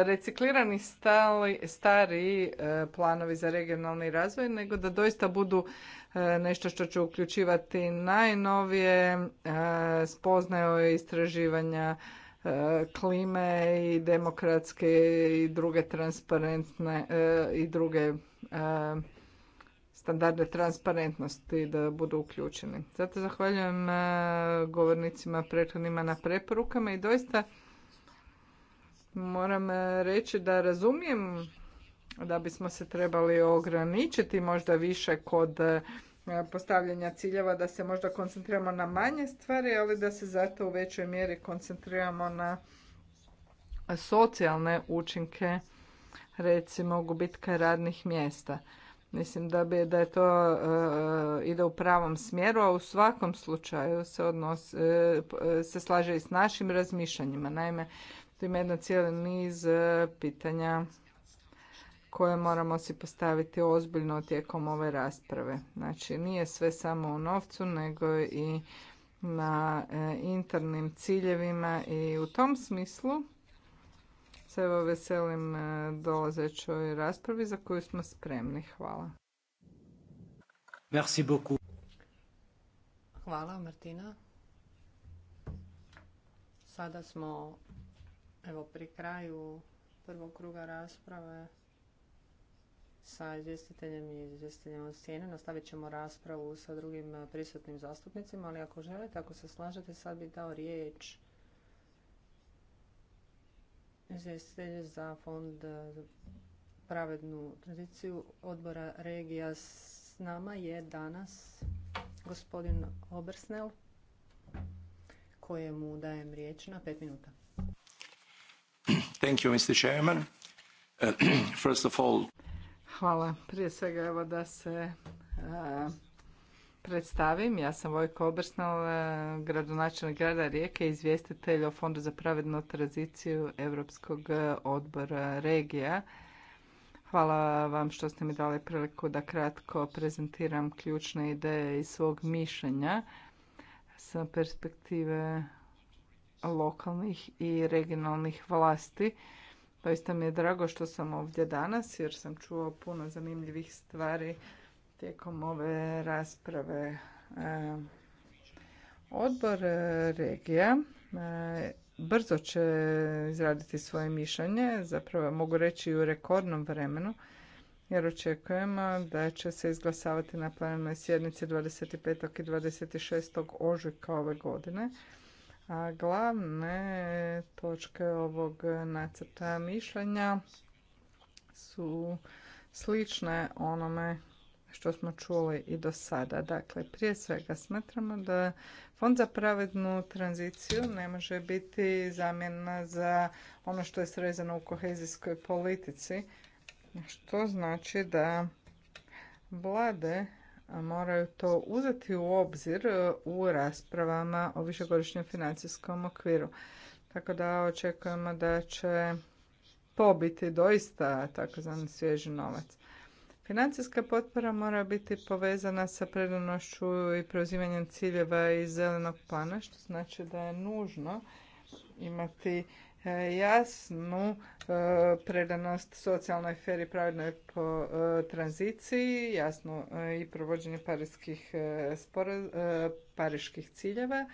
reciklirani stali, stari planovi za regionalni razvoj, nego da doista budu nešto što će uključivati najnovije spoznaje istraživanja E, klime i demokratske i druge transparentne e, i druge e, standarde transparentnosti da budu uključeni. Zato zahvaljujem govornicima prethodnima na preporukama i doista moram reći da razumijem da bismo se trebali ograničiti možda više kod E, postavljanja ciljeva da se možda koncentriramo na manje stvari, ali da se zato u većoj mjeri koncentriramo na socijalne učinke recimo gubitka radnih mjesta. Mislim da bi da je to e, ide u pravom smjeru, a u svakom slučaju se odnos e, se slaže i s našim razmišljanjima. Naime, tu ima jedan cijeli niz pitanja koje moramo si postaviti ozbiljno tijekom ove rasprave. Znači nije sve samo u novcu nego i na e, internim ciljevima i u tom smislu se evo veselim e, dolazećoj raspravi za koju smo spremni. Hvala. Merci beaucoup. Hvala Martina. Sada smo evo pri kraju prvog kruga rasprave sa izvjestiteljem i izvjestiteljem od sjeni. Nastavit ćemo raspravu sa drugim eh, prisutnim zastupnicima, ali ako želite, ako se slažete, sad bi dao riječ izvjestitelje za fond eh, za pravednu tradiciju odbora regija. S nama je danas gospodin Obersnel, kojemu dajem riječ na pet minuta. Thank you, Mr. Chairman. *clears throat* First of all... Hvala. Prije svega evo da se e, predstavim. Ja sam Vojko Obrsnal, e, gradonačelnik grada Rijeke, izvjestitelj o Fondu za pravednu tranziciju Europskog e, odbora regija. Hvala vam što ste mi dali priliku da kratko prezentiram ključne ideje iz svog mišljenja sa perspektive lokalnih i regionalnih vlasti Doista mi je drago što sam ovdje danas jer sam čuo puno zanimljivih stvari tijekom ove rasprave. E, odbor e, regija e, brzo će izraditi svoje mišljenje, zapravo mogu reći i u rekordnom vremenu, jer očekujemo da će se izglasavati na plenarnoj sjednici 25. i 26. ožujka ove godine. A glavne točke ovog nacrta mišljenja su slične onome što smo čuli i do sada. Dakle, prije svega smatramo da Fond za pravednu tranziciju ne može biti zamjena za ono što je srezano u kohezijskoj politici, što znači da vlade a moraju to uzeti u obzir e, u raspravama o višegodišnjem financijskom okviru. Tako da očekujemo da će to biti doista takozvani svježi novac. Financijska potpora mora biti povezana sa predanošću i preuzimanjem ciljeva iz zelenog plana, što znači da je nužno imati E, jasnu e, predanost socijalnoj feri i pravednoj po e, tranziciji, jasno i provođenje pariških, pariških ciljeva,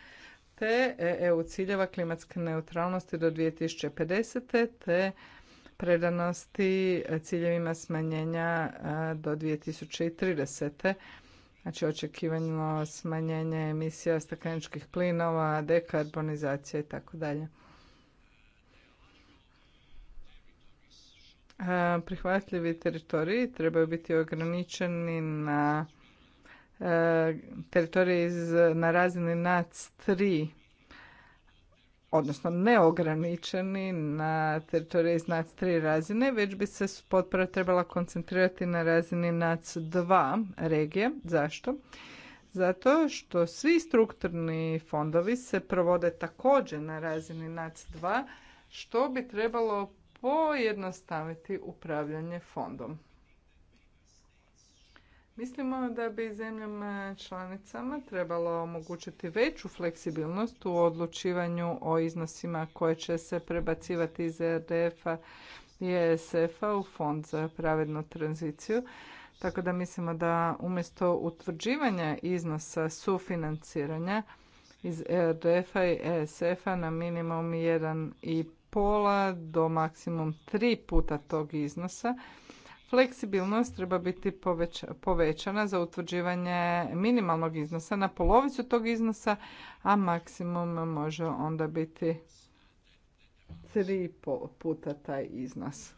te EU ciljeva klimatske neutralnosti do 2050. te predanosti ciljevima smanjenja do 2030. Znači očekivano smanjenje emisija stakleničkih plinova, dekarbonizacija i tako dalje. prihvatljivi teritoriji trebaju biti ograničeni na teritorije na razini NAC3, odnosno neograničeni na teritorije iz NAC3 razine, već bi se potpora trebala koncentrirati na razini NAC2 regije. Zašto? Zato što svi strukturni fondovi se provode također na razini NAC2, što bi trebalo pojednostaviti upravljanje fondom. Mislimo da bi zemljama članicama trebalo omogućiti veću fleksibilnost u odlučivanju o iznosima koje će se prebacivati iz RDF-a i ESF-a u Fond za pravednu tranziciju. Tako da mislimo da umjesto utvrđivanja iznosa sufinanciranja iz RDF-a i ESF-a na minimum 1,5 pola do maksimum tri puta tog iznosa. Fleksibilnost treba biti povećana za utvrđivanje minimalnog iznosa na polovicu tog iznosa, a maksimum može onda biti tri puta taj iznos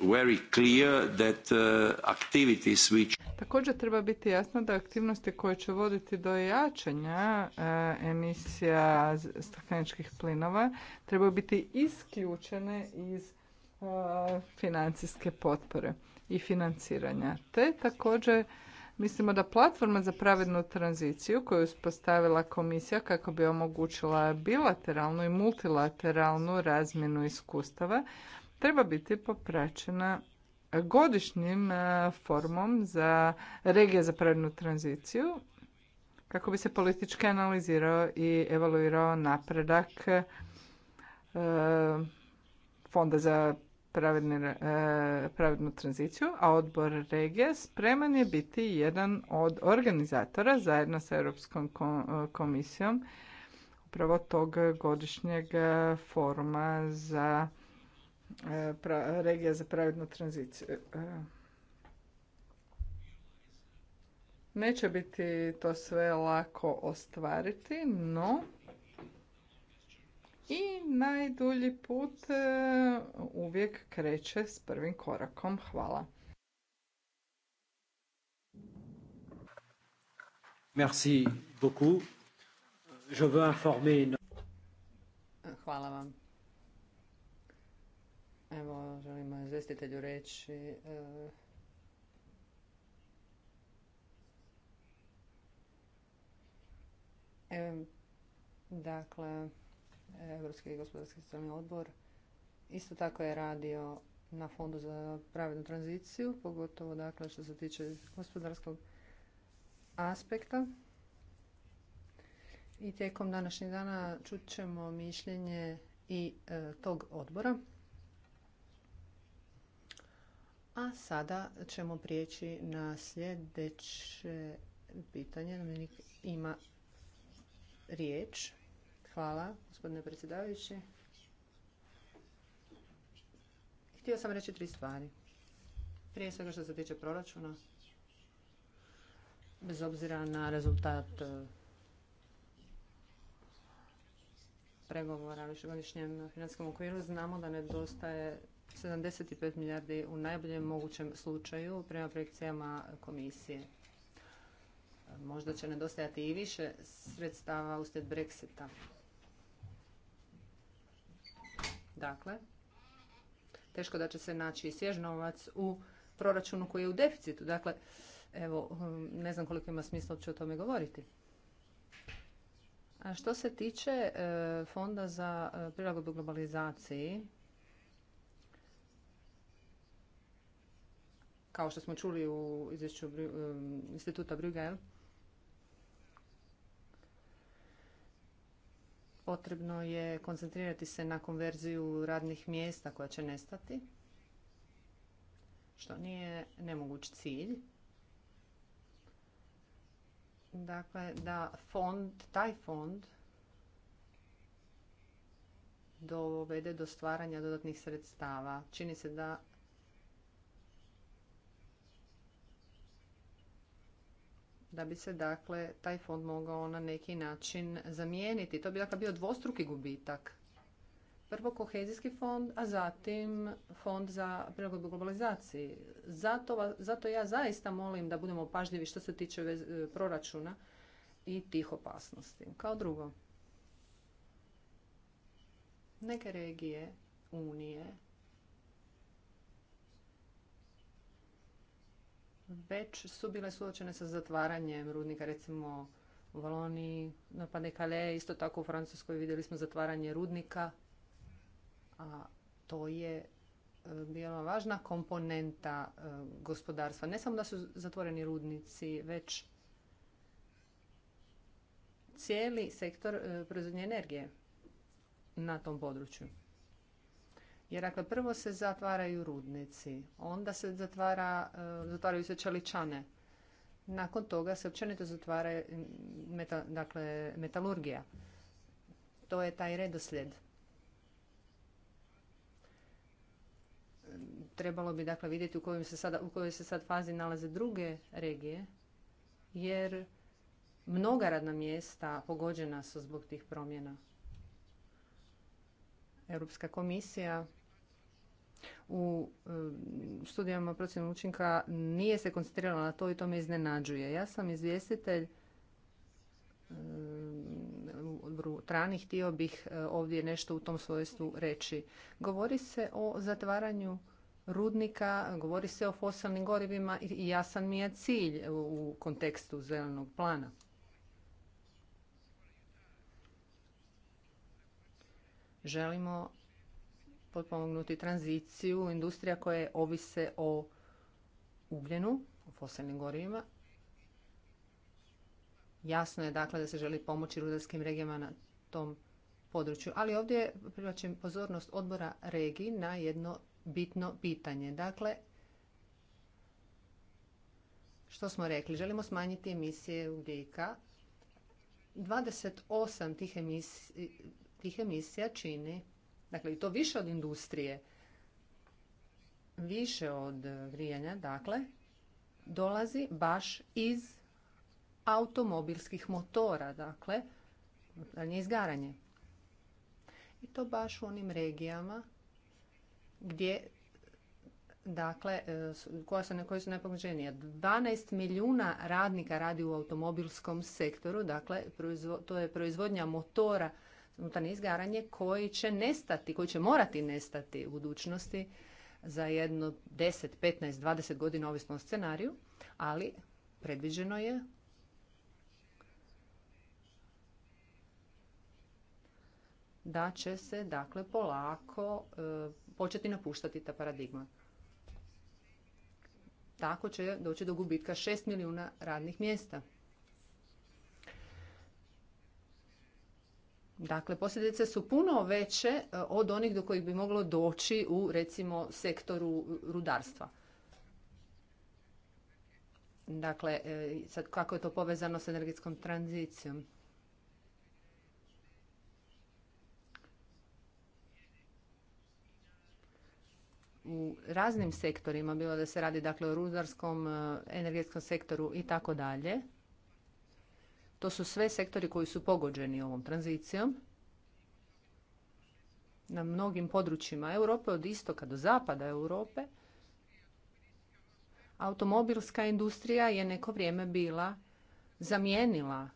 very clear that uh, activities which... Također treba biti jasno da aktivnosti koje će voditi do jačanja uh, emisija stakleničkih plinova trebaju biti isključene iz uh, financijske potpore i financiranja. Te također mislimo da platforma za pravednu tranziciju koju je uspostavila komisija kako bi omogućila bilateralnu i multilateralnu razmjenu iskustava treba biti popraćena godišnjim e, formom za regije za pravednu tranziciju kako bi se politički analizirao i evaluirao napredak e, Fonda za e, pravednu tranziciju, a odbor regije spreman je biti jedan od organizatora zajedno sa Europskom komisijom upravo tog godišnjeg foruma za E, pra, regija za pravednu tranziciju. E, e. Neće biti to sve lako ostvariti, no i najdulji put uvijek kreće s prvim korakom. Hvala. Merci beaucoup. Je veux informer... Hvala vam. Evo, želimo izvestitelju reći e, e, dakle, Europski gospodarski socijalni odbor isto tako je radio na Fondu za pravednu tranziciju, pogotovo dakle što se tiče gospodarskog aspekta. I tijekom današnjih dana čut ćemo mišljenje i e, tog odbora. A sada ćemo prijeći na sljedeće pitanje. ima riječ. Hvala, gospodine predsjedavajući. Htio sam reći tri stvari. Prije svega što se tiče proračuna, bez obzira na rezultat e, pregovora o višegodišnjem financijskom okviru, znamo da nedostaje 75 milijardi u najboljem mogućem slučaju prema projekcijama komisije. Možda će nedostajati i više sredstava uslijed Brexita. Dakle, teško da će se naći svjež novac u proračunu koji je u deficitu. Dakle, evo, ne znam koliko ima smisla uopće o tome govoriti. A što se tiče e, fonda za prilagodbu globalizaciji, kao što smo čuli u izvješću instituta Bruegel, potrebno je koncentrirati se na konverziju radnih mjesta koja će nestati, što nije nemoguć cilj. Dakle, da fond, taj fond dovede do stvaranja dodatnih sredstava. Čini se da da bi se dakle taj fond mogao na neki način zamijeniti. To bi dakle bio dvostruki gubitak. Prvo kohezijski fond, a zatim fond za prilagodbu globalizaciji. Zato, zato ja zaista molim da budemo pažljivi što se tiče e, proračuna i tih opasnosti. Kao drugo, neke regije Unije već su bile suočene sa zatvaranjem rudnika, recimo u Valoniji, na Panekale, isto tako u Francuskoj vidjeli smo zatvaranje rudnika, a to je e, bila važna komponenta e, gospodarstva. Ne samo da su zatvoreni rudnici, već cijeli sektor e, proizvodnje energije na tom području. Jer ako dakle, prvo se zatvaraju rudnici, onda se zatvara, e, zatvaraju se čeličane. Nakon toga se općenito zatvara e, meta, dakle, metalurgija. To je taj redoslijed. Trebalo bi dakle vidjeti u kojoj se sada, u kojoj se sad fazi nalaze druge regije, jer mnoga radna mjesta pogođena su zbog tih promjena. Europska komisija u studijama procjene učinka nije se koncentrirala na to i to me iznenađuje. Ja sam izvjestitelj odboru tranih, htio bih e, ovdje nešto u tom svojstvu reći. Govori se o zatvaranju rudnika, govori se o fosilnim gorivima i jasan mi je cilj u kontekstu zelenog plana. Želimo potpomognuti tranziciju industrija koje ovise o ugljenu, o fosilnim gorivima. Jasno je dakle da se želi pomoći rudarskim regijama na tom području. Ali ovdje privlačim pozornost odbora regiji na jedno bitno pitanje. Dakle, što smo rekli? Želimo smanjiti emisije ugljika. 28 tih emisija, tih emisija čini, dakle i to više od industrije, više od grijanja, dakle, dolazi baš iz automobilskih motora, dakle, daljnje izgaranje. I to baš u onim regijama gdje dakle, e, koja su, koje su 12 milijuna radnika radi u automobilskom sektoru, dakle, to je proizvodnja motora unutarnje izgaranje koji će nestati, koji će morati nestati u budućnosti za jedno 10, 15, 20 godina ovisno o scenariju, ali predviđeno je da će se dakle polako e, početi napuštati ta paradigma. Tako će doći do gubitka 6 milijuna radnih mjesta. Dakle, posljedice su puno veće e, od onih do kojih bi moglo doći u, recimo, sektoru rudarstva. Dakle, e, sad kako je to povezano s energetskom tranzicijom? u raznim sektorima, bilo da se radi dakle o rudarskom, e, energetskom sektoru i tako dalje. To su sve sektori koji su pogođeni ovom tranzicijom. Na mnogim područjima Europe, od istoka do zapada Europe, automobilska industrija je neko vrijeme bila zamijenila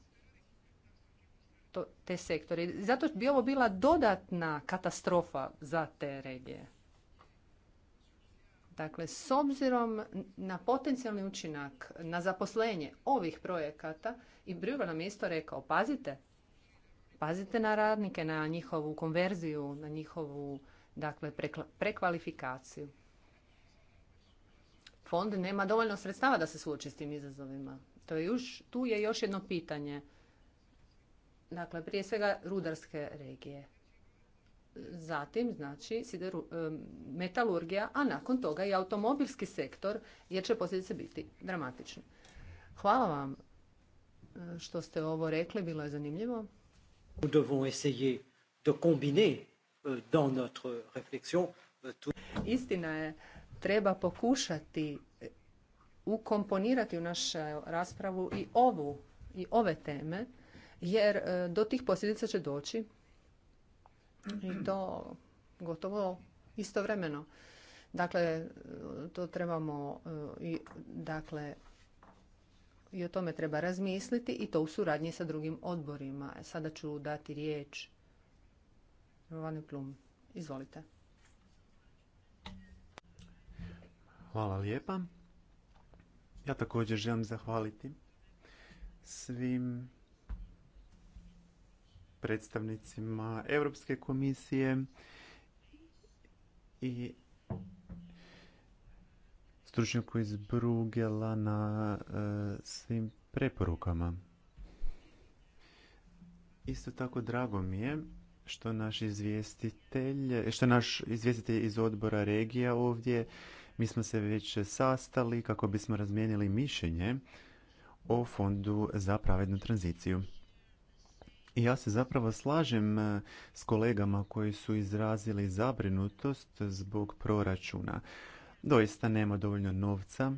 te sektore. Zato bi ovo bila dodatna katastrofa za te regije. Dakle, s obzirom na potencijalni učinak, na zaposlenje ovih projekata, i Brjuva nam je isto rekao, pazite, pazite na radnike, na njihovu konverziju, na njihovu dakle, prekvalifikaciju. Fond nema dovoljno sredstava da se suoči s tim izazovima. To je još, tu je još jedno pitanje. Dakle, prije svega rudarske regije zatim znači sideru, e, metalurgija, a nakon toga i automobilski sektor, jer će posljedice biti dramatične. Hvala vam e, što ste ovo rekli, bilo je zanimljivo. E, Istina je, treba pokušati ukomponirati u našu raspravu i ovu i ove teme, jer do tih posljedica će doći i to gotovo istovremeno. Dakle, to trebamo e, i dakle i o tome treba razmisliti i to u suradnji sa drugim odborima. Sada ću dati riječ Vani Plum. Izvolite. Hvala lijepa. Ja također želim zahvaliti svim predstavnicima Europske komisije i stručnjaku iz Brugela na e, svim preporukama. Isto tako drago mi je što naš izvjestitelj, što naš izvjestitelj iz odbora regija ovdje, mi smo se već sastali kako bismo razmijenili mišljenje o fondu za pravednu tranziciju ja se zapravo slažem e, s kolegama koji su izrazili zabrinutost zbog proračuna. Doista nema dovoljno novca.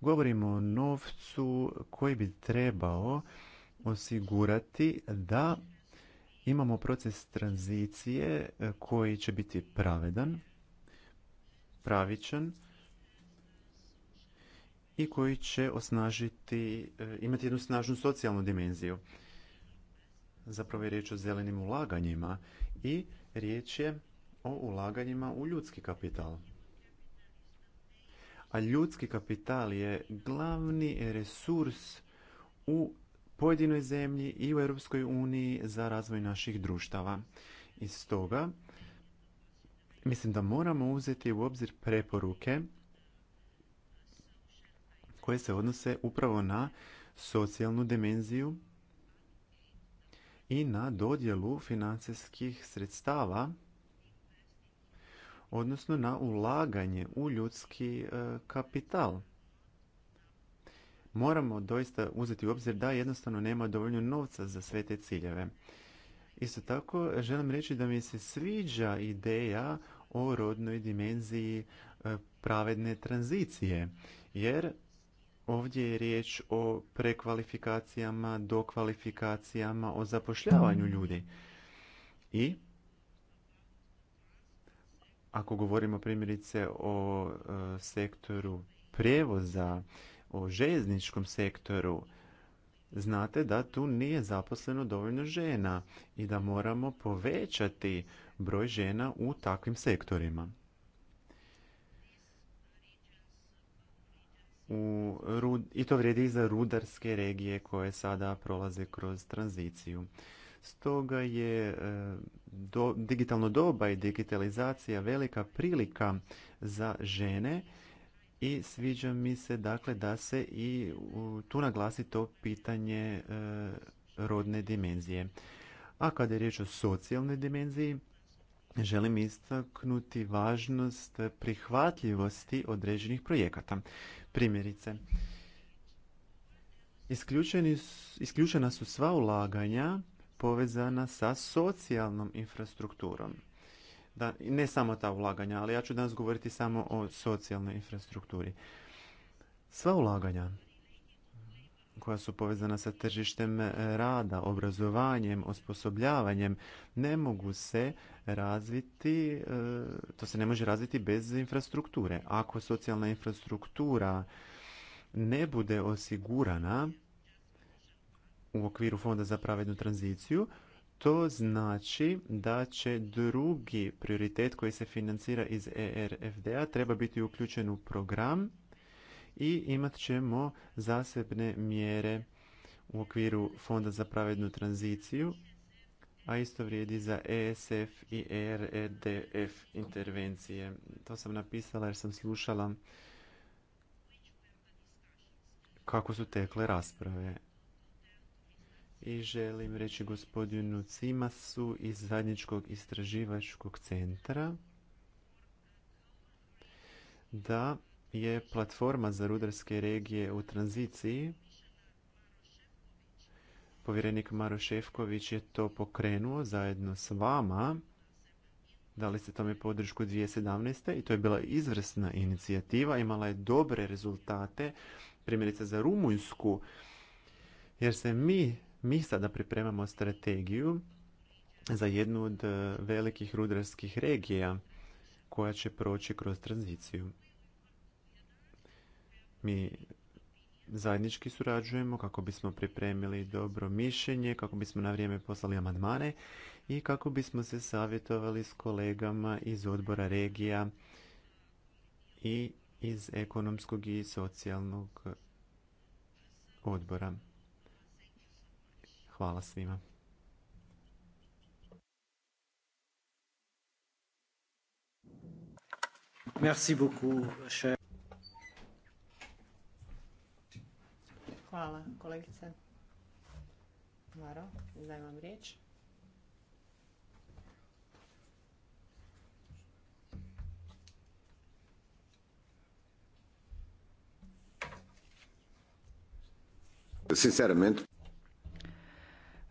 Govorimo o novcu koji bi trebao osigurati da imamo proces tranzicije e, koji će biti pravedan, pravičan i koji će osnažiti, e, imati jednu snažnu socijalnu dimenziju. Zapravo je riječ o zelenim ulaganjima i riječ je o ulaganjima u ljudski kapital. A ljudski kapital je glavni resurs u pojedinoj zemlji i u Europskoj uniji za razvoj naših društava. I stoga mislim da moramo uzeti u obzir preporuke koje se odnose upravo na socijalnu dimenziju i na dodjelu financijskih sredstava odnosno na ulaganje u ljudski e, kapital. Moramo doista uzeti u obzir da jednostavno nema dovoljno novca za sve te ciljeve. Isto tako želim reći da mi se sviđa ideja o rodnoj dimenziji e, pravedne tranzicije, jer Ovdje je riječ o prekvalifikacijama, dokvalifikacijama, o zapošljavanju ljudi. I ako govorimo primjerice o e, sektoru prijevoza, o željezničkom sektoru, znate da tu nije zaposleno dovoljno žena i da moramo povećati broj žena u takvim sektorima. u, i to vrijedi i za rudarske regije koje sada prolaze kroz tranziciju. Stoga je e, digitalno doba i digitalizacija velika prilika za žene i sviđa mi se dakle da se i tu naglasi to pitanje e, rodne dimenzije. A kada je riječ o socijalnoj dimenziji, želim istaknuti važnost prihvatljivosti određenih projekata. Primjerice, isključena su sva ulaganja povezana sa socijalnom infrastrukturom. Da, ne samo ta ulaganja, ali ja ću danas govoriti samo o socijalnoj infrastrukturi. Sva ulaganja koja su povezana sa tržištem e, rada, obrazovanjem, osposobljavanjem, ne mogu se razviti, e, to se ne može razviti bez infrastrukture. Ako socijalna infrastruktura ne bude osigurana u okviru Fonda za pravednu tranziciju, to znači da će drugi prioritet koji se financira iz ERFDA treba biti uključen u program i imat ćemo zasebne mjere u okviru Fonda za pravednu tranziciju, a isto vrijedi za ESF i ERDF e intervencije. To sam napisala jer sam slušala kako su tekle rasprave. I želim reći gospodinu Cimasu iz Zadnjičkog istraživačkog centra da je platforma za rudarske regije u tranziciji. Povjerenik Maro Šefković je to pokrenuo zajedno s vama. Dali ste tome podršku 2017. i to je bila izvrsna inicijativa. Imala je dobre rezultate, primjerice za Rumunjsku, jer se mi, mi sada pripremamo strategiju za jednu od e, velikih rudarskih regija koja će proći kroz tranziciju. Mi zajednički surađujemo kako bismo pripremili dobro mišljenje, kako bismo na vrijeme poslali amandmane i kako bismo se savjetovali s kolegama iz odbora regija i iz ekonomskog i socijalnog odbora. Hvala svima. Merci beaucoup, Hvala, kolegice. Maro, dajem vam riječ.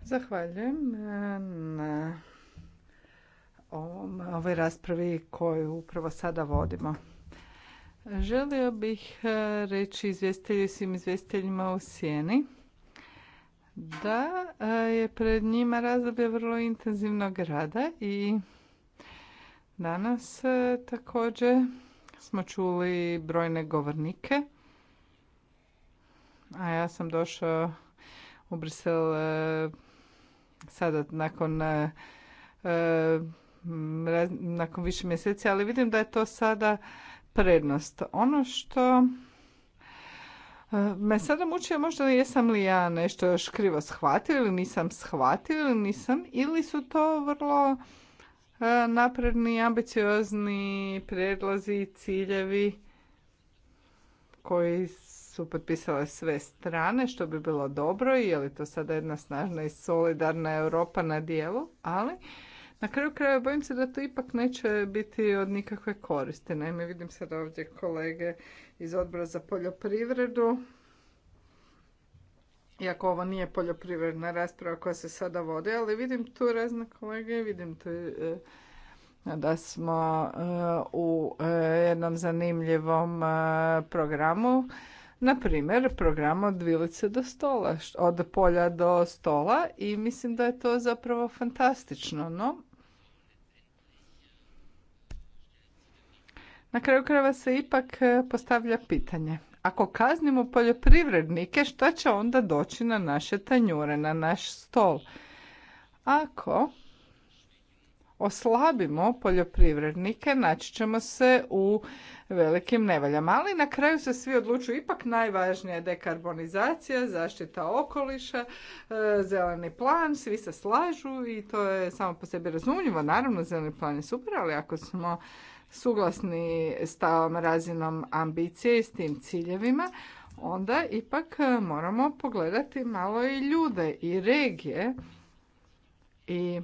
Zahvaljujem eh, na ovoj raspravi koju upravo sada vodimo. Želio bih e, reći izvjestitelji svim izvjestiteljima u sjeni da e, je pred njima razdoblje vrlo intenzivnog rada i danas e, također smo čuli brojne govornike. A ja sam došao u Brisel sada nakon nakon više mjeseci, ali vidim da je to sada prednost. Ono što eh, me sada muči, možda jesam li ja nešto još krivo shvatio ili nisam shvatio ili nisam, ili su to vrlo eh, napredni, ambiciozni predlozi, ciljevi koji su potpisale sve strane, što bi bilo dobro, je li to sada jedna snažna i solidarna Europa na dijelu, ali na kraju kraja bojim se da to ipak neće biti od nikakve koristi. Naime, vidim sad ovdje kolege iz odbora za poljoprivredu. Iako ovo nije poljoprivredna rasprava koja se sada vodi, ali vidim tu razne kolege, vidim tu e, da smo e, u e, jednom zanimljivom programu na primjer, program od vilice do stola, od polja do stola i mislim da je to zapravo fantastično. No, Na kraju krajeva se ipak e, postavlja pitanje. Ako kaznimo poljoprivrednike, što će onda doći na naše tanjure, na naš stol? Ako oslabimo poljoprivrednike, naći ćemo se u velikim nevaljama. Ali na kraju se svi odlučuju ipak najvažnija je dekarbonizacija, zaštita okoliša, e, zeleni plan, svi se slažu i to je samo po sebi razumljivo. Naravno, zeleni plan je super, ali ako smo suglasni s tom razinom ambicije i s tim ciljevima, onda ipak e, moramo pogledati malo i ljude i regije i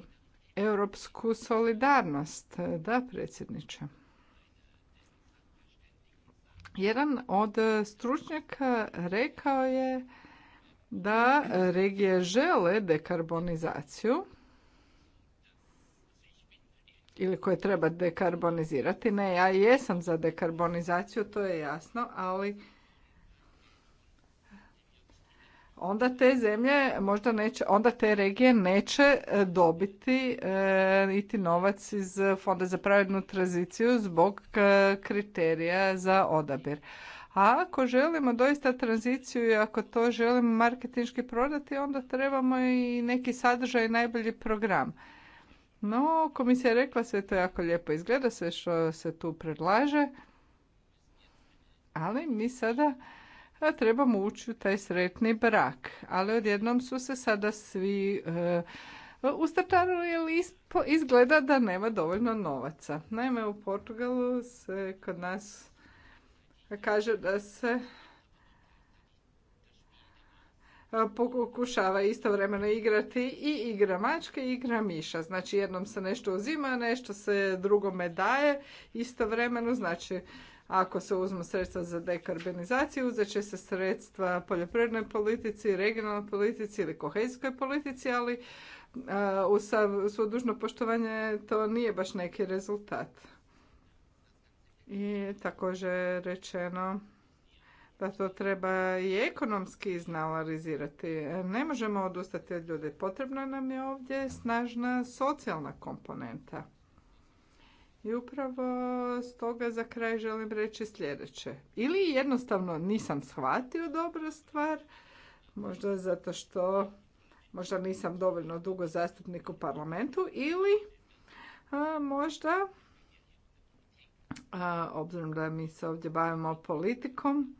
europsku solidarnost. E, da, predsjedniče. Jedan od stručnjaka e, rekao je da regije žele dekarbonizaciju, ili koje treba dekarbonizirati. Ne, ja jesam za dekarbonizaciju, to je jasno, ali onda te zemlje možda neće, onda te regije neće e, dobiti e, niti novac iz Fonda za pravednu tranziciju zbog e, kriterija za odabir. A ako želimo doista tranziciju i ako to želimo marketinški prodati, onda trebamo i neki sadržaj i najbolji program. No, komisija je rekla sve to jako lijepo izgleda, sve što se tu predlaže, ali mi sada trebamo ući u taj sretni brak. Ali odjednom su se sada svi e, ustartarili jer izgleda da nema dovoljno novaca. Naime, u Portugalu se kod nas kaže da se E, pokušava istovremeno igrati i igra mačke i igra miša. Znači jednom se nešto uzima, nešto se drugome daje istovremeno. Znači ako se uzmu sredstva za dekarbonizaciju, uzet će se sredstva poljoprivrednoj politici, regionalnoj politici ili kohezijskoj politici, ali e, uz svo dužno poštovanje to nije baš neki rezultat. I također rečeno da to treba i ekonomski iznalarizirati. Ne možemo odustati od ljudi. Potrebna nam je ovdje snažna socijalna komponenta. I upravo stoga za kraj želim reći sljedeće. Ili jednostavno nisam shvatio dobra stvar, možda zato što možda nisam dovoljno dugo zastupnik u parlamentu ili možda a, obzirom da mi se ovdje bavimo politikom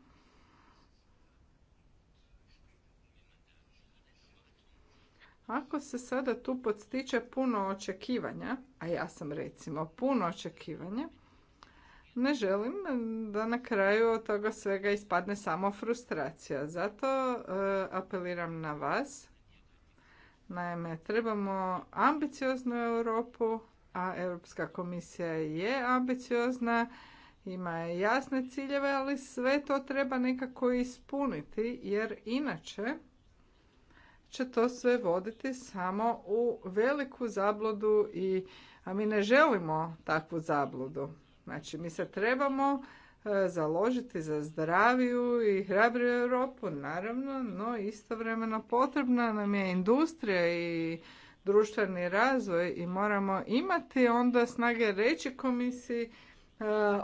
Ako se sada tu podstiče puno očekivanja, a ja sam recimo puno očekivanja, ne želim da na kraju od toga svega ispadne samo frustracija. Zato e, apeliram na vas. Naime, trebamo ambicioznu Europu, a Europska komisija je ambiciozna, ima jasne ciljeve, ali sve to treba nekako ispuniti jer inače će to sve voditi samo u veliku zabludu i a mi ne želimo takvu zabludu. Znači mi se trebamo e, založiti za zdraviju i hrabriju Europu, naravno, no istovremeno potrebna nam je industrija i društveni razvoj i moramo imati onda snage reći komisiji e,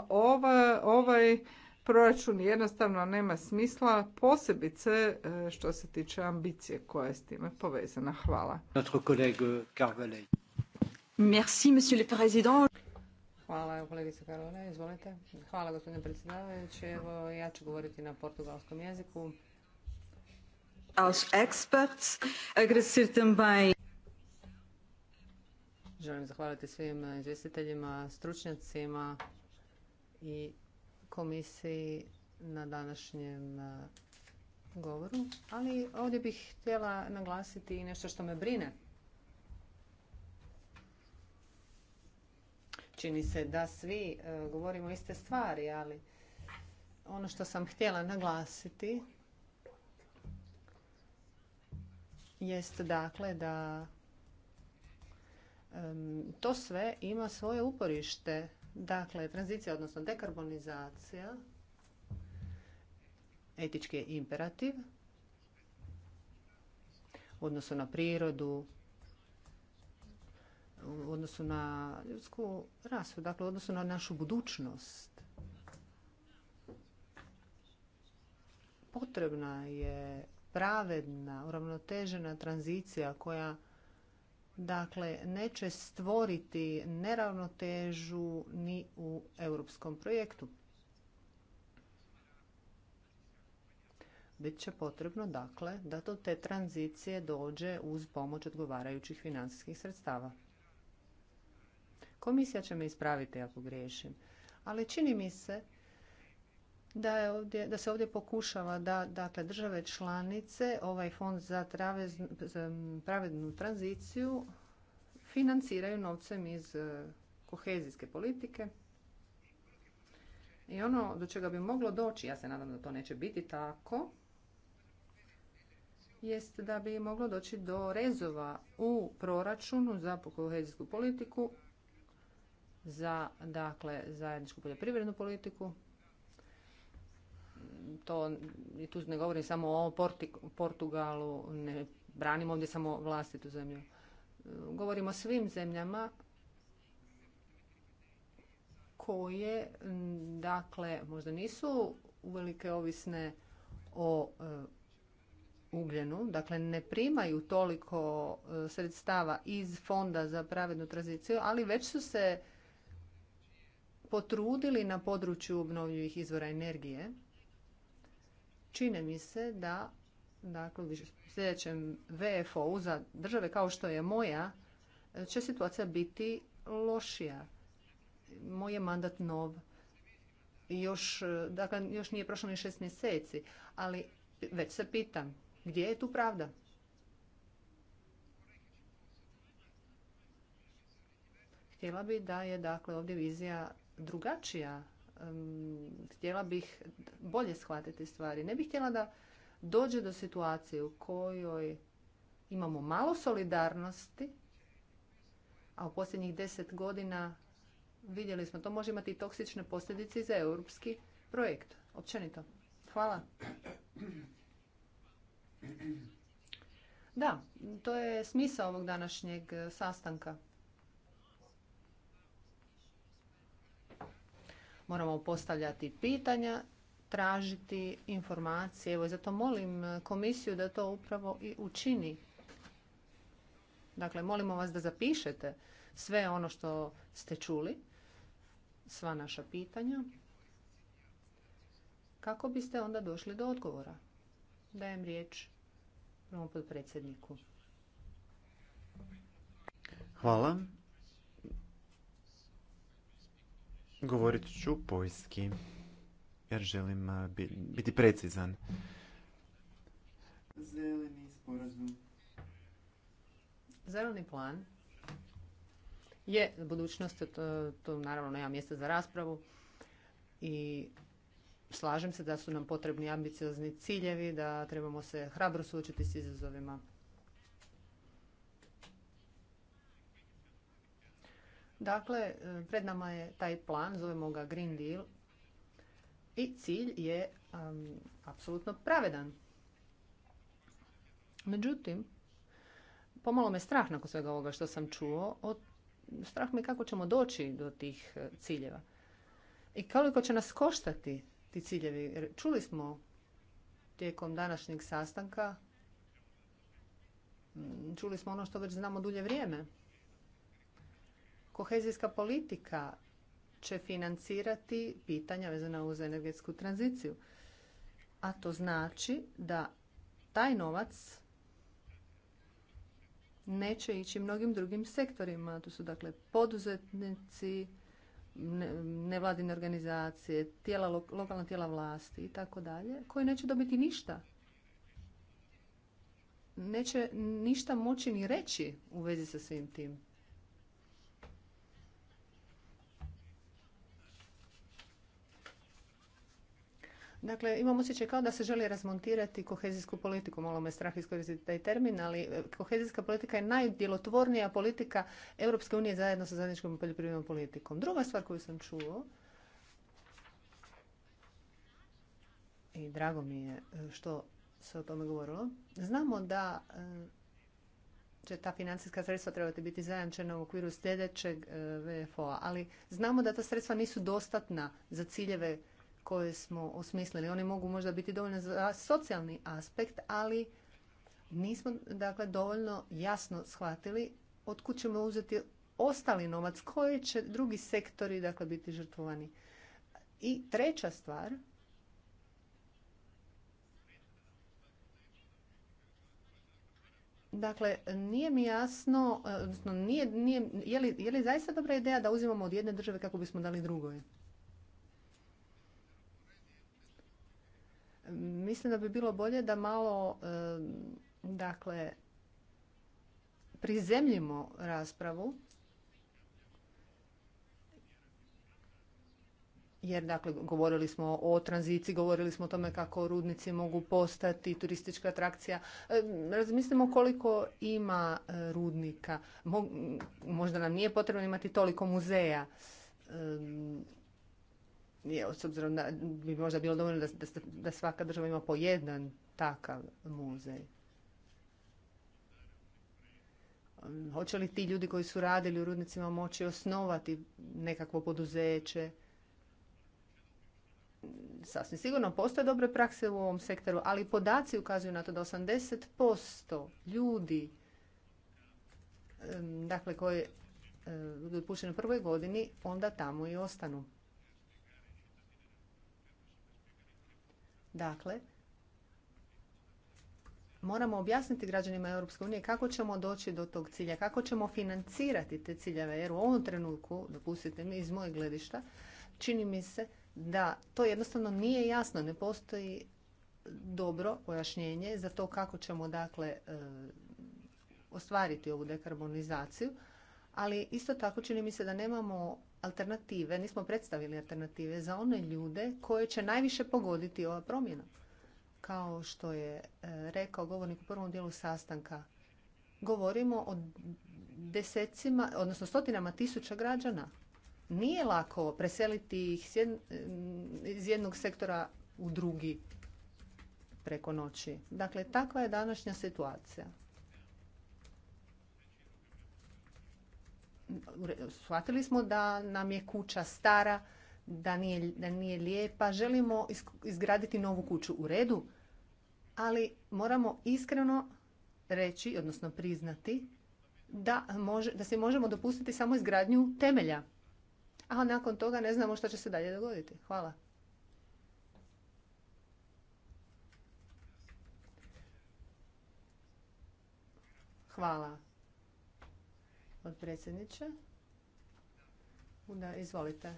ova, ovaj proračun jednostavno nema smisla, posebice e, što se tiče ambicije koja je s time povezana. Hvala. Merci, monsieur le président. Hvala, evo kolegice Karolina, izvolite. Hvala, gospodine predsjedavajući. Evo, ja ću govoriti na portugalskom jeziku. experts, Želim zahvaliti svim izvjestiteljima, stručnjacima i komisiji na današnjem e, govoru, ali ovdje bih htjela naglasiti i nešto što me brine. Čini se da svi e, govorimo iste stvari, ali ono što sam htjela naglasiti jest dakle da to sve ima svoje uporište Dakle, tranzicija, odnosno dekarbonizacija, etički je imperativ u odnosu na prirodu, u odnosu na ljudsku rasu, dakle u odnosu na našu budućnost. Potrebna je pravedna, uravnotežena tranzicija koja dakle neće stvoriti neravnotežu ni u europskom projektu. Bit će potrebno dakle da do te tranzicije dođe uz pomoć odgovarajućih financijskih sredstava. Komisija će me ispraviti ako griješim, ali čini mi se da, je ovdje, da se ovdje pokušava da dakle, države članice ovaj fond za, travez, za pravednu tranziciju financiraju novcem iz e, kohezijske politike. I ono do čega bi moglo doći, ja se nadam da to neće biti tako, jest da bi moglo doći do rezova u proračunu za kohezijsku politiku, za dakle, zajedničku poljoprivrednu politiku, to, i tu ne govorim samo o Portugalu, ne branim ovdje samo vlastitu zemlju. E, Govorimo o svim zemljama koje, dakle, možda nisu uvelike ovisne o e, ugljenu, dakle ne primaju toliko e, sredstava iz Fonda za pravednu tranziciju, ali već su se potrudili na području obnovljivih izvora energije Čine mi se da dakle, u sljedećem VFO-u za države kao što je moja će situacija biti lošija. Moj je mandat nov. Još, dakle, još nije prošlo ni šest mjeseci, ali već se pitam, gdje je tu pravda? Htjela bi da je dakle ovdje vizija drugačija htjela bih bolje shvatiti stvari. Ne bih htjela da dođe do situacije u kojoj imamo malo solidarnosti, a u posljednjih deset godina vidjeli smo, to može imati i toksične posljedice za europski projekt, općenito. Hvala. Da, to je smisao ovog današnjeg sastanka. Moramo postavljati pitanja, tražiti informacije. Evo, zato molim komisiju da to upravo i učini. Dakle, molimo vas da zapišete sve ono što ste čuli, sva naša pitanja, kako biste onda došli do odgovora. Dajem riječ prvom predsjedniku. Hvala. Govorit ću pojski, jer želim biti precizan. Zeleni sporazum. plan je budućnost, to, to naravno nema mjesta za raspravu i slažem se da su nam potrebni ambiciozni ciljevi, da trebamo se hrabro suočiti s izazovima Dakle, e, pred nama je taj plan, zovemo ga Green Deal i cilj je apsolutno pravedan. Međutim, pomalo me strah nakon svega ovoga što sam čuo. Od, strah me kako ćemo doći do tih e, ciljeva. I koliko će nas koštati ti ciljevi. Čuli smo tijekom današnjeg sastanka, čuli smo ono što već znamo dulje vrijeme. Kohezijska politika će financirati pitanja vezana uz energetsku tranziciju. A to znači da taj novac neće ići mnogim drugim sektorima. To su dakle poduzetnici, nevladine organizacije, tijela, lokalna tijela vlasti i tako dalje, koji neće dobiti ništa. Neće ništa moći ni reći u vezi sa svim tim. Dakle, imam osjećaj kao da se želi razmontirati kohezijsku politiku. Malo me strah iskoristiti taj termin, ali e, kohezijska politika je najdjelotvornija politika Europske unije zajedno sa zajedničkom poljoprivrednom politikom. Druga stvar koju sam čuo, i drago mi je e, što se o tome govorilo, znamo da e, će ta financijska sredstva trebati biti zajamčena u okviru sljedećeg VFO-a, ali znamo da ta sredstva nisu dostatna za ciljeve koje smo osmislili. Oni mogu možda biti dovoljno za socijalni aspekt, ali nismo dakle dovoljno jasno shvatili od kud ćemo uzeti ostali novac, koji će drugi sektori dakle biti žrtvovani. I treća stvar, Dakle, nije mi jasno, odnosno nije, nije, je, li, je li zaista dobra ideja da uzimamo od jedne države kako bismo dali drugoj? mislim da bi bilo bolje da malo dakle prizemljimo raspravu jer dakle govorili smo o tranziciji, govorili smo o tome kako rudnici mogu postati turistička atrakcija. Razmislimo koliko ima e, rudnika. Možda nam nije potrebno imati toliko muzeja je, s obzirom da bi možda bilo dovoljno da, da, da svaka država ima po jedan takav muzej. Hoće li ti ljudi koji su radili u rudnicima moći osnovati nekakvo poduzeće? Sasvim sigurno postoje dobre prakse u ovom sektoru, ali podaci ukazuju na to da 80% ljudi dakle, koji budu upućeni u prvoj godini, onda tamo i ostanu. Dakle, moramo objasniti građanima Europske unije kako ćemo doći do tog cilja, kako ćemo financirati te ciljeve, jer u ovom trenutku, dopustite mi iz mojeg gledišta, čini mi se da to jednostavno nije jasno, ne postoji dobro pojašnjenje za to kako ćemo dakle e, ostvariti ovu dekarbonizaciju, ali isto tako čini mi se da nemamo alternative, nismo predstavili alternative za one ljude koje će najviše pogoditi ova promjena. Kao što je e, rekao govornik u prvom dijelu sastanka, govorimo o desecima, odnosno stotinama tisuća građana. Nije lako preseliti ih iz jednog sektora u drugi preko noći. Dakle, takva je današnja situacija. shvatili smo da nam je kuća stara, da nije, da nije lijepa, želimo izgraditi novu kuću u redu, ali moramo iskreno reći, odnosno priznati, da, može, da se možemo dopustiti samo izgradnju temelja. A nakon toga ne znamo što će se dalje dogoditi. Hvala. Hvala od predsjedniče. izvolite.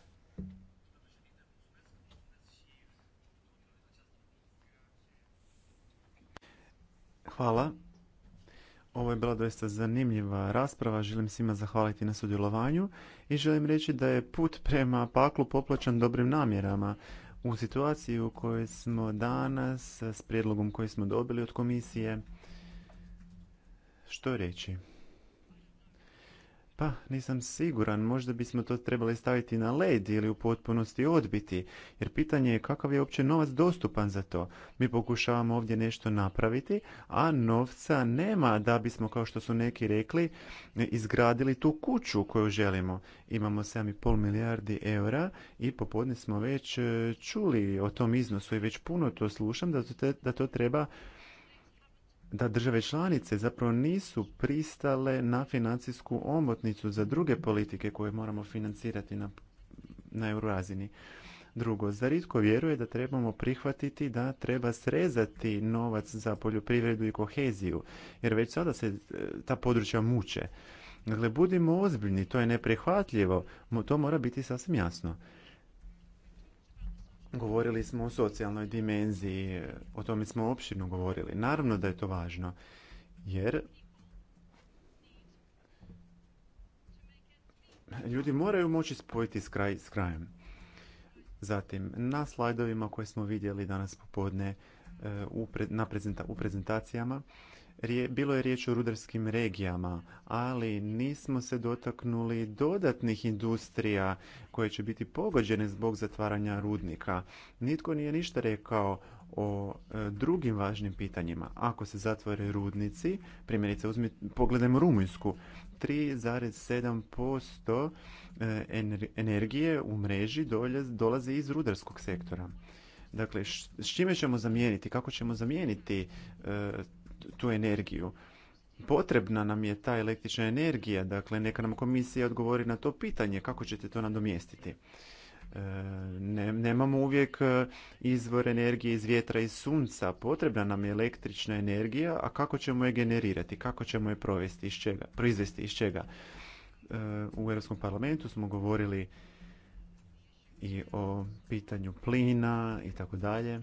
Hvala. Ovo je bila doista zanimljiva rasprava. Želim svima zahvaliti na sudjelovanju i želim reći da je put prema paklu poplačan dobrim namjerama. U situaciji u kojoj smo danas, s prijedlogom koji smo dobili od komisije, što reći? pa nisam siguran, možda bismo to trebali staviti na led ili u potpunosti odbiti, jer pitanje je kakav je uopće novac dostupan za to. Mi pokušavamo ovdje nešto napraviti, a novca nema da bismo, kao što su neki rekli, izgradili tu kuću koju želimo. Imamo 7,5 milijardi eura i popodne smo već e, čuli o tom iznosu i već puno to slušam da to, da to treba da države članice zapravo nisu pristale na financijsku omotnicu za druge politike koje moramo financirati na, na eurorazini. Drugo, zar itko vjeruje da trebamo prihvatiti da treba srezati novac za poljoprivredu i koheziju, jer već sada se e, ta područja muče. Dakle, budimo ozbiljni, to je neprihvatljivo, to mora biti sasvim jasno. Govorili smo o socijalnoj dimenziji, o tome smo opširno govorili. Naravno da je to važno, jer ljudi moraju moći spojiti s, kraj, s krajem. Zatim, na slajdovima koje smo vidjeli danas popodne eh, u, na prezenta, u prezentacijama, bilo je riječ o rudarskim regijama, ali nismo se dotaknuli dodatnih industrija koje će biti pogođene zbog zatvaranja rudnika. Nitko nije ništa rekao o e, drugim važnim pitanjima. Ako se zatvore rudnici, primjerice uzmi, pogledajmo Rumunjsku, 3,7% e, energije u mreži dolazi iz rudarskog sektora. Dakle, s čime ćemo zamijeniti, kako ćemo zamijeniti e, tu energiju. Potrebna nam je ta električna energija, dakle neka nam komisija odgovori na to pitanje kako ćete to nadomjestiti. E, ne, nemamo uvijek e, izvor energije iz vjetra i sunca. Potrebna nam je električna energija, a kako ćemo je generirati, kako ćemo je provesti iz čega, proizvesti iz čega. E, u Europskom parlamentu smo govorili i o pitanju plina i tako dalje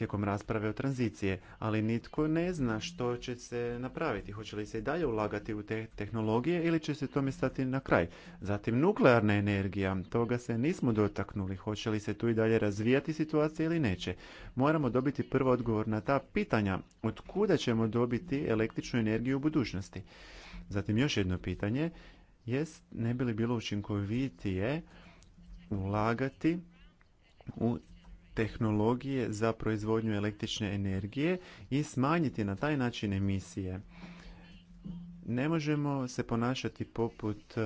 tijekom rasprave o tranzicije, ali nitko ne zna što će se napraviti. Hoće li se i dalje ulagati u te tehnologije ili će se tome stati na kraj? Zatim nuklearna energija, toga se nismo dotaknuli. Hoće li se tu i dalje razvijati situacija ili neće? Moramo dobiti prvo odgovor na ta pitanja. Od kuda ćemo dobiti električnu energiju u budućnosti? Zatim još jedno pitanje jest ne bi li bilo učinkovitije ulagati u tehnologije za proizvodnju električne energije i smanjiti na taj način emisije. Ne možemo se ponašati poput e,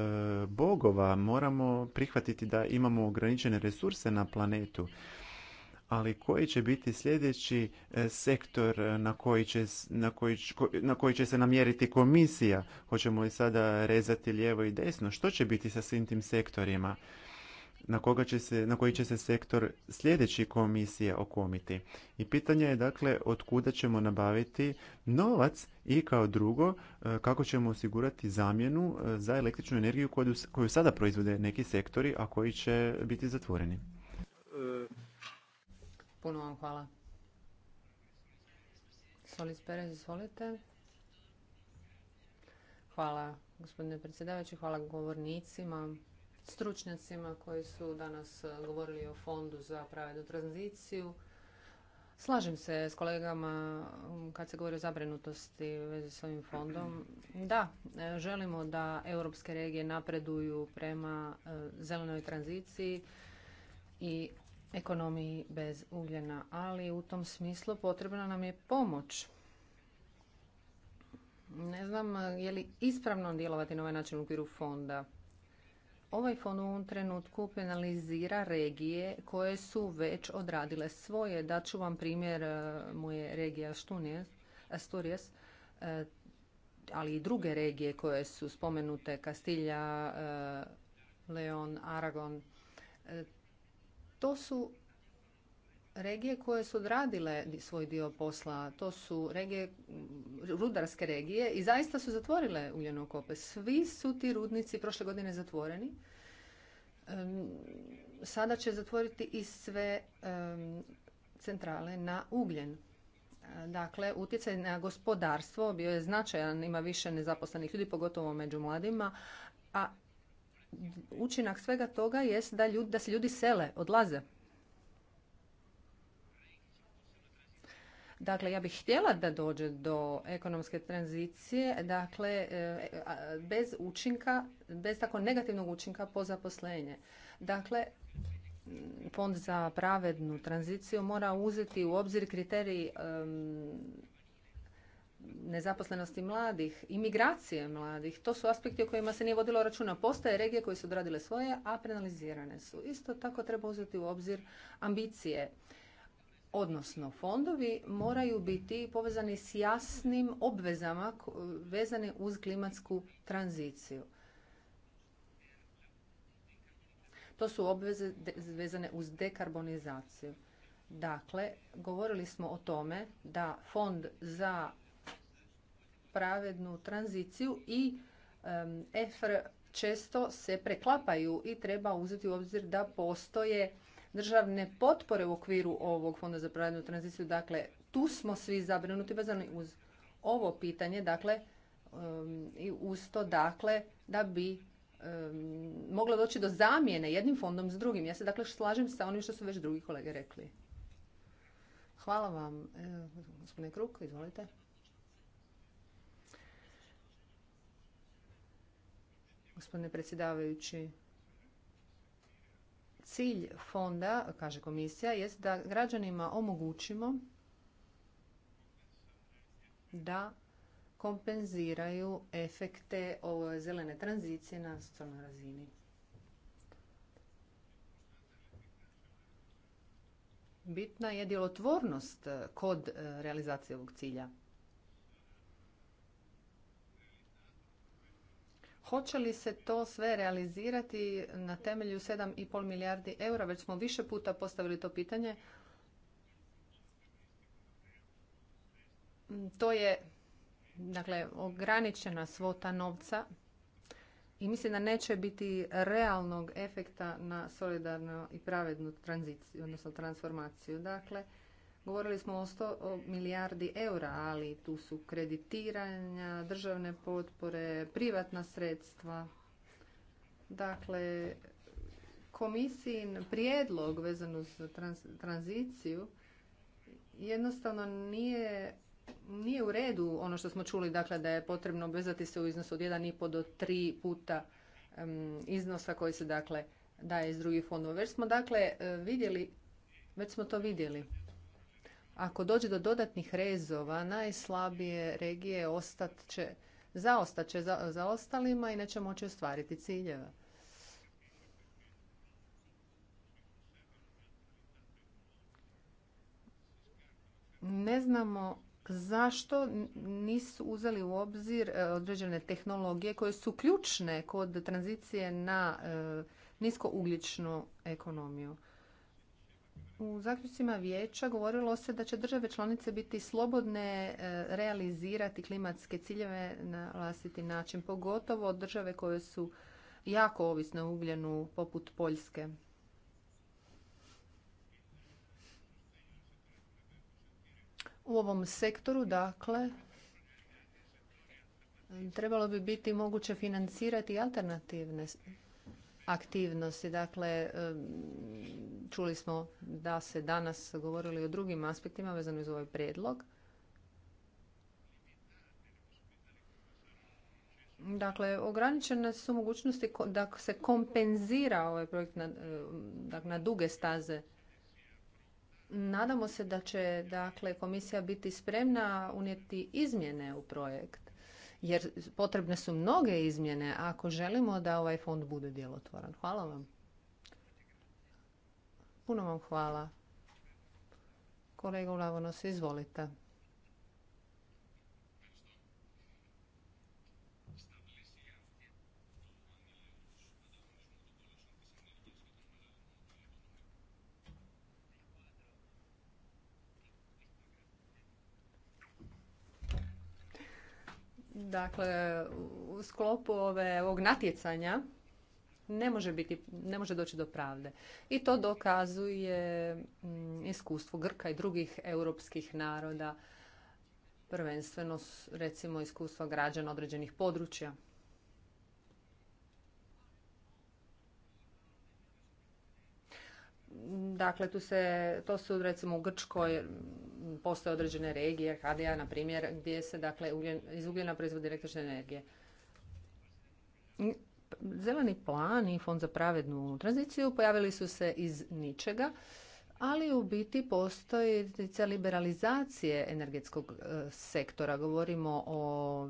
bogova, moramo prihvatiti da imamo ograničene resurse na planetu. Ali koji će biti sljedeći e, sektor na koji će, na koji, na koji će se namjeriti komisija? Hoćemo li sada rezati lijevo i desno? Što će biti sa svim tim sektorima? na, koga će se, na koji će se sektor sljedeći komisije okomiti. I pitanje je dakle od kuda ćemo nabaviti novac i kao drugo e, kako ćemo osigurati zamjenu e, za električnu energiju koju, koju sada proizvode neki sektori, a koji će biti zatvoreni. Puno vam hvala. Solis Perez, izvolite. Hvala gospodine predsjedavajući, hvala govornicima stručnjacima koji su danas e, govorili o Fondu za pravednu tranziciju. Slažem se s kolegama kad se govori o zabrinutosti u vezi s ovim fondom. Da, e, želimo da europske regije napreduju prema e, zelenoj tranziciji i ekonomiji bez ugljena, ali u tom smislu potrebna nam je pomoć. Ne znam je li ispravno djelovati na ovaj način u okviru fonda. Ovaj fond u ovom trenutku penalizira regije koje su već odradile svoje. ću vam primjer e, moje regije Asturias, e, ali i druge regije koje su spomenute, Kastilja, e, Leon, Aragon. To su regije koje su odradile svoj dio posla, to su regije, rudarske regije i zaista su zatvorile kope. Svi su ti rudnici prošle godine zatvoreni. Sada će zatvoriti i sve centrale na ugljen. Dakle, utjecaj na gospodarstvo bio je značajan, ima više nezaposlenih ljudi, pogotovo među mladima, a učinak svega toga jest da, da se ljudi sele, odlaze Dakle, ja bih htjela da dođe do ekonomske tranzicije, dakle, e, bez učinka, bez tako negativnog učinka po zaposlenje. Dakle, Fond za pravednu tranziciju mora uzeti u obzir kriteriji nezaposlenosti mladih, imigracije mladih. To su aspekti o kojima se nije vodilo računa. Postoje regije koje su odradile svoje, a penalizirane su. Isto tako treba uzeti u obzir ambicije odnosno fondovi moraju biti povezani s jasnim obvezama vezane uz klimatsku tranziciju. To su obveze vezane uz dekarbonizaciju. Dakle, govorili smo o tome da fond za pravednu tranziciju i EFR često se preklapaju i treba uzeti u obzir da postoje državne potpore u okviru ovog fonda za pravednu tranziciju. Dakle, tu smo svi zabrinuti vezani uz ovo pitanje, dakle, um, i uz to, dakle, da bi um, moglo doći do zamjene jednim fondom s drugim. Ja se, dakle, slažem sa onim što su već drugi kolege rekli. Hvala vam, e, gospodine Kruk, izvolite. Gospodine predsjedavajući, Cilj fonda, kaže komisija, jest da građanima omogućimo da kompenziraju efekte ove zelene tranzicije na nacionalnoj razini. Bitna je djelotvornost kod e, realizacije ovog cilja. Hoće li se to sve realizirati na temelju 7,5 milijardi eura? Već smo više puta postavili to pitanje. To je dakle, ograničena svota novca i mislim da neće biti realnog efekta na solidarnu i pravednu tranziciju, odnosno transformaciju. Dakle, Govorili smo o 100 milijardi eura, ali tu su kreditiranja, državne potpore, privatna sredstva. Dakle, komisijin prijedlog vezano uz tranziciju jednostavno nije nije u redu ono što smo čuli, dakle da je potrebno obvezati se u iznosu od 1,5 do 3 puta iznosa koji se dakle daje iz drugih fondova. Već smo dakle vidjeli, već smo to vidjeli. Ako dođe do dodatnih rezova, najslabije regije ostat će, zaostat će za, ostalima i neće moći ostvariti ciljeve. Ne znamo zašto nisu uzeli u obzir e, određene tehnologije koje su ključne kod tranzicije na e, niskougljičnu ekonomiju. U zaključcima vijeća govorilo se da će države članice biti slobodne e, realizirati klimatske ciljeve na vlastiti način, pogotovo države koje su jako ovisne o ugljenu poput Poljske. U ovom sektoru, dakle, trebalo bi biti moguće financirati alternativne aktivnosti. Dakle, čuli smo da se danas govorili o drugim aspektima vezano uz ovaj predlog. Dakle, ograničene su mogućnosti da se kompenzira ovaj projekt na, dakle, na duge staze. Nadamo se da će dakle, komisija biti spremna unijeti izmjene u projekt jer potrebne su mnoge izmjene ako želimo da ovaj fond bude djelotvoran. Hvala vam. Puno vam hvala. Kolega Ulavonos, izvolite. Dakle, u sklopu ove, ovog natjecanja ne može, biti, ne može doći do pravde. I to dokazuje mm, iskustvo Grka i drugih europskih naroda, prvenstveno recimo iskustva građana određenih područja. Dakle, tu se, to su recimo u Grčkoj postoje određene regije, HDA na primjer, gdje se dakle ugljen, iz ugljena proizvodi električne energije. Zeleni plan i fond za pravednu tranziciju pojavili su se iz ničega, ali u biti postoji liberalizacije energetskog e, sektora. Govorimo o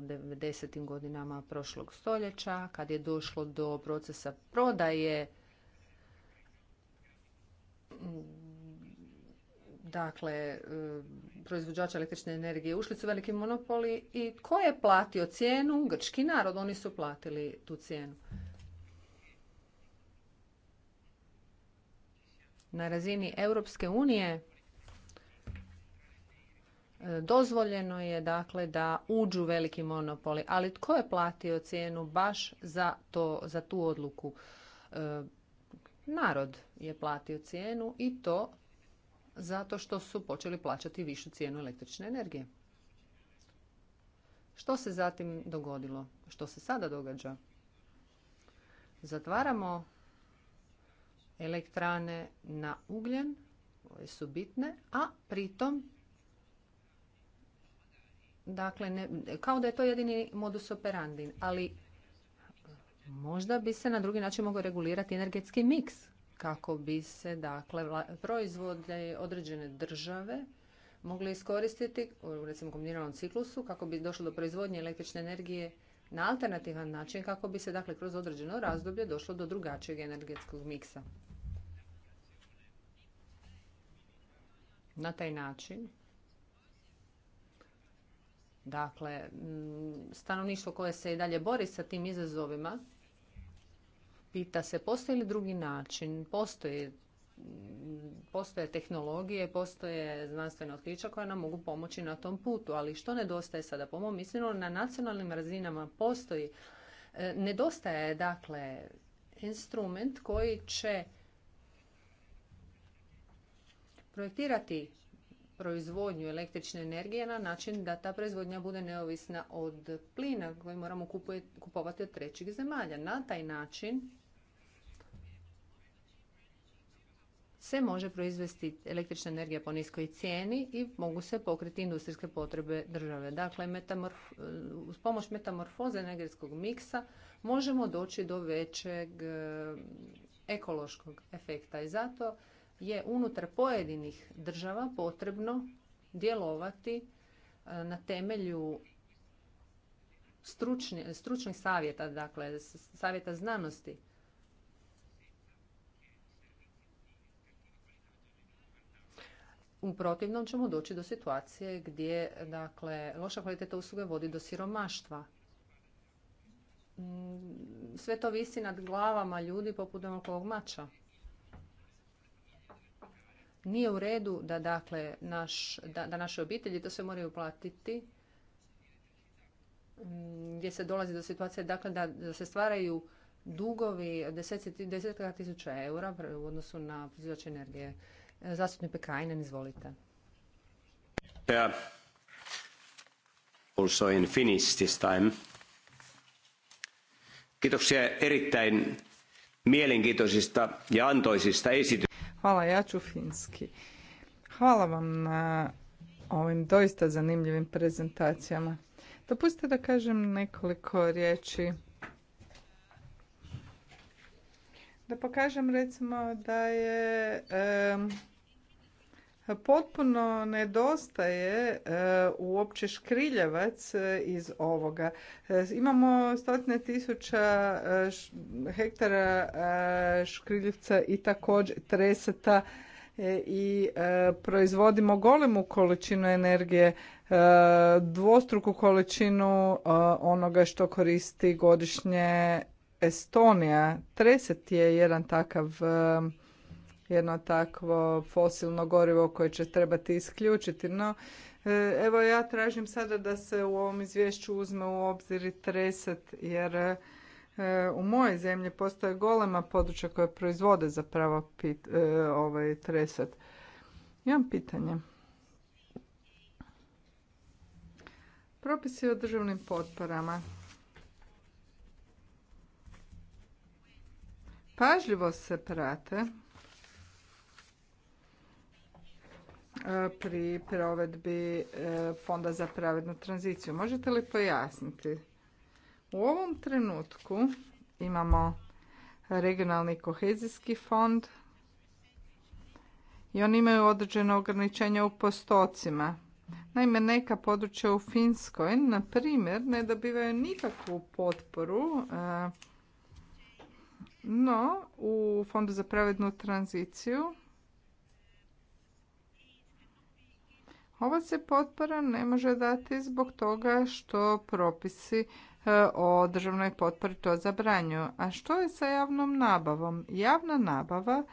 90. godinama prošlog stoljeća, kad je došlo do procesa prodaje dakle, e, proizvođača električne energije ušli su veliki monopoli i ko je platio cijenu? Grčki narod, oni su platili tu cijenu. Na razini Europske unije e, dozvoljeno je dakle da uđu veliki monopoli, ali tko je platio cijenu baš za, to, za tu odluku? E, narod je platio cijenu i to zato što su počeli plaćati višu cijenu električne energije. Što se zatim dogodilo? Što se sada događa? Zatvaramo elektrane na ugljen, koje su bitne, a pritom dakle ne, kao da je to jedini modus operandi, ali možda bi se na drugi način mogao regulirati energetski miks kako bi se dakle proizvode određene države mogli iskoristiti u recimo kombiniranom ciklusu kako bi došlo do proizvodnje električne energije na alternativan način kako bi se dakle kroz određeno razdoblje došlo do drugačijeg energetskog miksa. Na taj način dakle stanovništvo koje se i dalje bori sa tim izazovima Pita se postoji li drugi način, postoji postoje tehnologije, postoje znanstvena otkrića koja nam mogu pomoći na tom putu, ali što nedostaje sada? Po mom mišljenju na nacionalnim razinama postoji, e, nedostaje dakle instrument koji će projektirati proizvodnju električne energije na način da ta proizvodnja bude neovisna od plina koji moramo kupovati od trećih zemalja. Na taj način se može proizvesti električna energija po niskoj cijeni i mogu se pokriti industrijske potrebe države. Dakle, eh, uz pomoć metamorfoze energetskog miksa možemo doći do većeg eh, ekološkog efekta i zato je unutar pojedinih država potrebno djelovati eh, na temelju stručnih savjeta, dakle savjeta znanosti U protivnom ćemo doći do situacije gdje dakle, loša kvaliteta usluge vodi do siromaštva. Mm, sve to visi nad glavama ljudi poput onog mača. Nije u redu da, dakle, naš, da, da naše obitelji to sve moraju platiti, mm, gdje se dolazi do situacije dakle, da se stvaraju dugovi desetka tisuća eura u odnosu na proizvođače energije. Zastupnik Pekajnen, izvolite. Ja, Also in Finnish this time. Kiitoksia erittäin mielenkiintoisista ja antoisista esityksistä. Hvala, ja ću finski. Hvala vam na ovim doista zanimljivim prezentacijama. Dopustite da kažem nekoliko riječi Da pokažem recimo da je potpuno nedostaje e, uopće škriljevac eh, iz ovoga. Eh, imamo stotine tisuća eh, hektara škriljevca i također treseta i proizvodimo golemu količinu energije, dvostruku količinu onoga što koristi godišnje Estonija, Treset je jedan takav e, jedno takvo fosilno gorivo koje će trebati isključiti. No, e, evo ja tražim sada da se u ovom izvješću uzme u obzir i treset, jer e, u mojoj zemlji postoje golema područja koja proizvode zapravo pit, ovaj treset. Imam pitanje. Propisi o državnim potporama pažljivo se prate e, pri provedbi e, Fonda za pravednu tranziciju. Možete li pojasniti? U ovom trenutku imamo regionalni kohezijski fond i oni imaju određeno ograničenja u postocima. Naime, neka područja u Finskoj, na primjer, ne dobivaju nikakvu potporu e, no, u Fondu za pravednu tranziciju ova se potpora ne može dati zbog toga što propisi e, o državnoj potpori to zabranjuju. A što je sa javnom nabavom? Javna nabava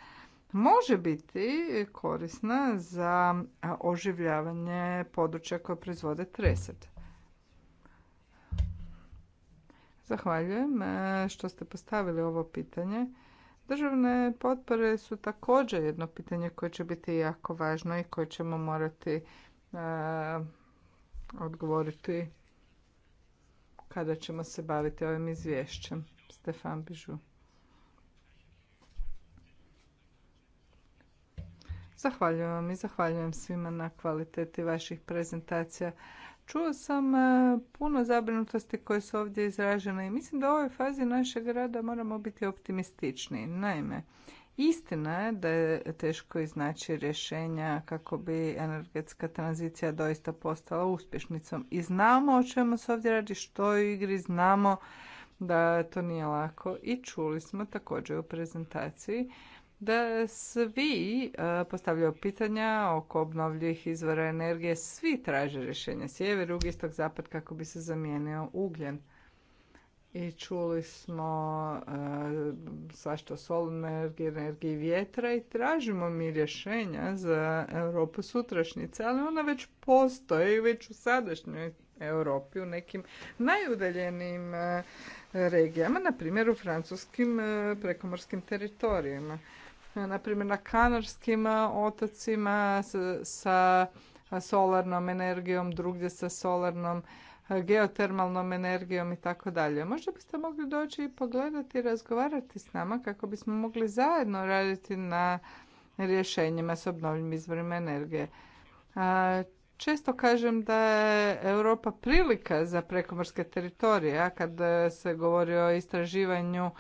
može biti korisna za oživljavanje područja koje proizvode treset. Zahvaljujem e, što ste postavili ovo pitanje. Državne potpore su također jedno pitanje koje će biti jako važno i koje ćemo morati e, odgovoriti kada ćemo se baviti ovim izvješćem. Stefan Bižu. Zahvaljujem vam i zahvaljujem svima na kvaliteti vaših prezentacija. Čuo sam e, puno zabrinutosti koje su ovdje izražene i mislim da u ovoj fazi našeg rada moramo biti optimistični. Naime, Istina je da je teško iznaći rješenja kako bi energetska tranzicija doista postala uspješnicom. I znamo o čemu se ovdje radi, što je u igri, znamo da to nije lako i čuli smo također u prezentaciji da svi e, postavljaju pitanja oko obnovljivih izvora energije, svi traže rješenja sjever, jug, zapad kako bi se zamijenio ugljen. I čuli smo e, svašta o energije, energiji, vjetra i tražimo mi rješenja za Europu sutrašnjice, ali ona već postoji već u sadašnjoj Europi u nekim najudaljenijim e, regijama, na primjer u francuskim prekomorskim teritorijima na primjer na Kanarskim otocima sa solarnom energijom, drugdje sa solarnom geotermalnom energijom i tako dalje. Možda biste mogli doći i pogledati i razgovarati s nama kako bismo mogli zajedno raditi na rješenjima s obnovljivim izvorima energije. Često kažem da je Europa prilika za prekomorske teritorije, a kad se govori o istraživanju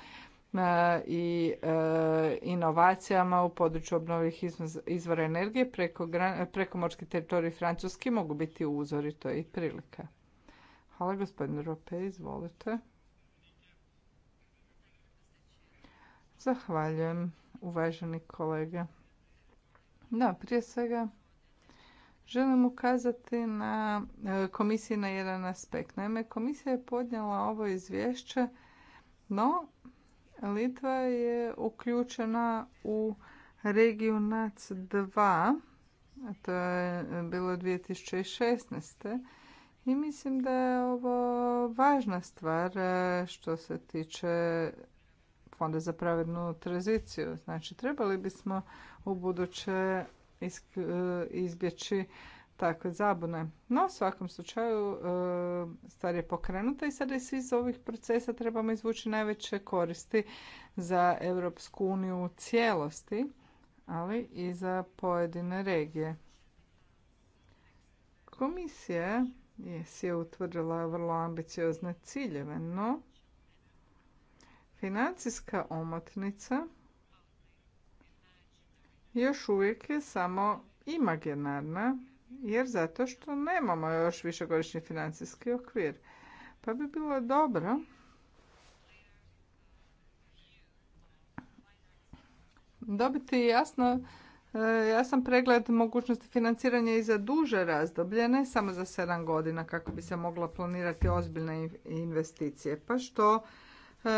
E, i e, inovacijama u području obnovljivih izvora energije preko, prekomorski teritorij Francuski mogu biti uzori, to je i prilika. Hvala gospodine Rope, izvolite. Zahvaljujem, uvaženi kolege. Da, prije svega želim ukazati na e, komisiji na jedan aspekt. Naime, komisija je podnijela ovo izvješće, no Litva je uključena u regiju NAC 2, to je e, bilo 2016. I mislim da je ovo važna stvar e, što se tiče Fonda za pravednu tranziciju. Znači, trebali bismo u buduće e, izbjeći takve zabune. No, u svakom slučaju e, stvar je pokrenuta i sada iz ovih procesa trebamo izvući najveće koristi za Europsku uniju u cijelosti, ali i za pojedine regije. Komisija je si je utvrdila vrlo ambiciozne ciljeve, no financijska omotnica još uvijek je samo imaginarna jer zato što nemamo još višegodišnji financijski okvir. Pa bi bilo dobro dobiti jasno e, jasan pregled mogućnosti financiranja i za duže razdoblje, ne samo za 7 godina kako bi se moglo planirati ozbiljne investicije. Pa što e,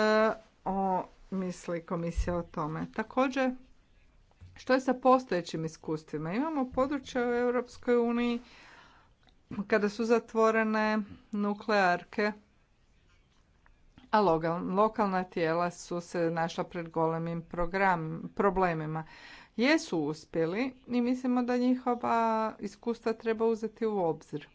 o, misli komisija o tome? Također, što je sa postojećim iskustvima? Imamo područje u Europskoj uniji kada su zatvorene nuklearke, a lokalna tijela su se našla pred golemim program, problemima. Jesu uspjeli i mislimo da njihova iskustva treba uzeti u obzir.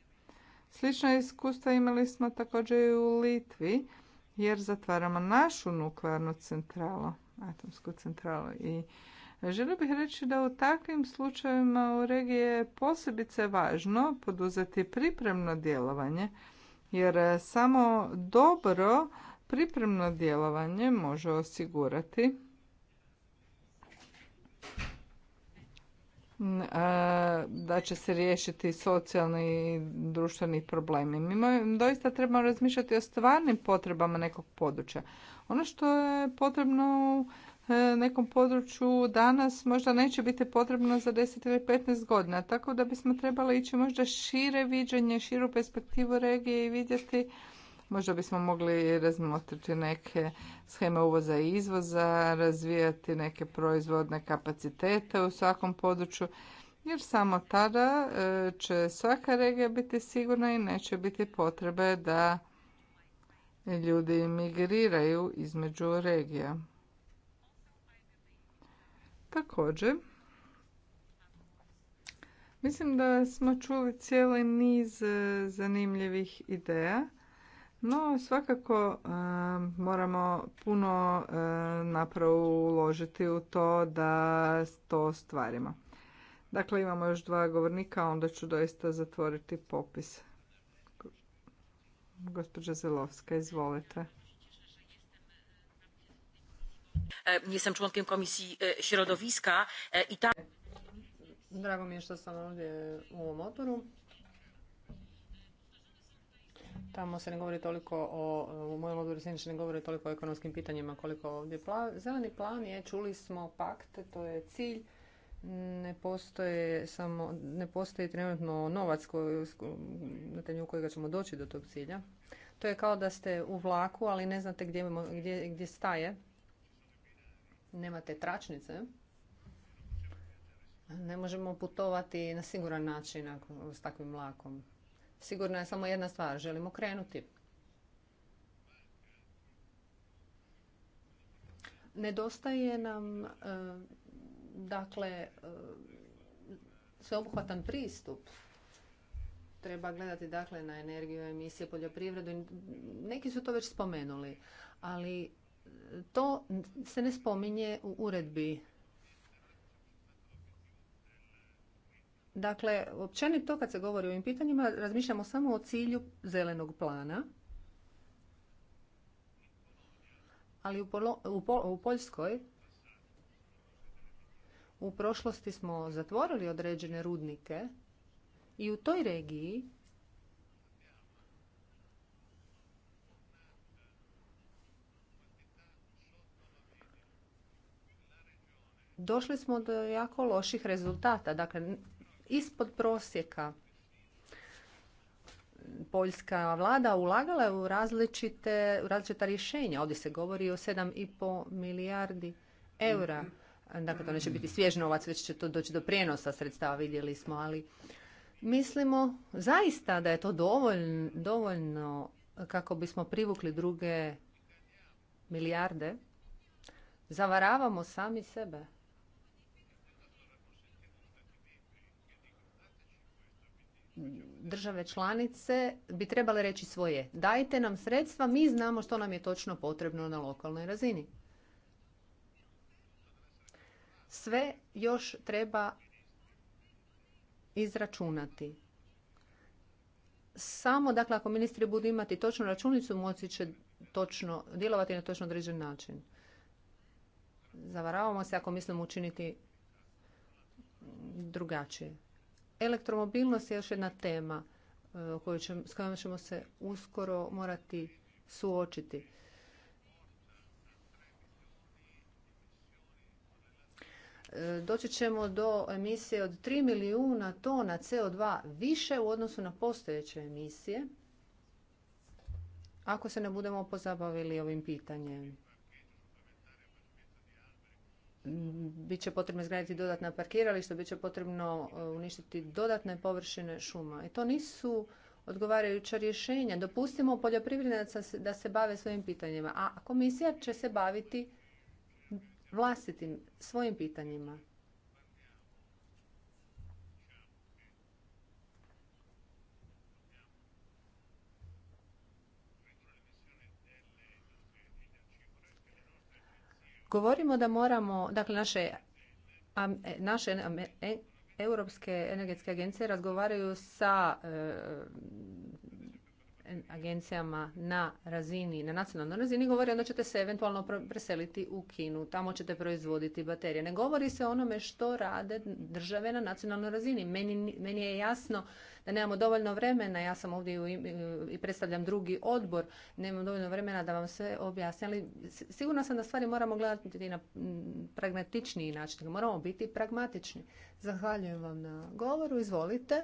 Slična iskustva imali smo također i u Litvi, jer zatvaramo našu nuklearnu centralu, atomsku centralu i Želio bih reći da u takvim slučajevima u regiji je posebice važno poduzeti pripremno djelovanje, jer samo dobro pripremno djelovanje može osigurati da će se riješiti socijalni i društveni problemi. Mi doista trebamo razmišljati o stvarnim potrebama nekog područja. Ono što je potrebno E, nekom području danas možda neće biti potrebno za 10 ili 15 godina. Tako da bismo trebali ići možda šire viđenje, širu perspektivu regije i vidjeti Možda bismo mogli razmotriti neke scheme uvoza i izvoza, razvijati neke proizvodne kapacitete u svakom području, jer samo tada e, će svaka regija biti sigurna i neće biti potrebe da ljudi migriraju između regija. Također, mislim da smo čuli cijeli niz e, zanimljivih ideja, no svakako e, moramo puno e, napravu uložiti u to da to stvarimo. Dakle, imamo još dva govornika, onda ću doista zatvoriti popis. Gospođa Zelovska, izvolite. E, nisam członkiem komisji e, środowiska e, i tam Drago mi je što sam ovdje u ovom odboru. Tamo se ne govori toliko o, u mojem odboru se ne govori toliko o ekonomskim pitanjima koliko ovdje. Plan. Zeleni plan je, čuli smo, pakt, to je cilj. Ne postoje samo, ne postoji trenutno novac koji, na temelju kojega ćemo doći do tog cilja. To je kao da ste u vlaku, ali ne znate gdje, gdje staje nemate tračnice, ne možemo putovati na siguran način s takvim vlakom. Sigurna je samo jedna stvar, želimo krenuti. Nedostaje nam eh, dakle eh, sveobuhvatan pristup. Treba gledati dakle na energiju, emisije, poljoprivredu. Neki su to već spomenuli, ali to se ne spominje u uredbi. Dakle, općenito kad se govori o ovim pitanjima, razmišljamo samo o cilju zelenog plana. Ali u, u Poljskoj u prošlosti smo zatvorili određene rudnike i u toj regiji došli smo do jako loših rezultata, dakle ispod prosjeka. Poljska vlada ulagala je u različite, različita rješenja. Ovdje se govori o 7,5 milijardi eura. Dakle, to neće biti svjež novac, već će to doći do prijenosa sredstava, vidjeli smo, ali mislimo zaista da je to dovoljno, dovoljno kako bismo privukli druge milijarde. Zavaravamo sami sebe. države članice bi trebale reći svoje. Dajte nam sredstva, mi znamo što nam je točno potrebno na lokalnoj razini. Sve još treba izračunati. Samo, dakle, ako ministri budu imati točnu računicu, moći će točno, djelovati na točno određen način. Zavaravamo se ako mislimo učiniti drugačije. Elektromobilnost je još jedna tema e, s kojom ćemo se uskoro morati suočiti. E, doći ćemo do emisije od 3 milijuna tona CO2 više u odnosu na postojeće emisije ako se ne budemo pozabavili ovim pitanjem bit će potrebno izgraditi dodatna parkirališta, bit će potrebno e, uništiti dodatne površine šuma. I to nisu odgovarajuća rješenja. Dopustimo poljoprivrednaca da se bave svojim pitanjima, a komisija će se baviti vlastitim svojim pitanjima. Govorimo da moramo, dakle naše, e, naše e, europske energetske agencije razgovaraju sa e, agencijama na razini, na nacionalnoj razini govori, onda ćete se eventualno preseliti u Kinu, tamo ćete proizvoditi baterije. Ne govori se onome što rade države na nacionalnoj razini. Meni, meni je jasno da nemamo dovoljno vremena, ja sam ovdje i predstavljam drugi odbor, nemam dovoljno vremena da vam sve objasnim, ali sigurna sam da stvari moramo gledati na pragmatičniji način, moramo biti pragmatični. Zahvaljujem vam na govoru, izvolite.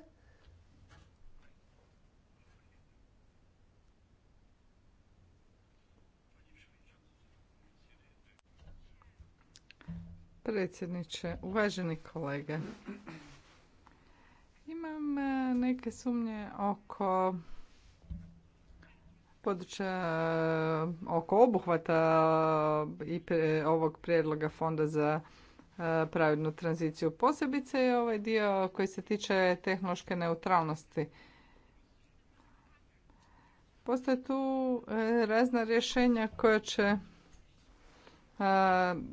predsjedniče, uvaženi kolege. Imam e, neke sumnje oko područja e, oko obuhvata e, i ovog prijedloga fonda za pravednu tranziciju. Posebice je ovaj dio koji se tiče tehnološke neutralnosti. Postoje tu razna rješenja koja će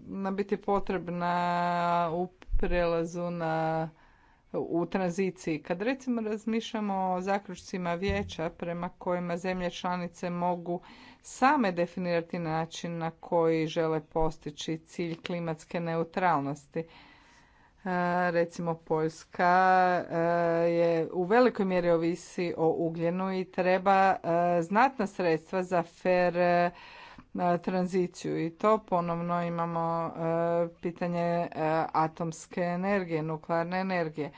na biti potrebna u prelazu na u tranziciji. Kad recimo razmišljamo o zaključcima vijeća prema kojima zemlje članice mogu same definirati način na koji žele postići cilj klimatske neutralnosti. Recimo Poljska je u velikoj mjeri ovisi o ugljenu i treba znatna sredstva za fer tranziciju i to ponovno imamo e, pitanje e, atomske energije, nuklearne energije.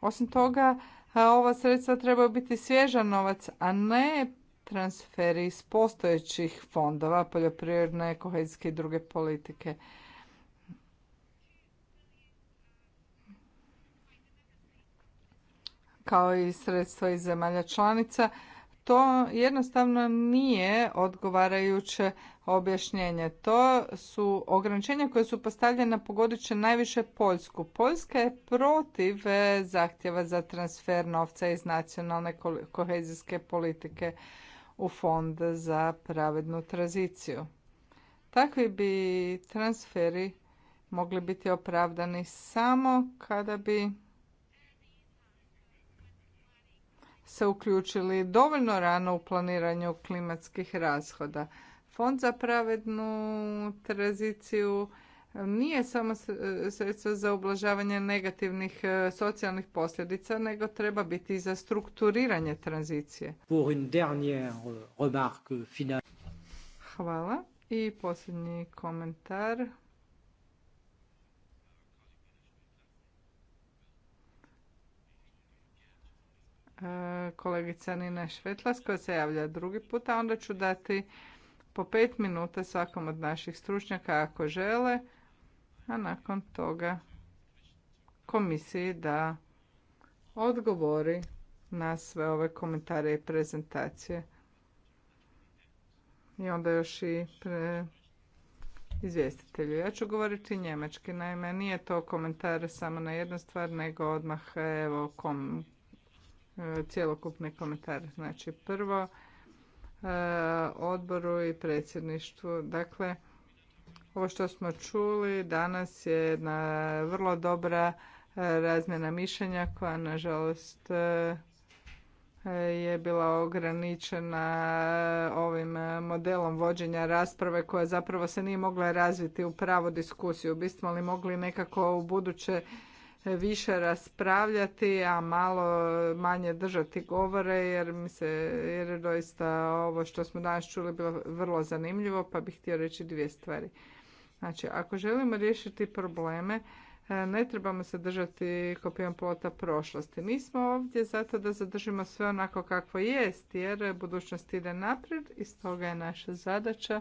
Osim toga, e, ova sredstva trebaju biti svježan novac, a ne transferi iz postojećih fondova, poljoprivredne, kohezijske i druge politike. Kao i sredstva iz zemalja članica, to jednostavno nije odgovarajuće objašnjenje. To su ograničenja koje su postavljena pogodit najviše Poljsku. Poljska je protiv e, zahtjeva za transfer novca iz nacionalne kohezijske politike u fond za pravednu tranziciju. Takvi bi transferi mogli biti opravdani samo kada bi se uključili dovoljno rano u planiranju klimatskih rashoda. Fond za pravednu tranziciju nije samo sredstvo za ublažavanje negativnih e, socijalnih posljedica, nego treba biti i za strukturiranje tranzicije. Hvala. I posljednji komentar kolegica Nina Švetlas koja se javlja drugi put, a onda ću dati po pet minuta svakom od naših stručnjaka ako žele, a nakon toga komisiji da odgovori na sve ove komentare i prezentacije. I onda još i izvjestitelju. Ja ću govoriti njemački, naime nije to komentar samo na jednu stvar, nego odmah evo kom, cjelokupni komentar. Znači prvo e, odboru i predsjedništvu. Dakle, ovo što smo čuli danas je jedna vrlo dobra e, razmjena mišljenja koja nažalost e, je bila ograničena ovim modelom vođenja rasprave koja zapravo se nije mogla razviti u pravu diskusiju. Bismo li mogli nekako u buduće više raspravljati, a malo manje držati govore jer mi se jer doista ovo što smo danas čuli bilo vrlo zanimljivo pa bih htio reći dvije stvari. Znači, ako želimo riješiti probleme, e, ne trebamo se držati kopijom plota prošlosti. Mi smo ovdje zato da zadržimo sve onako kako jest, jer budućnost ide naprijed i stoga je naša zadaća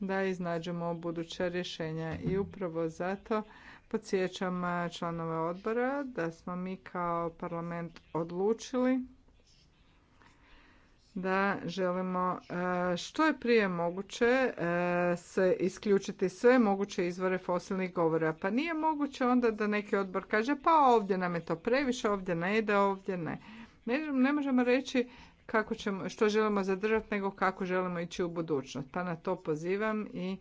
da iznađemo buduća rješenja. I upravo zato Podsjećam eh, članove odbora da smo mi kao parlament odlučili da želimo eh, što je prije moguće eh, se isključiti sve moguće izvore fosilnih govora. Pa nije moguće onda da neki odbor kaže pa ovdje nam je to previše, ovdje ne ide, ovdje ne. Ne, možemo reći kako ćemo, što želimo zadržati, nego kako želimo ići u budućnost. Pa na to pozivam i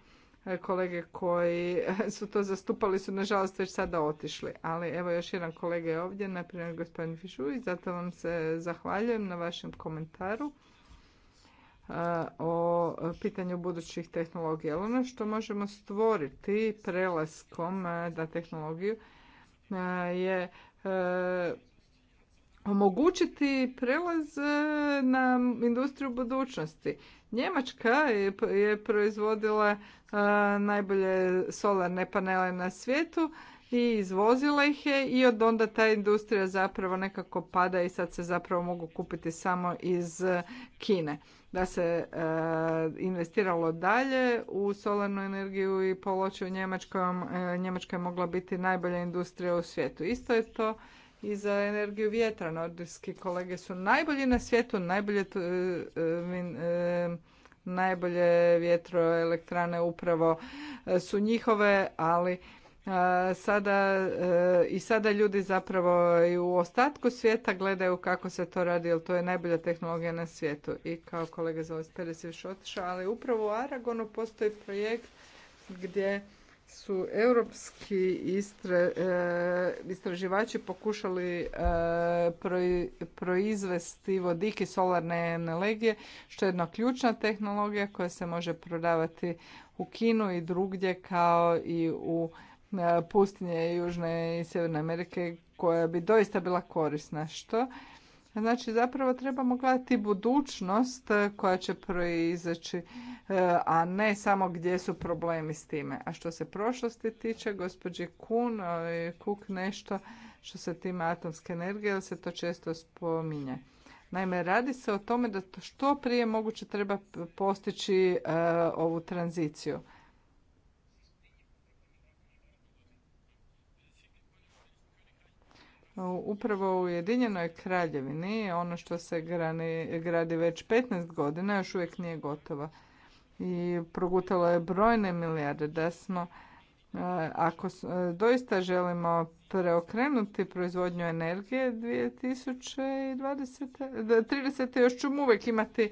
kolege koji *laughs* su to zastupali su nažalost već sada otišli. Ali evo još jedan kolega je ovdje, naprimjer gospodin Fišuvić, zato vam se zahvaljujem na vašem komentaru o pitanju budućih tehnologija. Ono što možemo stvoriti prelaskom na tehnologiju je omogućiti prelaz na industriju budućnosti. Njemačka je proizvodila e, najbolje solarne panele na svijetu i izvozila ih je i od onda ta industrija zapravo nekako pada i sad se zapravo mogu kupiti samo iz e, Kine. Da se e, investiralo dalje u solarnu energiju i poloče u Njemačkoj, Njemačka je mogla biti najbolja industrija u svijetu. Isto je to i za energiju vjetra. Nordijski kolege su najbolji na svijetu, najbolje, e, e, e, najbolje vjetroelektrane upravo su njihove, ali sada i sada ljudi zapravo i u ostatku svijeta gledaju kako se to radi, jer to je najbolja tehnologija na svijetu. I kao kolega za ovaj se još otišao, ali upravo u Aragonu postoji projekt gdje su europski eh, istraživači pokušali eh, proizvesti vodik solarne energije, što je jedna ključna tehnologija koja se može prodavati u Kinu i drugdje kao i u eh, pustinje Južne i Sjeverne Amerike koja bi doista bila korisna. Što Znači zapravo trebamo gledati budućnost e, koja će proizaći, e, a ne samo gdje su problemi s time. A što se prošlosti tiče, gospođi Kun, e, Kuk nešto što se time atomske energije, ali se to često spominje. Naime, radi se o tome da što prije moguće treba postići ovu tranziciju. Upravo u Ujedinjenoj kraljevini ono što se gradi već 15 godina još uvijek nije gotovo. I progutalo je brojne milijarde da smo, e, ako e, doista želimo preokrenuti proizvodnju energije 2030. još ćemo uvijek imati e,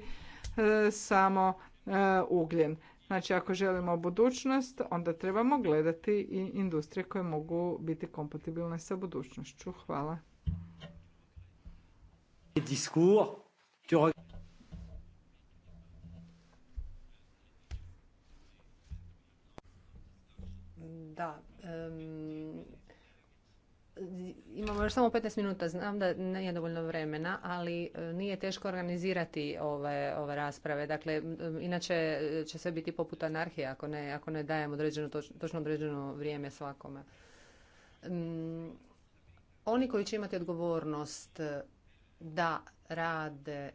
samo ugljen. Znači, ako želimo budućnost, onda trebamo gledati i industrije koje mogu biti kompatibilne sa budućnošću. Hvala. Da, Imamo još samo 15 minuta, znam da nije dovoljno vremena, ali e, nije teško organizirati ove, ove rasprave. Dakle, inače e, će sve biti poput anarhije ako ne, ako ne dajemo određeno, točno određeno vrijeme svakome. Oni koji će imati odgovornost e, da rade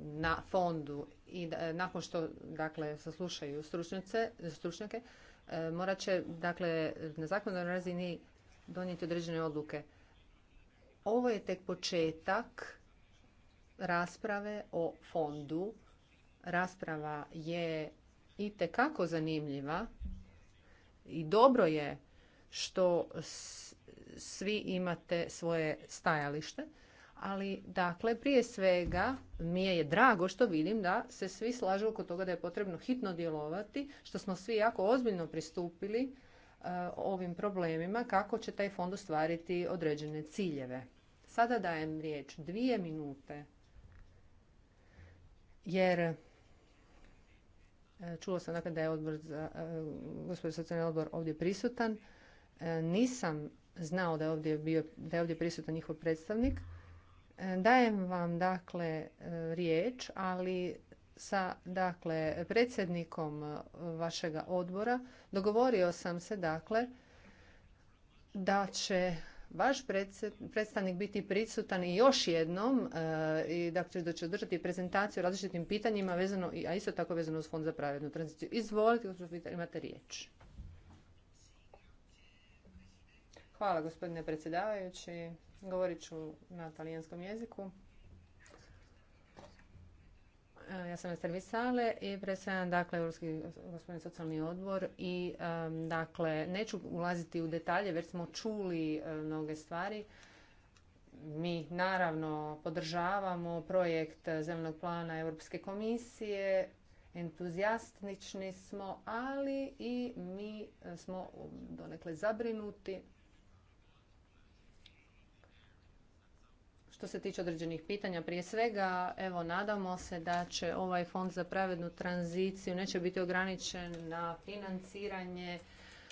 na fondu i nakon što dakle saslušaju stručnjake, E, morat će dakle, na zakonodavnoj razini donijeti određene odluke. Ovo je tek početak rasprave o fondu. Rasprava je i tekako zanimljiva i dobro je što svi imate svoje stajalište. Ali, dakle, prije svega mi je drago što vidim da se svi slažu oko toga da je potrebno hitno djelovati, što smo svi jako ozbiljno pristupili e, ovim problemima kako će taj fond ostvariti određene ciljeve. Sada dajem riječ dvije minute jer e, čula sam dakle da je odbor za, e, gospodin socijalni odbor ovdje prisutan. Nisam znao da je ovdje, bio, da je ovdje prisutan njihov predstavnik. Dajem vam dakle riječ, ali sa dakle predsjednikom e, vašega odbora dogovorio sam se dakle da će vaš predstavnik biti prisutan i još jednom e, i dakle da će održati prezentaciju različitim pitanjima vezano a isto tako vezano uz fond za pravednu tranziciju. Izvolite, imate riječ. Hvala gospodine predsjedavajući. Govorit ću na talijanskom jeziku. E, ja sam Ester Visale i predstavljam dakle Europski gospodin socijalni odbor i dakle neću ulaziti u detalje već smo čuli e, mnoge stvari. Mi naravno podržavamo projekt zemljog plana Europske komisije, Entuzijastnični smo, ali i mi smo donekle zabrinuti što se tiče određenih pitanja. Prije svega, evo, nadamo se da će ovaj fond za pravednu tranziciju neće biti ograničen na financiranje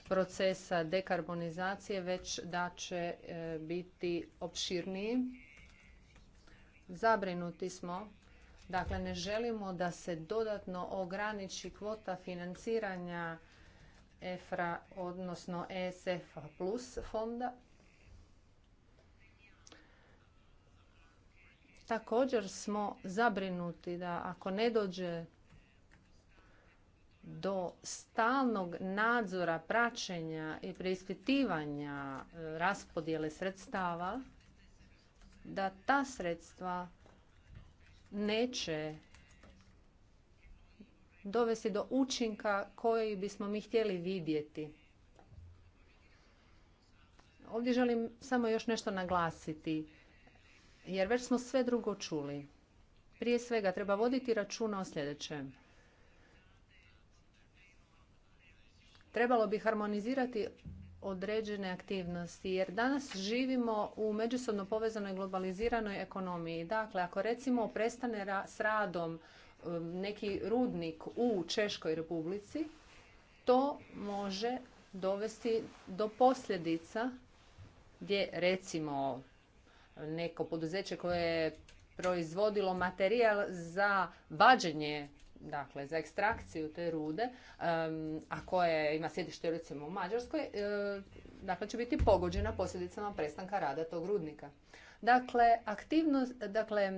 procesa dekarbonizacije, već da će e, biti opširniji. Zabrinuti smo Dakle, ne želimo da se dodatno ograniči kvota financiranja EFRA, odnosno ESF plus fonda, Također smo zabrinuti da ako ne dođe do stalnog nadzora, praćenja i preispitivanja e, raspodjele sredstava, da ta sredstva neće dovesti do učinka koji bismo mi htjeli vidjeti. Ovdje želim samo još nešto naglasiti jer već smo sve drugo čuli. Prije svega treba voditi računa o sljedećem. Trebalo bi harmonizirati određene aktivnosti jer danas živimo u međusobno povezanoj globaliziranoj ekonomiji. Dakle, ako recimo prestane s radom um, neki rudnik u Češkoj republici, to može dovesti do posljedica gdje recimo neko poduzeće koje je proizvodilo materijal za vađenje dakle za ekstrakciju te rude, a koje ima sjedište recimo u Mađarskoj, e, dakle će biti pogođena posljedicama prestanka rada tog rudnika. Dakle, aktivnost, dakle,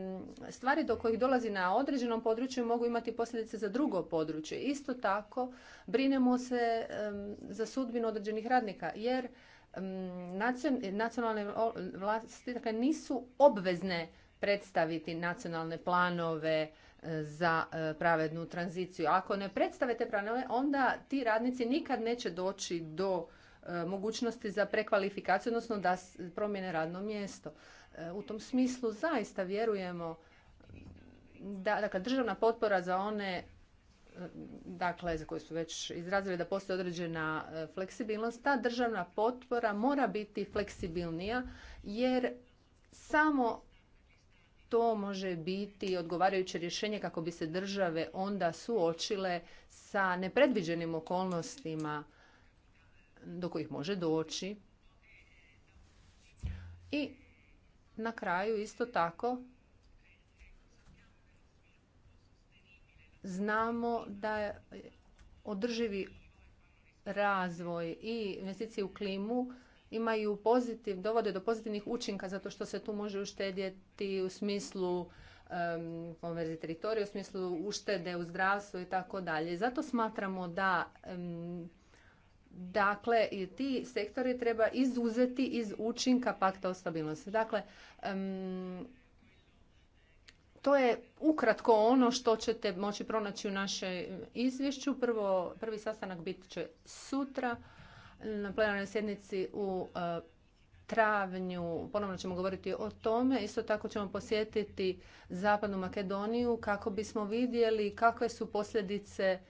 stvari do kojih dolazi na određenom području mogu imati posljedice za drugo područje. Isto tako, brinemo se za sudbinu određenih radnika, jer nacionalne vlasti dakle, nisu obvezne predstaviti nacionalne planove e, za e, pravednu tranziciju. Ako ne predstave te planove, onda ti radnici nikad neće doći do e, mogućnosti za prekvalifikaciju, odnosno da promjene radno mjesto. U tom smislu zaista vjerujemo da dakle, državna potpora za one dakle, za koje su već izrazili da postoji određena e, fleksibilnost, ta državna potpora mora biti fleksibilnija jer samo to može biti odgovarajuće rješenje kako bi se države onda suočile sa nepredviđenim okolnostima do kojih može doći. I na kraju isto tako znamo da održivi razvoj i investicije u klimu imaju pozitiv, dovode do pozitivnih učinka zato što se tu može uštedjeti u smislu konverzi um, u smislu uštede u zdravstvu i tako dalje. Zato smatramo da Dakle, i ti sektori treba izuzeti iz učinka pakta o stabilnosti. Dakle, to je ukratko ono što ćete moći pronaći u našem izvješću. Prvo, prvi sastanak bit će sutra na plenarnoj sjednici u e, travnju ponovno ćemo govoriti o tome. Isto tako ćemo posjetiti Zapadnu Makedoniju kako bismo vidjeli kakve su posljedice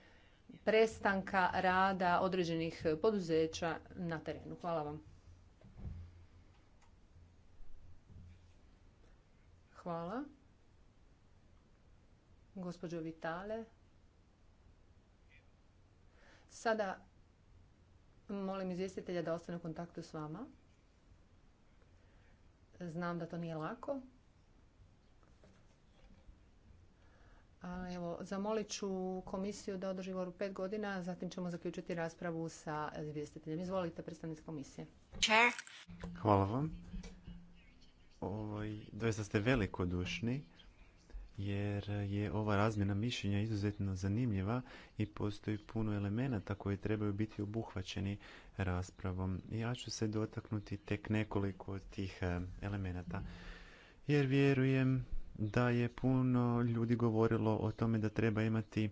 prestanka rada određenih poduzeća na terenu. Hvala vam. Hvala gospođo Vitale. Sada molim izvjestitelja da ostane u kontaktu s vama. Znam da to nije lako. evo, zamolit ću komisiju da održi voru pet godina, zatim ćemo zaključiti raspravu sa izvjestiteljem. Izvolite, predstavnic komisije. Hvala vam. Ovo, ovaj, doista ste dušni jer je ova razmjena mišljenja izuzetno zanimljiva i postoji puno elemenata koji trebaju biti obuhvaćeni raspravom. Ja ću se dotaknuti tek nekoliko od tih e, elemenata jer vjerujem da je puno ljudi govorilo o tome da treba imati e,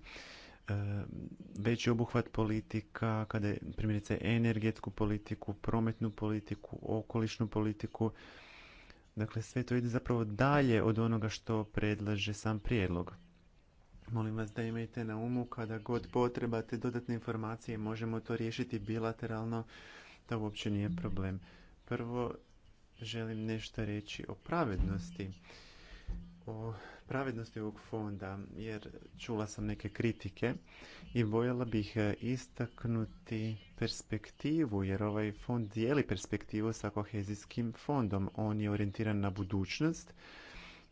veći obuhvat politika, kada je primjerice energetsku politiku, prometnu politiku, okolišnu politiku, Dakle, sve to ide zapravo dalje od onoga što predlaže sam prijedlog. Molim vas da imajte na umu kada god potrebate dodatne informacije, možemo to riješiti bilateralno, da uopće nije problem. Prvo, želim nešto reći o pravednosti o pravednosti ovog fonda, jer čula sam neke kritike i voljela bih e, istaknuti perspektivu, jer ovaj fond dijeli perspektivu sa kohezijskim fondom. On je orijentiran na budućnost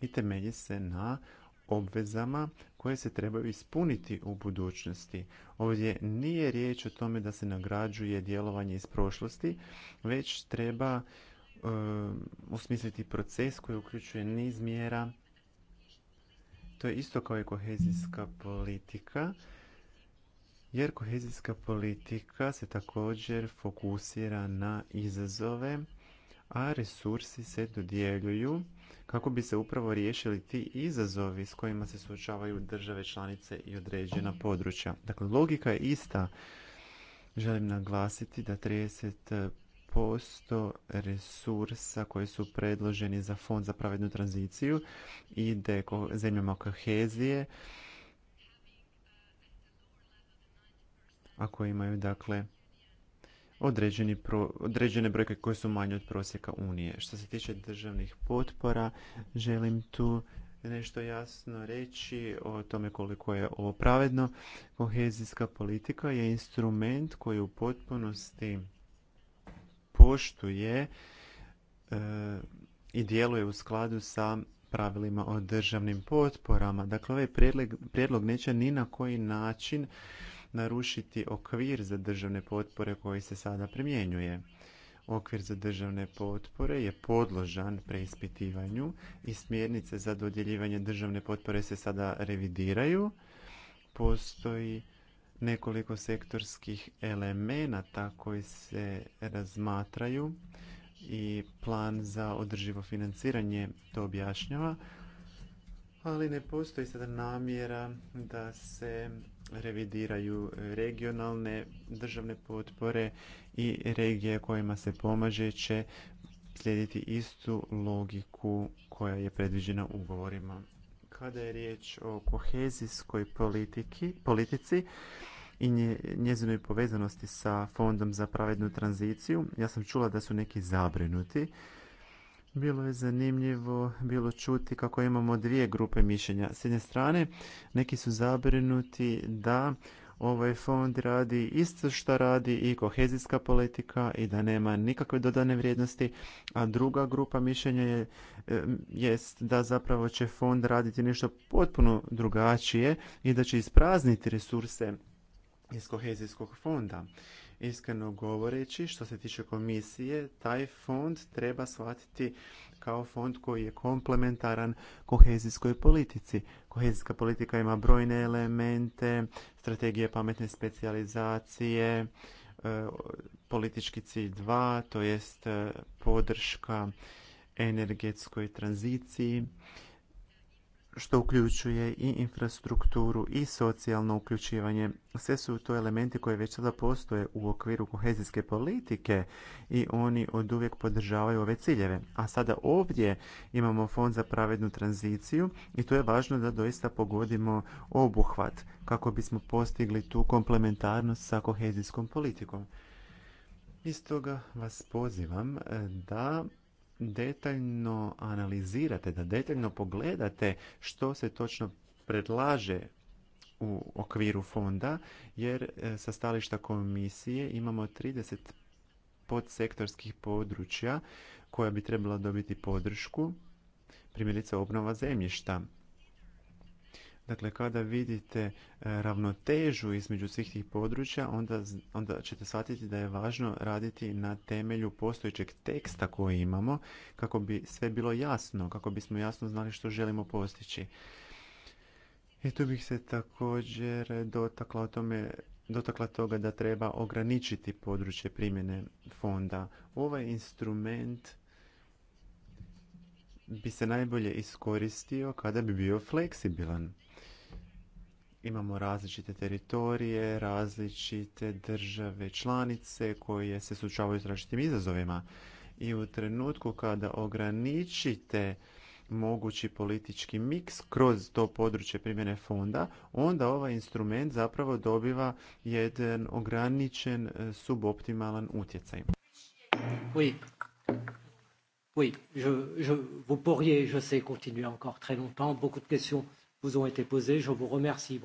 i temelji se na obvezama koje se trebaju ispuniti u budućnosti. Ovdje nije riječ o tome da se nagrađuje djelovanje iz prošlosti, već treba usmisliti e, osmisliti proces koji uključuje niz mjera to je isto kao i kohezijska politika, jer kohezijska politika se također fokusira na izazove, a resursi se dodjeljuju kako bi se upravo riješili ti izazovi s kojima se suočavaju države članice i određena područja. Dakle, logika je ista. Želim naglasiti da 30 posto resursa koji su predloženi za fond za pravednu tranziciju ide zemljama kohezije ako imaju dakle određeni određene brojke koje su manje od prosjeka Unije. Što se tiče državnih potpora, želim tu nešto jasno reći o tome koliko je ovo pravedno. Kohezijska politika je instrument koji u potpunosti poštuje e, i djeluje u skladu sa pravilima o državnim potporama. Dakle, ovaj prijedlog, prijedlog neće ni na koji način narušiti okvir za državne potpore koji se sada primjenjuje. Okvir za državne potpore je podložan preispitivanju i smjernice za dodjeljivanje državne potpore se sada revidiraju. Postoji nekoliko sektorskih elemenata koji se razmatraju i plan za održivo financiranje to objašnjava, ali ne postoji sada namjera da se revidiraju regionalne državne potpore i regije kojima se pomaže će slijediti istu logiku koja je predviđena ugovorima kada je riječ o kohezijskoj politiki, politici i njezinoj povezanosti sa Fondom za pravednu tranziciju. Ja sam čula da su neki zabrinuti. Bilo je zanimljivo bilo čuti kako imamo dvije grupe mišljenja. S jedne strane, neki su zabrinuti da ovaj fond radi isto što radi i kohezijska politika i da nema nikakve dodane vrijednosti, a druga grupa mišljenja je, jest da zapravo će fond raditi nešto potpuno drugačije i da će isprazniti resurse iz kohezijskog fonda Iskreno govoreći, što se tiče komisije, taj fond treba shvatiti kao fond koji je komplementaran kohezijskoj politici. Kohezijska politika ima brojne elemente, strategije pametne specijalizacije, e, politički cilj 2, to jest e, podrška energetskoj tranziciji što uključuje i infrastrukturu i socijalno uključivanje. Sve su to elementi koji već sada postoje u okviru kohezijske politike i oni oduvijek podržavaju ove ciljeve. A sada ovdje imamo fond za pravednu tranziciju i to je važno da doista pogodimo obuhvat kako bismo postigli tu komplementarnost sa kohezijskom politikom. Iz toga vas pozivam eh, da detaljno analizirate, da detaljno pogledate što se točno predlaže u okviru fonda, jer e, sa stališta komisije imamo 30 podsektorskih područja koja bi trebala dobiti podršku, primjerice obnova zemljišta. Dakle, kada vidite e, ravnotežu između svih tih područja, onda, onda ćete shvatiti da je važno raditi na temelju postojećeg teksta koji imamo, kako bi sve bilo jasno, kako bismo jasno znali što želimo postići. I tu bih se također dotakla o tome dotakla toga da treba ograničiti područje primjene fonda. Ovaj instrument bi se najbolje iskoristio kada bi bio fleksibilan imamo različite teritorije, različite države članice koje se suočavaju s različitim izazovima. I u trenutku kada ograničite mogući politički miks kroz to područje primjene fonda, onda ovaj instrument zapravo dobiva jedan ograničen e, suboptimalan utjecaj. Oui. Oui, je, je, vous pourriez, je sais, continuer encore très longtemps. Beaucoup de questions vous ont été posées. Je vous remercie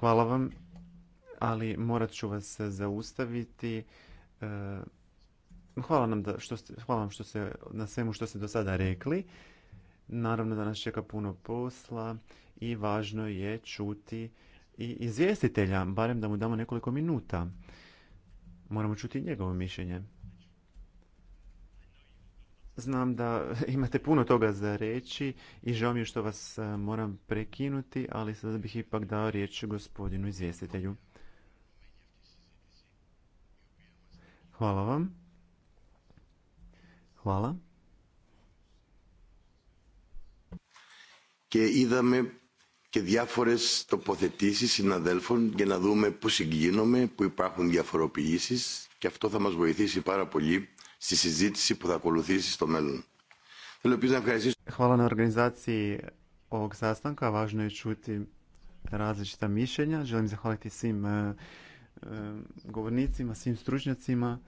Hvala vam, ali morat ću vas zaustaviti. E, hvala, nam da, što vam što na svemu što ste do sada rekli. Naravno da nas čeka puno posla i važno je čuti i izvjestitelja, barem da mu damo nekoliko minuta. Moramo čuti njegovo mišljenje. Znam da imate puno toga za reći i žao mi je što vas moram prekinuti, ali sada bih ipak dao riječ gospodinu izvjestitelju. Hvala vam. Hvala. Και είδαμε και διάφορες τοποθετήσεις συναδέλφων για να δούμε πού συγκλίνομαι, πού υπάρχουν διαφοροποιήσεις και αυτό θα μας βοηθήσει πάρα πολύ Hvala na organizaciji ovog sastanka. Važno je čuti različita mišljenja. Želim zahvaliti svim e, e, govornicima, svim stručnjacima.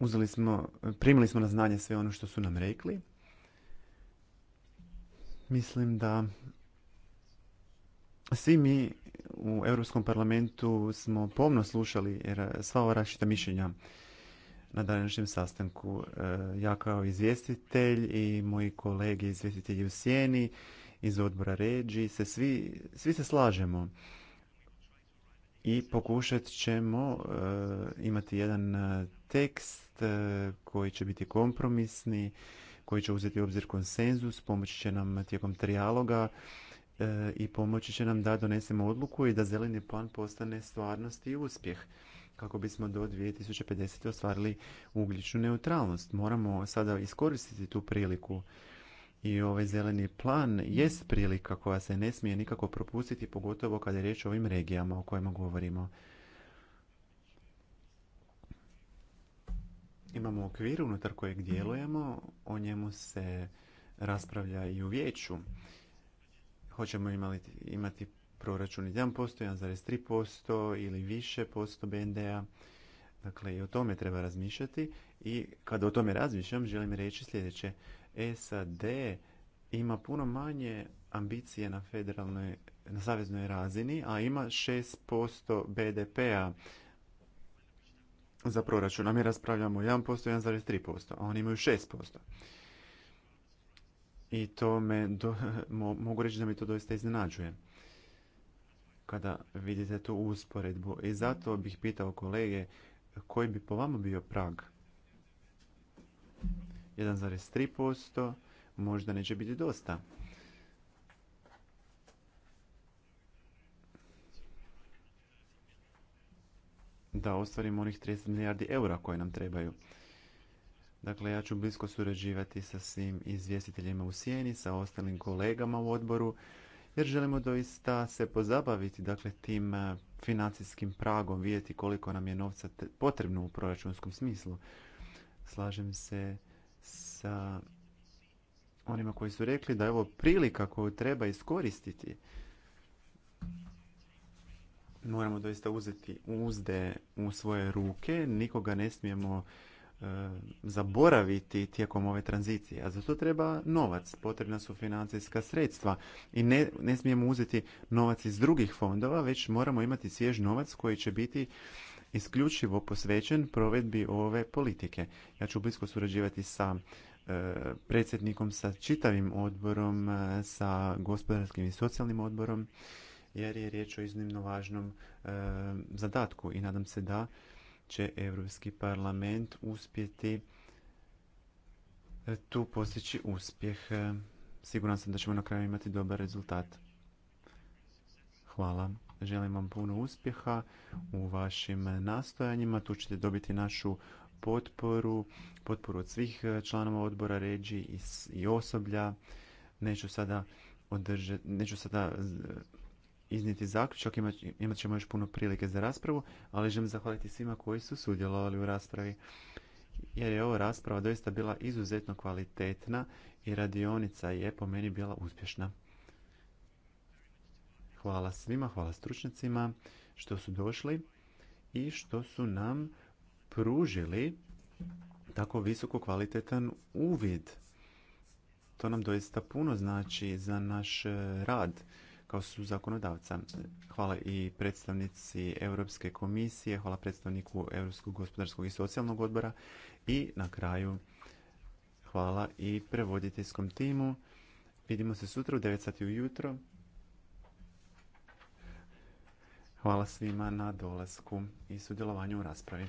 Uzeli smo, primili smo na znanje sve ono što su nam rekli. Mislim da svi mi u Europskom parlamentu smo pomno slušali sva ova različita mišljenja na današnjem sastanku. E, ja kao izvjestitelj i moji kolege izvjestitelji u Sjeni iz odbora Ređi se svi, svi se slažemo i pokušat ćemo e, imati jedan e, tekst koji će biti kompromisni, koji će uzeti u obzir konsenzus, pomoći će nam tijekom trijaloga E, i pomoći će nam da donesemo odluku i da zeleni plan postane stvarnost i uspjeh kako bismo do 2050. ostvarili ugljičnu neutralnost. Moramo sada iskoristiti tu priliku i ovaj zeleni plan jest prilika koja se ne smije nikako propustiti, pogotovo kada je riječ o ovim regijama o kojima govorimo. Imamo okvir unutar kojeg djelujemo, o njemu se raspravlja i u vijeću hoćemo imati, imati proračun 1%, 1,3% ili više posto BND-a. Dakle, i o tome treba razmišljati. I kada o tome razmišljam, želim reći sljedeće. SAD ima puno manje ambicije na federalnoj, na saveznoj razini, a ima 6% BDP-a za proračun. A mi raspravljamo 1%, 1,3%, a oni imaju 6% i to me do, *laughs* mogu reći da mi to doista iznenađuje kada vidite tu usporedbu. I zato bih pitao kolege koji bi po vama bio prag. 1,3% možda neće biti dosta. Da ostvarimo onih 30 milijardi eura koje nam trebaju. Dakle, ja ću blisko surađivati sa svim izvjestiteljima u sjeni, sa ostalim kolegama u odboru, jer želimo doista se pozabaviti dakle, tim eh, financijskim pragom, vidjeti koliko nam je novca potrebno u proračunskom smislu. Slažem se sa onima koji su rekli da je ovo prilika koju treba iskoristiti. Moramo doista uzeti uzde u svoje ruke, nikoga ne smijemo E, zaboraviti tijekom ove tranzicije. A za to treba novac, potrebna su financijska sredstva i ne, ne smijemo uzeti novac iz drugih fondova, već moramo imati svjež novac koji će biti isključivo posvećen provedbi ove politike. Ja ću blisko surađivati sa e, predsjednikom, sa čitavim odborom, e, sa gospodarskim i socijalnim odborom, jer je riječ o iznimno važnom zadatku i nadam se da će Europski parlament uspjeti e, tu postići uspjeh. E, siguran sam da ćemo na kraju imati dobar rezultat. Hvala. Želim vam puno uspjeha u vašim nastojanjima. Tu ćete dobiti našu potporu, potporu od svih e, članova odbora ređi i osoblja. Neću sada održati, neću sada iznijeti zaključak, imat ćemo još puno prilike za raspravu, ali želim zahvaliti svima koji su sudjelovali u raspravi, jer je ova rasprava doista bila izuzetno kvalitetna i radionica je po meni bila uspješna. Hvala svima, hvala stručnicima što su došli i što su nam pružili tako visoko kvalitetan uvid. To nam doista puno znači za naš rad kao su zakonodavca. Hvala i predstavnici Europske komisije, hvala predstavniku Europskog gospodarskog i socijalnog odbora i na kraju hvala i prevoditeljskom timu. Vidimo se sutra u 9 sati ujutro. Hvala svima na dolasku i sudjelovanju u raspravi.